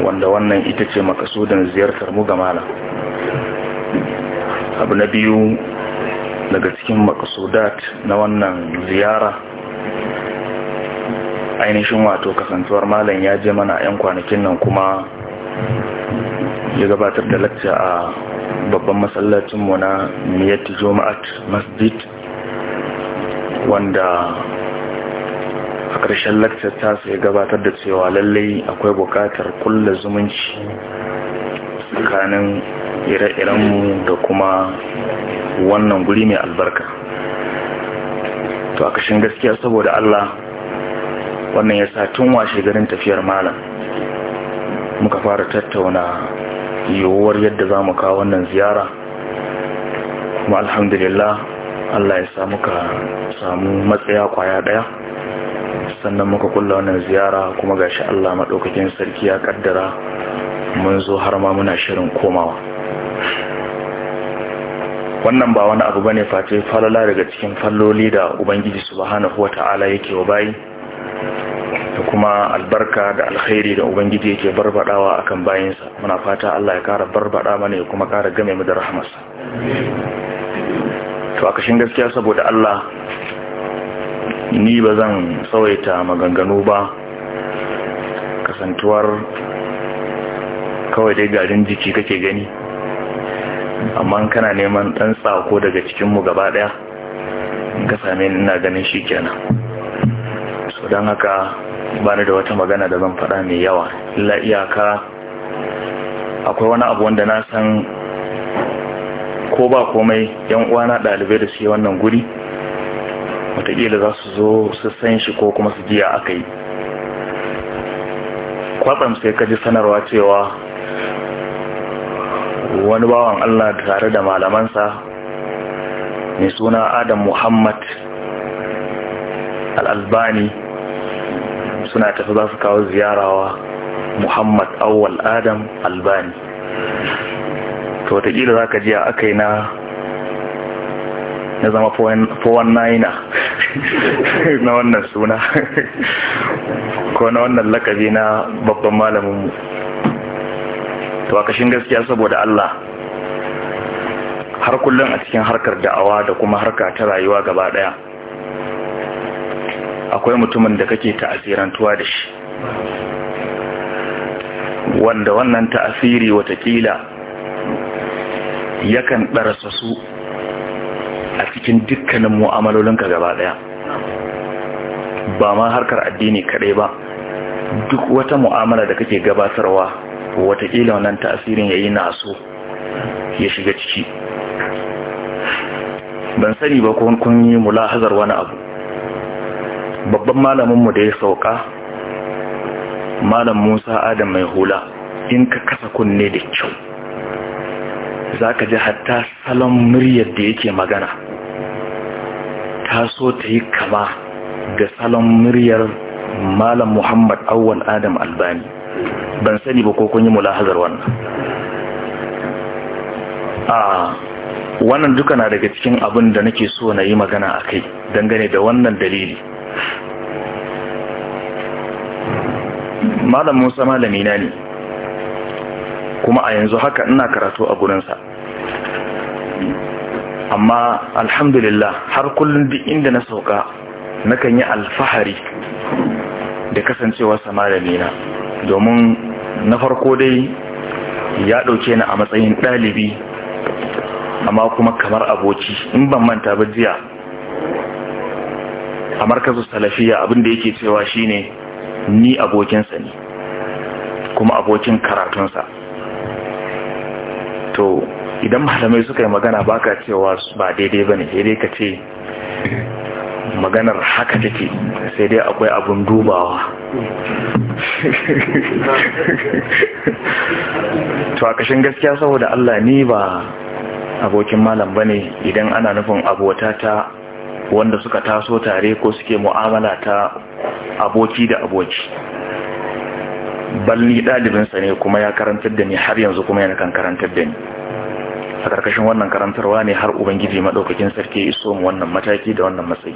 wanda wannan ita ce makasudin ziyartar mu ga malam abu na biyu daga cikin makasudat na wannan ziyara ainihin wato kasantuwar malam ya je mana 'yan kwanakin nan kuma ya gabatar da lakta a babban masallacinmu na miyatti juma'at masjid wanda a ƙarshen lakcar ta sai gabatar da cewa lallai akwai buƙatar kulla zumunci tsakanin ire-irenmu da kuma wannan guri mai albarka to a ƙashin gaskiya saboda Allah wannan ya sa tun washe garin tafiyar malam muka fara tattauna yiwuwar yadda za mu kawo wannan ziyara kuma alhamdulillah allah ya samu ka samu matsaya kwaya daya sannan muka kulla wannan ziyara kuma gashi allah maɗaukakin sarki ya kaddara mun zo har ma muna shirin komawa wannan ba wani abu bane face falala daga cikin falloli da ubangiji subhanahu wata'ala yake wa bayi kuma albarka da alkhairi da ubangiji yake barbadawa akan bayinsa muna fata Allah ya kara barbada mana ya kuma kara game mu da rahmarsa to a kashin gaskiya saboda Allah ni ba zan tsawaita maganganu ba kasantuwar kawai dai garin jiki kake gani amma kana neman dan tsako daga cikinmu gaba daya ka same ni ina ganin shi kenan so don haka ba da wata magana da zan faɗa mai yawa la iyaka akwai wani abu wanda na san ko ba komai yan uwana ɗalibai da su yi wannan guri wataƙila za su zo su san shi ko kuma su jiya aka yi kwatsam sai ka ji sanarwa cewa wani bawan allah tare da malamansa mai suna adam muhammad albani suna tafi za su kawo ziyarawa muhammad awal adam albani to watakila za ka ji a aka yi na na zama 419 na wannan suna ko na wannan lakabi na babban malaminmu to a kashin gaskiya saboda allah har kullum a cikin harkar da'awa da kuma harka ta rayuwa gaba daya akwai mutumin da kake ta'asirantuwa da shi wanda wannan ta'asiri watakila yakan ɗarasa su a cikin dukkanin mu'amalolinka gaba ɗaya ba ma harkar addini kaɗai ba duk wata mu'amala da kake gabatarwa watakila wannan ta'asirin ya yi naso ya shiga ciki ban sani ba kun yi mulahazar wani abu babban malaminmu da ya sauka malam musa adam mai hula in ka kasa kunne da kyau za ka ji hatta salon muryar da yake magana ta so ta yi kama ga salon muryar malam muhammad awwal adam albani ban sani ba ko kun yi mulahazar wannan a wannan duka na daga cikin abin da nake so na yi magana a kai dangane da wannan dalili malam musa malami na ne kuma a yanzu haka ina karatu a gurinsa amma alhamdulillah har kullum duk inda na sauka nakan yi alfahari da malami na domin na farko dai ya ɗauke ni a matsayin ɗalibi amma kuma kamar aboki in ban manta ba jiya a markazin salafiya abin da yake cewa shine ni abokinsa ne kuma abokin karatunsa to idan malamai suka yi magana baka cewa ba daidai bane sai dai ka ce maganar haka take sai dai akwai abun dubawa to a kashin gaskiya saboda Allah ni ba abokin malam bane idan ana nufin abota ta wanda suka taso tare ko suke mu'amala ta aboki da aboki balli ɗalibinsa ne kuma ya karantar da ni har yanzu kuma yana kan karantar da ni a ƙarƙashin wannan karantarwa ne har ubangiji maɗaukakin sarki iso mu wannan mataki da wannan matsayi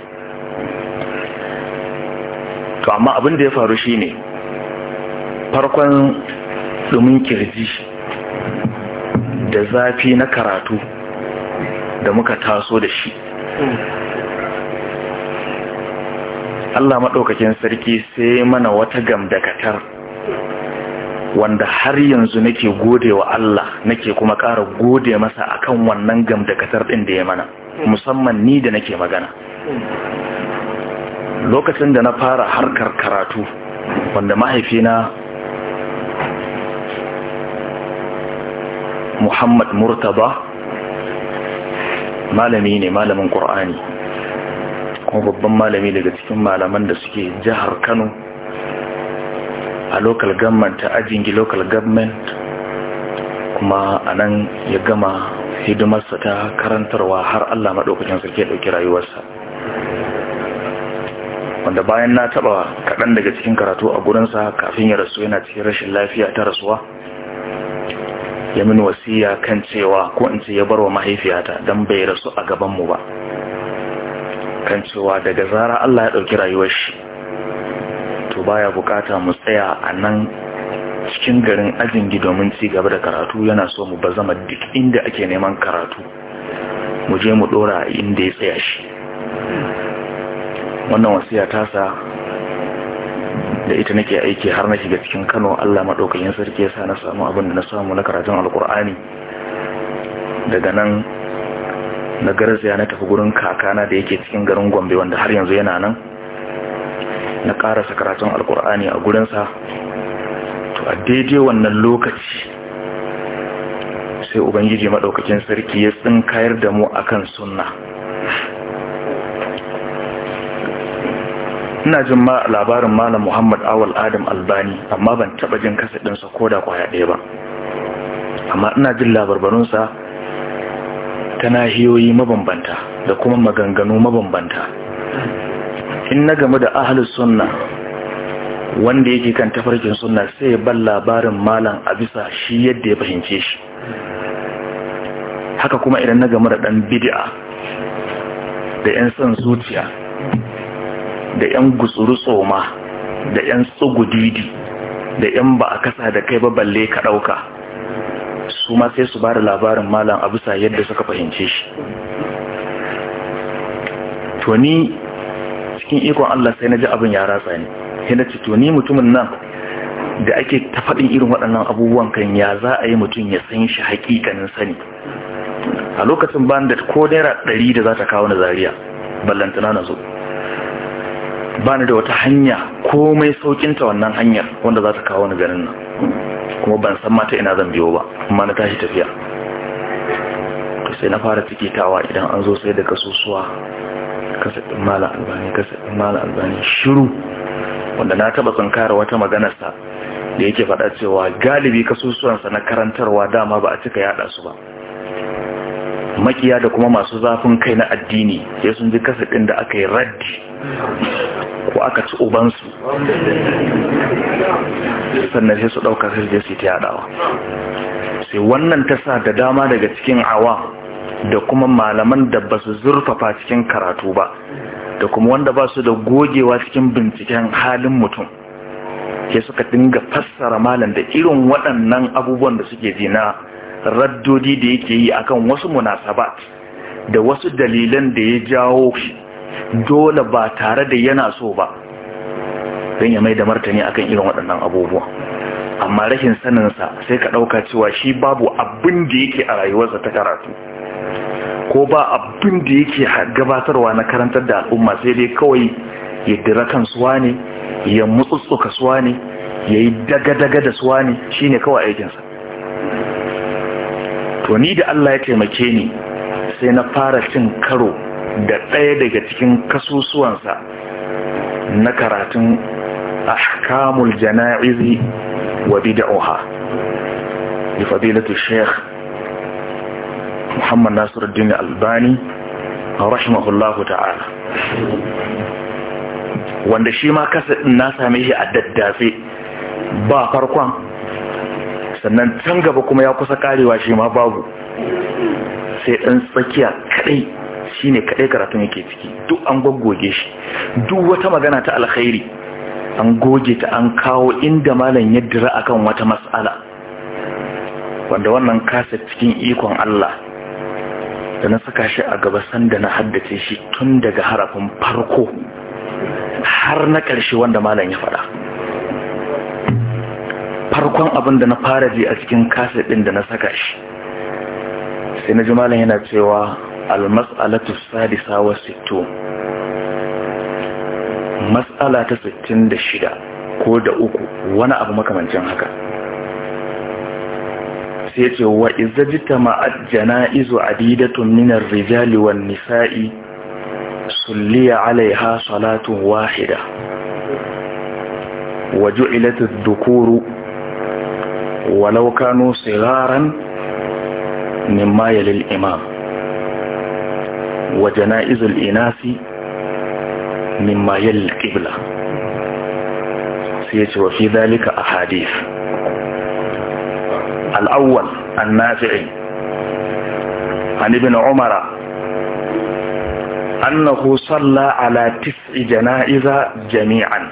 to amma abin da ya faru shine farkon ɗumin kirji da zafi na karatu da muka taso da shi Allah maɗaukakin sarki sai mana wata gamdakatar wanda har yanzu nake gode wa Allah nake kuma ƙara gode masa akan wannan gamdakatar ɗin da ya mana musamman ni da nake magana lokacin da na fara harkar karatu wanda mahaifina Muhammad Murtaba malami ne malamin ƙur'ani. kuma babban malami daga cikin malaman da suke jihar kano a local government ta ajingi local government kuma a nan ya gama hidimarsa ta karantarwa har allah maɗaukacin sarki ya ɗauki rayuwarsa wanda bayan na taɓa kaɗan daga cikin karatu a gurinsa kafin ya rasu yana cikin rashin lafiya ta rasuwa ya min wasiya kan cewa ko in ce ya bar wa mahaifiyata don bai rasu a gabanmu ba kan cewa daga zara Allah ya ɗauki rayuwar shi to baya bukata mu tsaya a nan cikin garin ajingi domin ci gaba da karatu yana so mu bazama duk inda ake neman karatu mu je mu ɗora inda ya tsaya shi wannan wasiya tasa da ita nake aiki har na shiga cikin kano allah maɗaukakin sarki ya sa na samu abin da na samu na karatun alkur'ani daga nan na garzaya na tafi gurin kakana da yake cikin garin gombe wanda har yanzu yana nan na karasa karatun alkur'ani a gurinsa to a daidai wannan lokaci sai ubangiji maɗaukakin sarki ya tsinkayar da mu akan sunna ina jin ma labarin malam muhammad awal adam albani amma ban taɓa jin kasa ɗinsa ko da kwaya ɗaya ba amma ina jin labarbarunsa ta nahiyoyi mabambanta da kuma maganganu mabambanta in na game da ahalus sunna wanda yake kan tafarkin sunna sai ya ban labarin malam a bisa shi yadda ya fahimce shi haka kuma idan na game da ɗan bidi'a, da 'yan son zuciya da 'yan gutsuru tsoma da 'yan tsugudidi da 'yan ba a kasa da kai ba balle ka ɗauka su ma sai su bada labarin malam a bisa yadda suka fahimce shi to ni cikin ikon Allah sai na ji abin ya ratsa ni sai na ce to ni mutumin nan da ake ta faɗin irin waɗannan abubuwan kan ya za a yi mutum ya san shi hakikanin sani a lokacin ba da ko naira ɗari da za ta kawo na zariya ballantana na zo ba da wata hanya komai saukinta wannan hanyar wanda za ta kawo ni ganin nan kuma ban san mata ina zan biyo ba amma na tashi tafiya sai na fara tikitawa idan an zo sai da kasusuwa kasadin mala albani kasadin mala albani shiru wanda na taba tsankara wata maganarsa da yake faɗa cewa galibi kasusuwansa na karantarwa dama ba a cika yada su ba makiya da kuma masu zafin kai na addini sai sun ji kasa da aka yi raddi ko aka ci ubansu sannan sai su ɗauka sai je su ta yadawa sai wannan ta sa da dama daga cikin awa da kuma malaman da ba su zurfafa cikin karatu ba da kuma wanda ba su da gogewa cikin binciken halin mutum ke suka dinga fassara malam da irin waɗannan abubuwan da suke zina raddodi da yake yi akan wasu munasabat da wasu dalilan da ya jawo shi dole ba tare da yana so ba don ya mai da martani akan irin waɗannan abubuwa amma rashin saninsa sai ka ɗauka cewa shi babu abin da yake a rayuwarsa ta karatu ko ba abin da yake gabatarwa na karantar da al'umma sai dai kawai ya dira kan suwa ne ya mutsutsuka suwa ne ya yi daga-daga da suwa ne shi ne kawai aikinsa to ni da Allah ya taimake ni sai na fara cin karo da ɗaya daga cikin kasusuwansa na karatun ahkamul jana'izi wa bid'uha li fadilatu sheikh Muhammad Nasiruddin Albani rahimahullahu ta'ala wanda shi ma kasa na same shi a daddafe ba farkon sannan can gaba kuma ya kusa karewa shi ma babu sai ɗan tsakiya kaɗai shi ne kaɗai karatun yake ciki duk an goggoge shi duk wata magana ta alkhairi an goge ta an kawo inda malam ya dira kan wata matsala wanda wannan kasa cikin ikon Allah da na saka shi a gaba sanda na haddace shi tun daga harafin farko har na ƙarshe wanda malam ya faɗa farkon abin da na fara ji a cikin ɗin da na saka shi sai na ji malam yana cewa almas'alatu sadisa wa sitto mas'ala ta sittin da shida ko da uku wani abu makamancin haka sai ce wa izajita ma'ad jana'izu adidatun minar rijali wan nisa'i sulliya alaiha salatun wahida وجعلت الذكور ولو كانوا صغارا مما يلي الإمام وجنائز الإناث مما يلي القبلة سيتي وفي ذلك أحاديث الأول النافع عن ابن عمر أنه صلى على تسع جنائز جميعا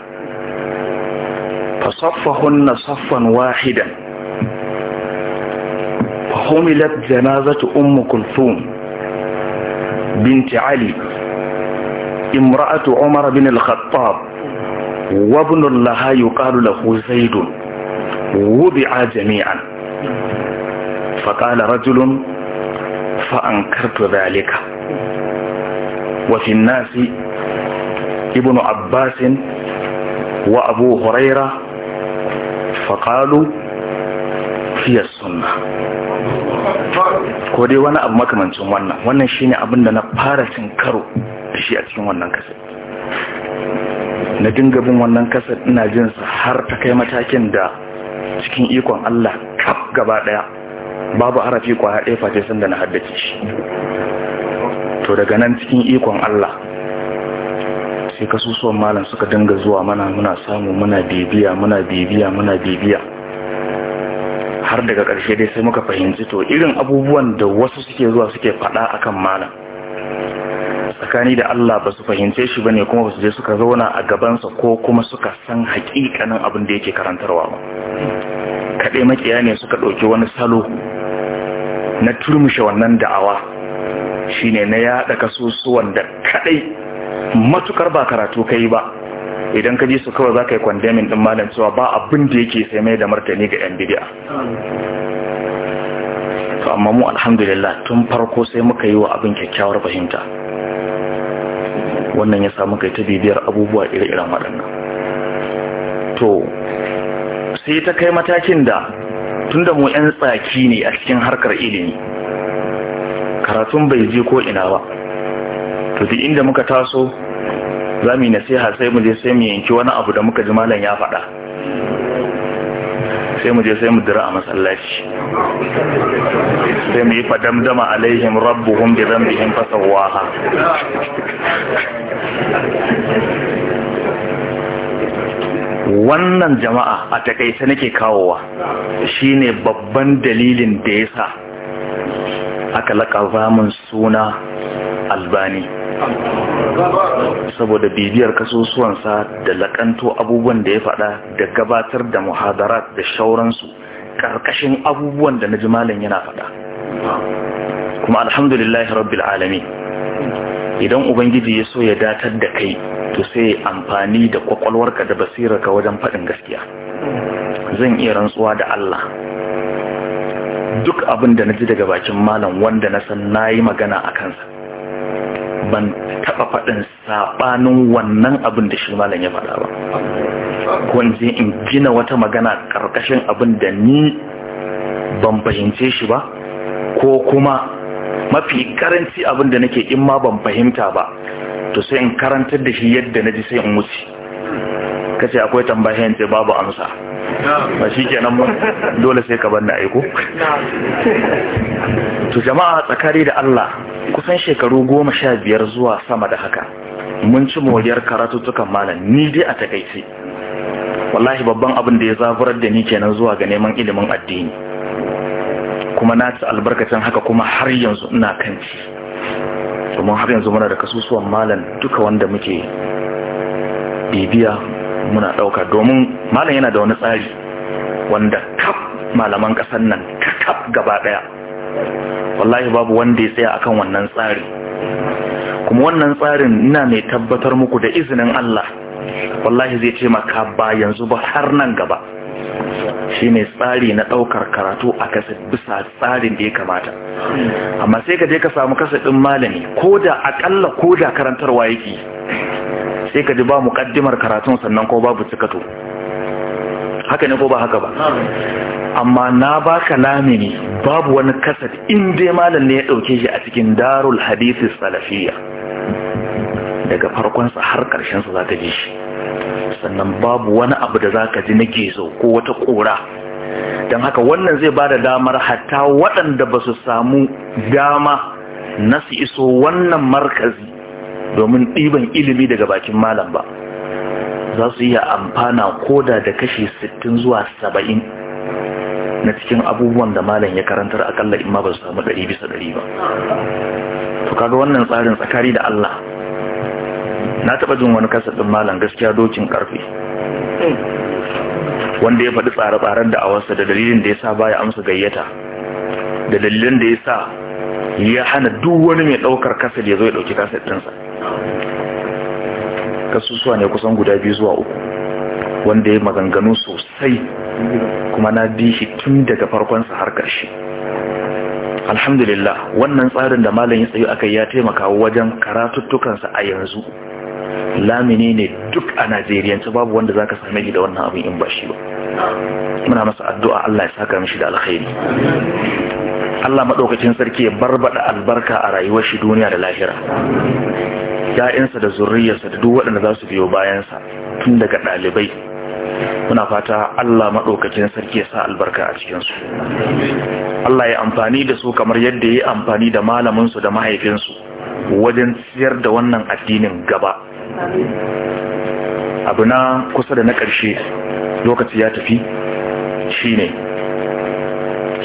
فصفهن صفا واحدا حملت جنازة أم كلثوم بنت علي امرأة عمر بن الخطاب وابن الله يقال له زيد وضع جميعا فقال رجل فأنكرت ذلك وفي الناس ابن عباس وأبو هريرة فقالوا هي السنة ko dai wani abu makamancin wannan wannan shine abin da na fara cin karo da shi a cikin wannan kasar na dinga bin wannan kasar ina jin sa har ta kai matakin da cikin ikon Allah kaf gaba daya babu arafi kwaya ɗaya face sanda na haddace shi to daga nan cikin ikon Allah sai kasusuwan malam suka dinga zuwa mana muna samu muna bibiya muna bibiya muna bibiya har daga ƙarshe dai sai muka fahimci to irin abubuwan da wasu suke zuwa suke faɗa akan malam tsakani da Allah ba su fahimce shi bane kuma ba su je suka zauna a gabansa ko kuma suka san haƙiƙanin abin da yake karantarwa ba kaɗai makiya ne suka ɗauki wani salo na turmushe wannan da'awa shine na yaɗa kasusuwan da kaɗai matukar ba karatu kai ba idan ka ji su kawai za ka yi kwandamin ɗin malam cewa ba abin da yake sai mai da martani ga yan bidiya to amma mu alhamdulillah tun farko sai muka yi wa abin kyakkyawar fahimta wannan ya samu kai ta bibiyar abubuwa ire-iren waɗannan to sai ta kai matakin da tun da mu 'yan tsaki ne a cikin harkar ilimi karatun bai je ko ina ba to duk inda muka taso za mu yi nasiha sai mu je sai mu yanki wani abu da muka ji malam ya faɗa sai mu je sai mu dira a masallaci sai mu yi dama alaihim rabbuhum bi dhanbihim fasawaha wannan jama'a a takaice nake kawowa shine babban dalilin da ya sa. aka laƙafa min suna albani saboda bibiyar kasusuwansa da laƙanto abubuwan da ya faɗa da gabatar da muhadarat da shauransu ƙarƙashin abubuwan da na malam yana faɗa kuma alhamdulillahi rabbil alami idan ubangiji ya so ya datar da kai to sai amfani da kwakwalwarka da basirarka wajen faɗin gaskiya zan iya rantsuwa da Allah duk abin da na ji daga bakin malam wanda na san na yi magana a kansa ban taɓa faɗin saɓanin wannan abin da shi malam ya faɗa ba wanda in gina wata magana ƙarƙashin abin da ni ban fahimce shi ba ko kuma mafi karanci abin da nake in ma ban fahimta ba to sai in karantar da shi yadda na ji sai in wuce ka ce akwai tambayen ce babu amsa ba shi kenan ba dole sai ka banda aiko to jama'a tsakari da Allah kusan shekaru goma sha biyar zuwa sama da haka mun ci moriyar karatuttukan malam ni dai a takaice wallahi babban abin da ya zafurar da ni kenan zuwa ga neman ilimin addini kuma na ci albarkacin haka kuma har yanzu ina kan ci domin har yanzu muna da kasusuwan malam duka wanda muke bibiya muna ɗauka domin malam yana da wani tsari wanda kaf malaman ƙasar nan kaf gaba ɗaya wallahi babu wanda ya tsaya akan wannan tsari kuma wannan tsarin ina mai tabbatar muku da izinin Allah wallahi zai ce maka ba yanzu ba har nan gaba Shi ne tsari na ɗaukar karatu a kasar bisa tsarin da ya kamata amma sai ka je ka samu kasadin ɗin malami ko da aƙalla ko da karantarwa yake sai ka ji ba muƙaddimar karatun sannan ko babu cikato haka ne ko ba haka ba amma na baka namini babu wani kasar in dai malam ne ya ɗauke shi a cikin darul hadisi salafiyya daga farkonsa har ƙarshensa za ta ji shi sannan babu wani abu da zaka ji na so ko wata kora don haka wannan zai ba da damar hatta waɗanda ba su samu dama na su iso wannan markazi domin ɗiban ilimi daga bakin malam ba za su iya amfana koda da kashi 60 zuwa 70 na cikin abubuwan da malam ya karantar akalla in ma ba su samu 100 bisa 100 ba to kaga wannan tsarin tsakari da Allah na taba jin wani kasa ɗin malam gaskiya dokin karfe wanda ya faɗi tsare-tsaren da awarsa da dalilin da ya sa baya amsa gayyata da dalilin da ya sa ya hana duk wani mai ɗaukar kasar ya zo ya ɗauki kasar ɗinsa kasusuwa ne kusan guda biyu zuwa uku wanda ya maganganu sosai kuma na bi shi tun daga farkonsa har ƙarshe alhamdulillah wannan tsarin da malam ya tsayo akai ya taimaka wajen karatuttukansa a yanzu Lamini ne duk a Najeriya ce babu wanda za ka same shi da wannan abin in ba shi ba muna masa addu'a Allah ya saka mishi da alkhairi Allah maɗaukacin sarki ya barbada albarka a rayuwar shi duniya da lahira ya'yansa da zurriyarsa da duk waɗanda za su biyo bayan sa tun daga ɗalibai muna fata Allah madaukakin sarki ya sa albarka a cikin su Allah ya amfani da su kamar yadda ya amfani da su da mahaifinsu wajen siyar da wannan addinin gaba abu na kusa da na ƙarshe lokaci ya tafi shi ne.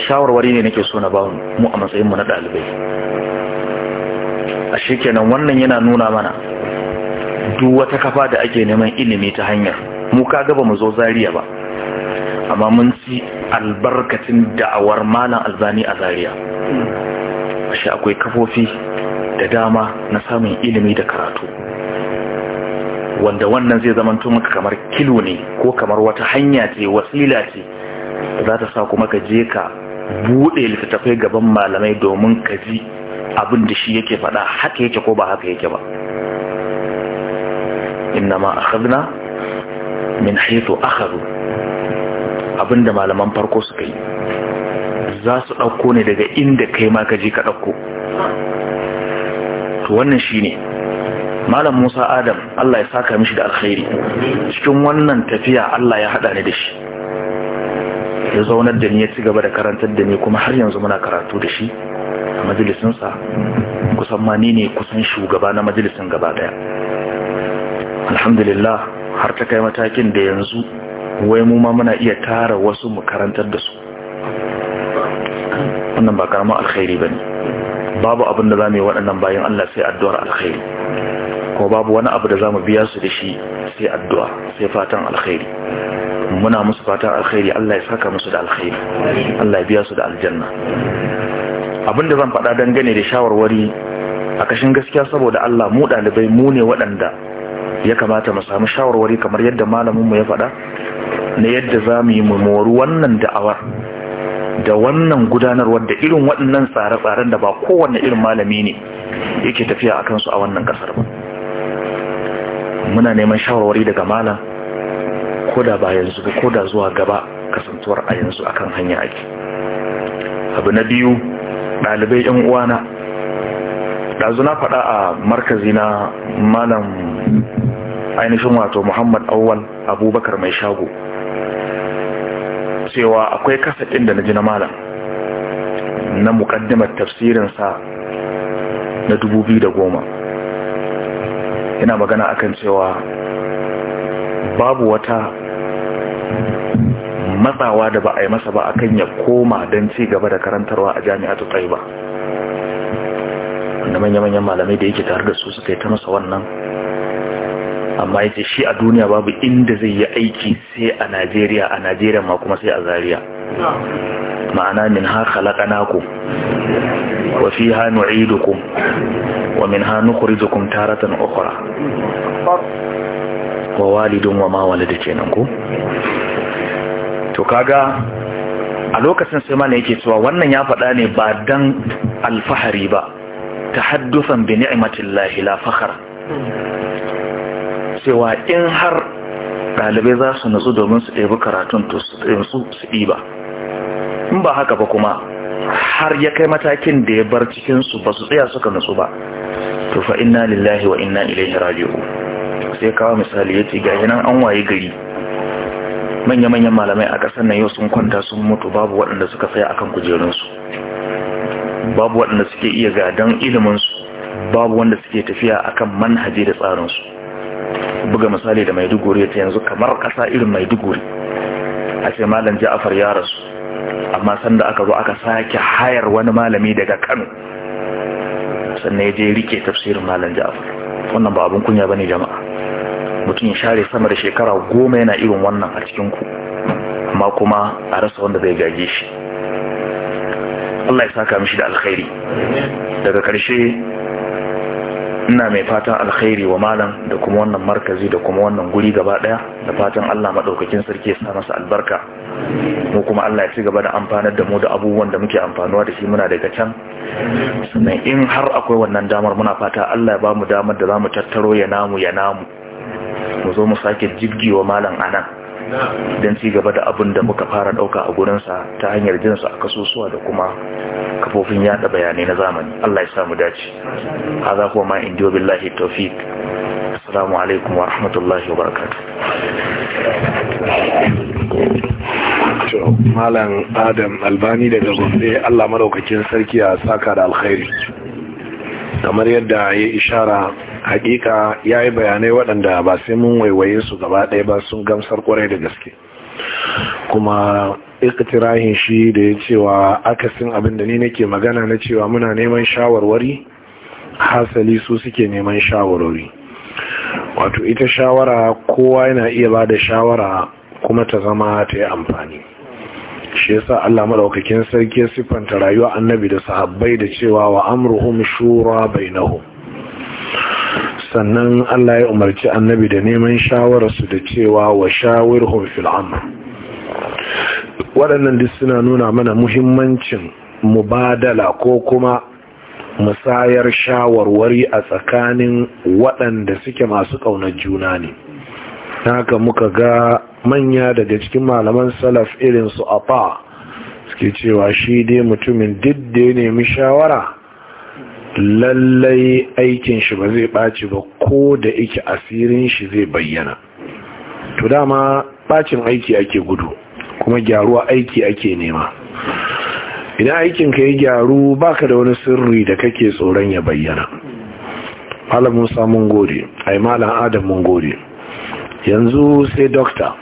shawarwari ne nake so na ba mu a matsayinmu na ɗalibai a shekenan wannan yana nuna mana duk wata kafa da ake neman ilimi ta hanyar mu ka gaba mu zo zariya ba amma mun ci albarkacin da'awar malam albani a zariya ashe akwai kafofi da dama na samun ilimi da karatu wanda wannan zai tun maka kamar kilo ne ko kamar wata hanya ce wasila ce za ta sa kuma ka je ka buɗe littattafai gaban malamai domin ka ji abin da shi yake faɗa haka yake ko ba haka yake ba ma akhadna min haythu akhadhu abinda malaman farko suka yi za su ɗauko ne daga inda kai ma ka je ka ɗauko to wannan shine malam musa adam allah ya saka mishi da alkhairi cikin wannan tafiya allah ya haɗa ni da shi ya zaunar da ni ya ci gaba da karantar da ni kuma har yanzu muna karatu da shi a majalisinsa kusan ma ni ne kusan shugaba na majalisin gaba daya alhamdulillah har ta kai matakin da yanzu wai mu ma muna iya tara wasu mu karantar da su wannan ba karamin alkhairi ba ne babu abin da za mu yi waɗannan bayan allah sai addu'ar alkhairi kuma babu wani abu da za mu biya su da shi sai addu'a sai fatan alkhairi muna musu fatan alkhairi Allah ya saka musu da alkhairi Allah ya biya su da aljanna abinda zan faɗa dangane da shawarwari a kashin gaskiya saboda Allah mu ɗalibai mu ne waɗanda ya kamata mu samu shawarwari kamar yadda malaminmu ya faɗa na yadda za mu yi mori wannan da'awar da wannan gudanarwar da irin waɗannan tsare-tsaren da ba kowane irin malami ne yake tafiya a kansu a wannan ƙasar ba muna neman shawarwari daga malam ko da ba yanzu ba ko da zuwa gaba kasantuwar a yanzu akan hanya ake abu na biyu ɗalibai yan uwana ɗazu na faɗa a markazi na malam ainihin wato muhammad awwal abubakar mai shago cewa akwai ɗin da na ji na malam na muƙaddimar tafsirinsa na goma. yana magana akan cewa babu wata matsawa da ba a yi masa ba a kan ya koma don ci gaba da karantarwa a jami'a ta jami'atu ba. wanda manya-manyan malamai da yake tare da su suka yi ta masa wannan amma ya shi a duniya babu inda zai yi aiki sai a najeriya a najeriya ma kuma sai a zariya ma'ana min ha halaka naku وفيها نعيدكم ومنها نخرجكم تارة أخرى ووالد وما kenan كينكم to kaga a lokacin sai mana yake cewa wannan ya faɗa ne ba dan alfahari ba tahaddufan bi ni'matillahi la fakhar cewa in har ɗalibai za su nutsu domin su ɗebi karatun to su ba, in ba haka ba kuma har ya kai matakin da ya bar cikinsu ba su tsaya suka nutsu ba to fa inna lillahi wa inna ilaihi raji'u sai kawo misali ya ce gashi nan an waye gari manya-manyan malamai a ƙasar nan yau sun kwanta sun mutu babu waɗanda suka tsaya akan kujerunsu babu waɗanda suke iya gadon iliminsu babu wanda suke tafiya akan manhaji da tsarinsu buga misali da maiduguri ta yanzu kamar ƙasa irin maiduguri a ce malam ja'afar ya rasu amma sanda aka zo aka sake hayar wani malami daga kano sannan ya je rike tafsirin malam ja'far wannan ba abin kunya ba ne jama'a mutum ya share sama da shekara goma yana irin wannan a cikin ku amma kuma a rasa wanda zai gage shi Allah ya saka mishi da alkhairi daga karshe ina mai fatan alkhairi wa malam da kuma wannan markazi da kuma wannan guri gaba daya da fatan Allah madaukakin sarki ya sa masa albarka mu kuma Allah ya ci gaba da amfanar da mu da abubuwan da muke amfanuwa da shi muna daga can sannan in har akwai wannan damar muna fata Allah ya ba mu damar da zamu tattaro ya namu ya namu mu zo mu sake wa malam anan don ci gaba da abin da muka fara ɗauka a gurinsa ta hanyar jinsu a kasusuwa da kuma kafofin yada bayanai na zamani Allah ya samu dace za kuma ma indiyo billahi taufik assalamu alaikum wa rahmatullahi wa barakatu. malam adam albani daga gombe Allah maraukakin sarki a saka da alkhairi kamar yadda ya ishara hakika ya yi bayanai waɗanda ba sai mun waiwaye su gaba ɗaya ba sun gamsar kwarai da gaske kuma ikitirahin shi da ya cewa akasin abin da ni nake magana na cewa muna neman shawarwari hasali su suke neman shawarwari wato ita shawara kowa yana iya ba da shawara kuma ta zama ta yi amfani shi yasa Allah maɗaukakin sarki siffanta rayuwa annabi da sahabbai da cewa wa amruhum shura nahu? sannan Allah ya umarci annabi da neman shawararsu da cewa wa shawirhum fil amr waɗannan duk suna nuna mana muhimmancin mubadala ko kuma musayar shawarwari a tsakanin waɗanda suke masu ƙaunar juna ne haka muka ga manya daga cikin malaman salaf irin su fa suke cewa shi dai mutumin duk da ya nemi shawara lallai aikin shi ba zai ɓaci ba ko da ike asirin shi zai bayyana to dama ɓacin aiki ake gudu kuma gyaruwa aiki ake nema idan aikin ka yi gyaru baka da wani sirri da kake tsoron ya bayyana malam musa mun gode ai malam adam mun gode yanzu sai dokta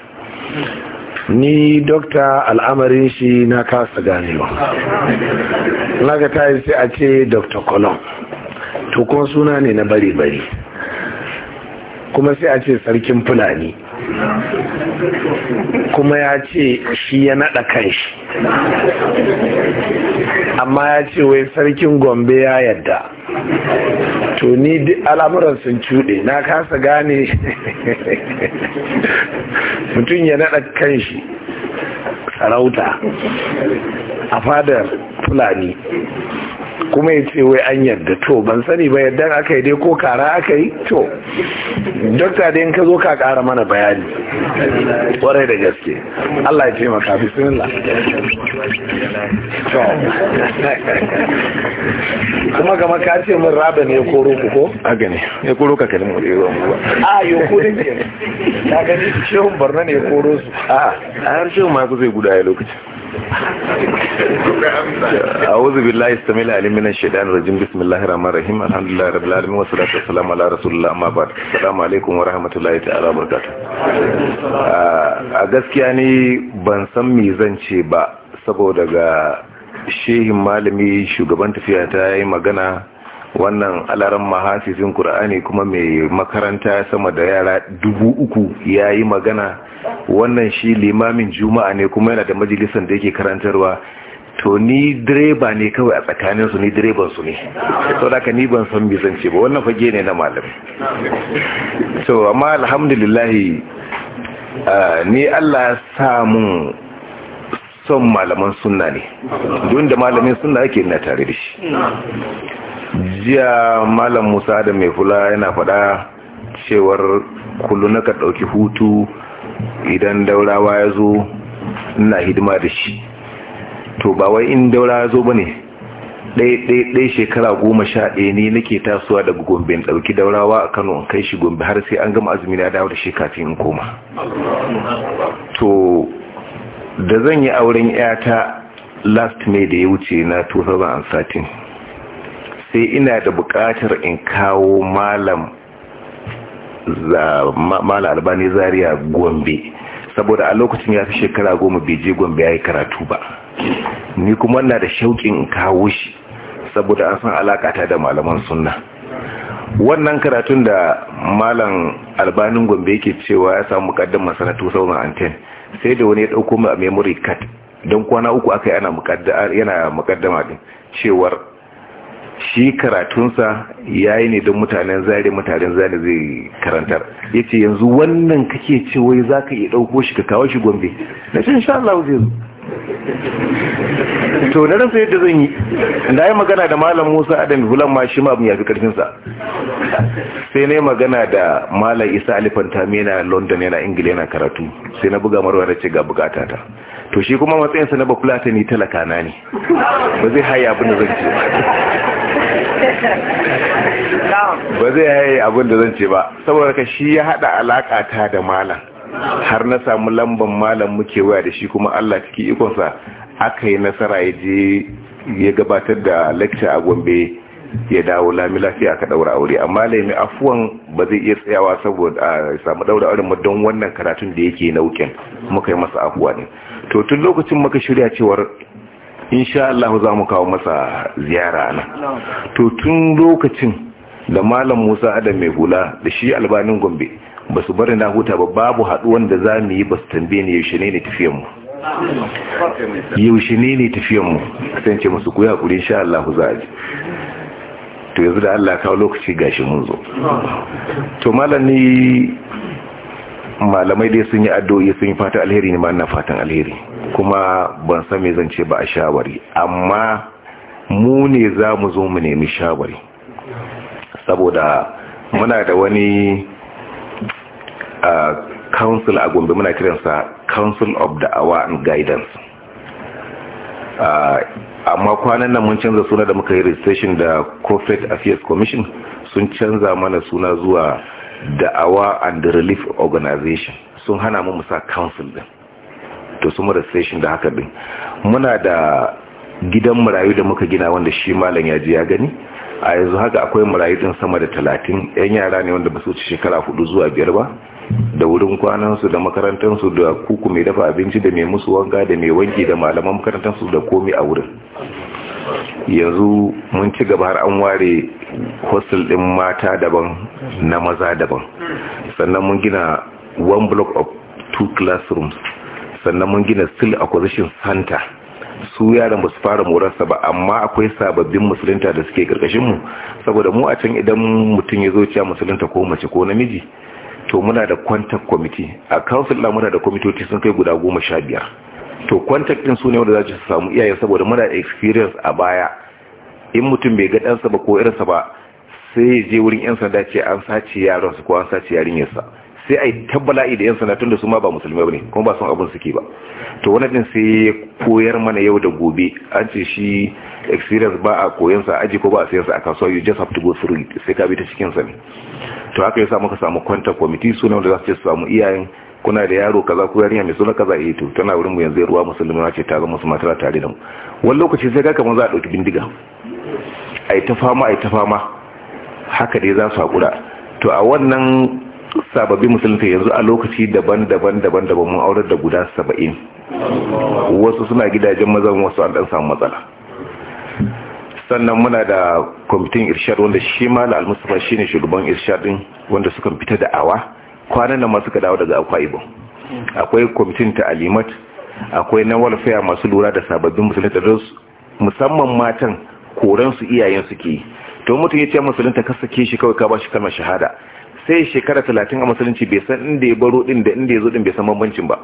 ni dokta al'amarin shi na kasa ganewa naga ta yi sai a ce dokta colon to kuma suna ne na bare-bare kuma sai a ce sarkin fulani kuma ya ce shi ya naɗa kanshi amma ya ce wai sarkin gombe ya yadda to ni al'amuran sun cuɗe na kasa gane mutum ya naɗa kan shi sarauta a fadar fulani kuma ya ce wai an yarda to ban sani ba yadda aka yi dai ko kara aka yi to dokta dai in ka zo ka kara mana bayani kwarai da gaske Allah ya ce maka bismillah to kuma gama ka ce min raba ne ko ku ko a gane ya koro ka kalin wuri mu ruwa a yau ko ne Ka gani shehun barna ne ya koro su a har shehun ma ku zai guda ya lokacin أعوذ بالله السميع العليم من الشيطان الرجيم بسم الله الرحمن الرحيم الحمد لله رب العالمين والصلاة والسلام على رسول الله أما بعد السلام عليكم ورحمة الله تعالى وبركاته a gaskiya ne ban san me zan ce ba saboda ga shehin malami shugaban tafiya ta yi magana wannan alaran mahafifin Kur'ani kuma mai makaranta sama da yara dubu uku ya yi magana wannan shi limamin juma'a ne kuma yana da majalisar da yake karantarwa to ni direba ne kawai a tsakaninsu ni direbansu ne sau da ka ni ban san ce ba wannan fage ne na malam so amma alhamdulillahi ni allah sa mun son malaman sunna ne don da malamin sunna ake na tare da shi jiya malam musa da mai fula yana fada cewar kullu na ka dauki hutu idan daurawa ya zo na hidima da shi to ba wai in daura ya zo ba ne ɗai shekara goma sha ɗaya ne nake tasowa daga gombe in ɗauki daurawa a kano in kai shi gombe har sai an gama azumi na dawo da shi kafin in koma to da zan yi auren 'yata last may da ya wuce na 2013 sai ina da buƙatar in kawo malam albani zaria gombe saboda a lokacin ya fi shekara goma je gombe ya yi karatu ba ni kuma na da shauƙin in kawo shi saboda an san alakata da malaman sunna wannan karatun da malam albanin gombe yake cewa ya samu mukaddamar sana anten sai da wani ya ɗauko a memory card don kwana uku aka yana mukaddama din cewar shi karatunsa ya yi ne don mutanen zare mutanen zari zai karantar ya ce yanzu wannan kake ce wai za ka iya ɗauko shi ka kawo shi gombe na cin sha Allah zai zo to na rasa yadda zan yi na yi magana da malam musa adam hulan ma shi ma ya fi karfinsa sai na yi magana da malam isa alifan tami yana london yana ingila yana karatu sai na buga marwa na ce ga bukata ta to shi kuma matsayinsa na bakulata ni talaka na ne ba zai haya abin da zan ce ba zai haye abin da zan ce ba saboda ka shi ya hada alaka ta da malam har na samu lamban malam muke waya da shi kuma Allah ciki ikonsa aka yi nasara ya je ya gabatar da lecture a Gombe ya dawo lami lafiya ka daura aure amma laimi afuwan ba zai iya tsayawa saboda a samu daura aure mu don wannan karatun da yake nauken muka yi masa afuwa ne to tun lokacin muka shirya cewar insha Allah za mu kawo masa ziyara nan to tun lokacin da malam Musa Adam mai hula da shi albanin Gombe ba su bari na huta ba babu haduwan da za mu yi ba su tambaye ni yaushe ne ne tafiyan mu yaushe ne ne tafiyan mu ce musu ku hakuri insha Allah za a ji to yanzu da Allah kawo lokaci gashi mun zo to malam ni malamai dai sun yi addu'o'i sun yi fatan alheri ne ma ina fatan alheri kuma ban san me zan ce ba a shawari amma mu ne za mu zo mu nemi shawari saboda muna da wani council a gombe muna kiransa council of the hour and guidance amma kwanan nan mun canza suna da muka yi registration da corporate affairs commission sun canza mana suna zuwa da'awa and relief organization sun hana mu musa council din wato su station da haka din muna da gidan marayu da muka gina wanda shi malam ya ji ya gani a yanzu haka akwai marayu din sama da talatin yan yara ne wanda ba su ci shekara hudu zuwa biyar ba da wurin kwanansu da makarantarsu da kuku mai dafa abinci da mai musu wanga da mai wanki da malaman makarantarsu da komi a wurin yanzu mun ci gaba har an ware hostel din mata daban na maza daban sannan mun gina one block of two classrooms sannan mun gina a acquisition center su yaran ba su fara morarsa ba amma akwai sababbin musulunta da suke mu saboda mu a can idan mutum ya zo ciya musulunta ko mace ko namiji to muna da kwantar kwamiti a council na muna da kwamitoci sun kai guda goma sha biyar to kwantak din su ne wanda za su samu iyaye saboda muna da experience a baya in mutum bai ga ɗansa ba ko irinsa ba sai ya je wurin 'yan sanda ce an sace yaron su ko an sace yarinyarsa sai a yi tabbala'i da yan sanatun da su ma ba ba bane kuma ba sun abin suke ba to wani din sai ya koyar mana yau da gobe an ce shi experience ba a koyon sa aji ko ba a sayar sa a kasuwa you just have to go through it sai ka bi ta cikin sa ne to haka yasa muka samu kwanta kwamiti sunan da za su ce su samu iyayen kuna da yaro kaza ko yarinya mai suna kaza eh to tana wurin mu yanzu ruwa musulmi ce ta zama su matara tare da mu wani lokaci sai ga kamar za a dauki bindiga ai ta fama ai ta fama haka dai za su hakura to a wannan sababbin musulunta yanzu a lokaci daban-daban daban-daban mun aurar da guda saba'in wasu suna gidajen mazan wasu an dan samu matsala sannan muna da kwamitin irshad wanda shi ma da almustapha shi ne shugaban irshadin wanda suka fita da awa kwanan nan masu dawo daga akwai ibon akwai kwamitin ta alimat akwai na walfaya masu lura da sababbin musulunta musamman matan koransu iyayen suke yi to mutum ya ce musulunta kasa ke shi kawai ka ba shi kalmar shahada sai shekara talatin a musulunci bai san inda ya baro din da inda ya zo din bai san bambancin ba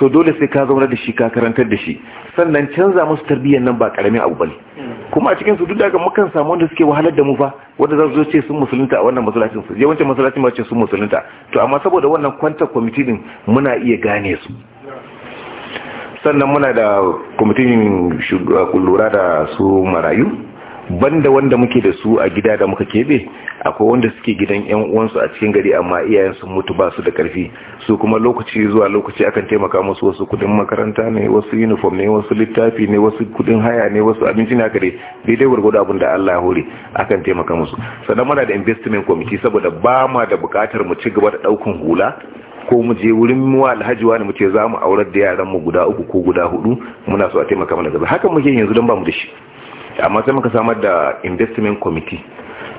so dole sai ka zauna da shi ka karantar da shi sannan canza musu tarbiyyar nan ba karamin abu bane kuma a cikin su duk daga mukan samu wanda suke wahalar da mu fa wanda za su zo ce sun musulunta a wannan masallacin su yawancin masallacin ba ce sun musulunta to amma saboda wannan kwanta kwamiti din muna iya gane su sannan muna da kwamitin lura da su marayu banda wanda muke da su a gida da muka kebe akwai wanda suke gidan yan uwansu a cikin gari amma iyayen sun mutu ba su da karfi su kuma lokaci zuwa lokaci akan taimaka musu wasu kudin makaranta ne wasu uniform ne wasu littafi ne wasu kudin haya ne wasu abinci na kare daidai gwargwado abin da Allah ya hore akan taimaka musu sannan muna da investment committee saboda ba ma da bukatar mu ci gaba da daukan hula ko mu je wurin mu alhaji wani mu ce za mu aurar da yaran mu guda uku ko guda hudu muna so a taimaka mana gaba haka muke yanzu don ba mu da shi amma sai muka samar da investment committee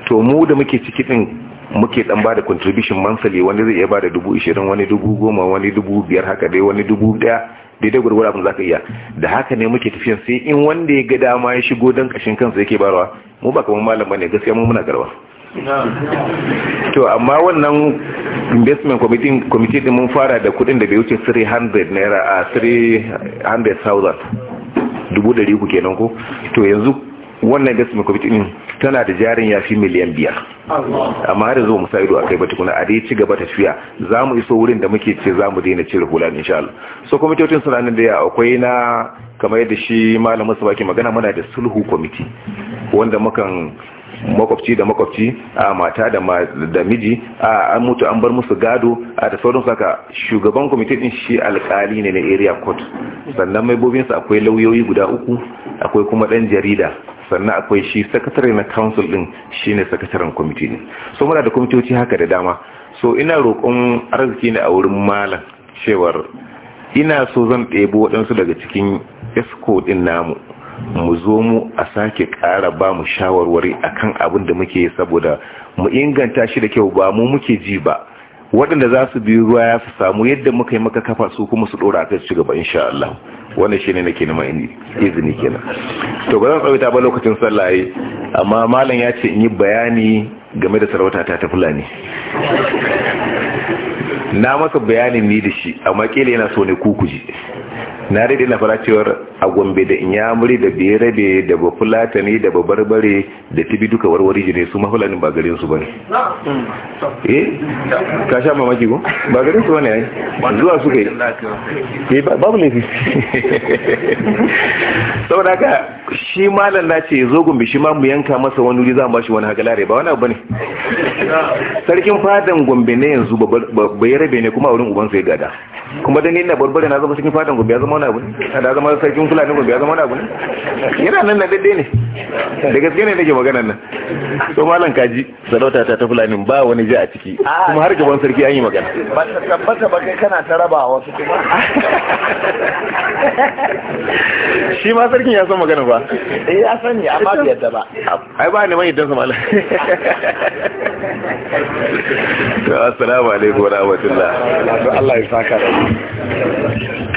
to mu da muke ciki din muke dan bada contribution monthly wani zai iya bada dubu ishirin wani dubu goma wani dubu biyar haka dai wani dubu daya daidai gwargwaro abin zaka iya da haka ne muke tafiyan sai in wanda ya ga dama ya shigo dan kashin kansa yake barawa mu ba kamar malam bane gaskiya mu muna garwa to amma wannan investment committee committee din mun fara da kudin da bai wuce 300 naira a ah, 300,000 dubu ɗari uku kenan ko to yanzu wannan investment committee in tana da jarin yafi miliyan biyar amma har yanzu mu sa ido akai ba tukuna a dai ci gaba tafiya za mu iso wurin da muke ce za mu daina cire hula insha Allah so kwamitocin suna nan da ya akwai na kamar yadda shi malamin su baki magana muna da sulhu kwamiti wanda mukan makwabci da makwabci a mata da miji a an mutu an bar musu gado a da sauran saka shugaban kwamitin din shi alkali ne na area court sannan maibobinsa akwai lauyoyi guda uku akwai kuma dan jarida sannan akwai shi sakatare na council din shine sakataren kwamiti ne so muna da kwamitoci haka da dama so ina roƙon arziki ne a wurin malam cewar ina so zan ɗebo waɗansu daga cikin esco din namu mu zo mu a sake kara ba mu shawarwari akan abin da muke yi saboda mu inganta shi da kyau ba mu muke ji ba waɗanda za su biyu ruwa ya fi samu yadda muka yi maka kafa su kuma su ɗora aka ci gaba insha Allah wannan shine nake nema izini kenan to ba zan tsawaita ba lokacin sallah amma malam ya ce in yi bayani game da sarauta ta ta fulani na maka bayanin ni da shi amma kila yana so ne ji. na daidai na fara cewar a gombe da inyamuri da berabe da bafulatani da babarbare da tibi duka warware jini su mafulanin ba garin su bane eh ka sha mamaki ko ba garin su bane ai zuwa su kai eh babu laifi saboda haka shi malam na ce zo gombe shi ma mu yanka masa wani wuri za mu bashi wani hakalare ba wani abu bane sarkin fadan gombe ne yanzu ba rabe ne kuma wurin uban ya gada kuma dan ina barbare na zama sarkin fadan gombe ya zama wani abu ne da zama sarkin fulani gombe ya zama wani abu ne yana nan na daidai ne da gaske ne nake magana nan to malam kaji sarauta ta ta fulani ba wani ji a ciki kuma har gaban sarki an yi magana ba ta tabbata ba kai kana ta raba wasu kuma sarkin ya san magana ba eh, ya amma bai yadda ba ai ba ne mai yadda sa malam to assalamu alaikum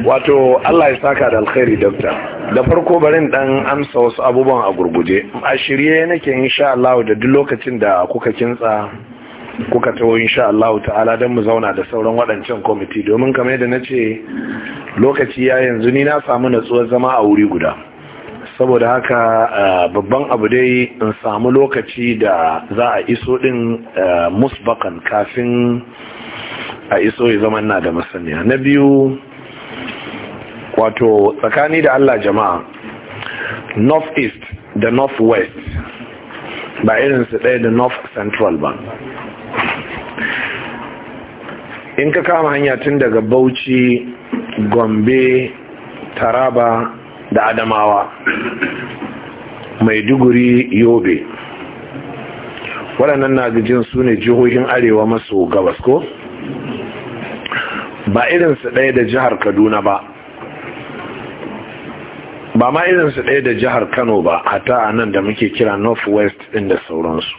wato to Allah ya saka da alkhairi dokta da farko barin dan amsa wasu abubuwan a gurguje a shirye nake insha Allah da duk lokacin da kuka kintsa kuka tawo insha Allah ta'ala dan mu zauna da sauran waɗancan kwamiti domin kamar yadda nace lokaci ya yanzu ni na samu natsuwar zama a wuri guda saboda haka babban abu dai in samu lokaci da za a iso din musbakan kafin a iso ya zama na da masaniya na biyu wato tsakani da Allah jama'a north east da north west ba su ɗaya da north central ba in ka kama hanya tun daga bauchi gombe taraba da adamawa maiduguri yobe waɗannan na gajin su ne jihohin arewa maso gabas ko ba su ɗaya da jihar kaduna ba ba ma su ɗaya da jihar kano ba hata a nan da muke kira North-West ɗin da sauransu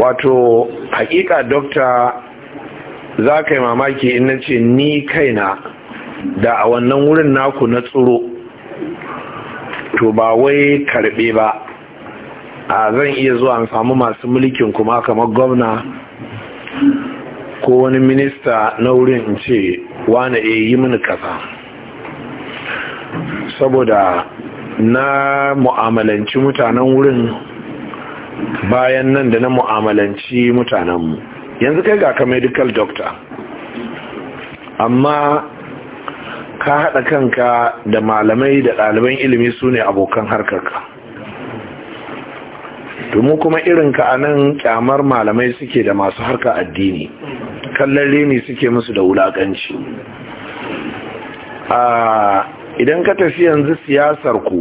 wato hakika dokta za ka yi mamaki in na ce ni kaina da a wannan wurin naku na tsoro to ba wai karbe ba a zan iya zuwa an samu masu mulkin kuma kamar gwamna ko wani minista na wurin in ce wane e yi mini kasa saboda na mu'amalanci mutanen wurin bayan nan da na mu'amalanci mutanenmu yanzu kai ga ka medical doctor amma ka haɗa kanka da malamai da ɗaliban ilimi su ne abokan harkarka domin kuma irinka a nan kyamar malamai suke da masu harka addini kallon reni suke musu da wulaƙanci ah, idan ka tafi yanzu siyasar ku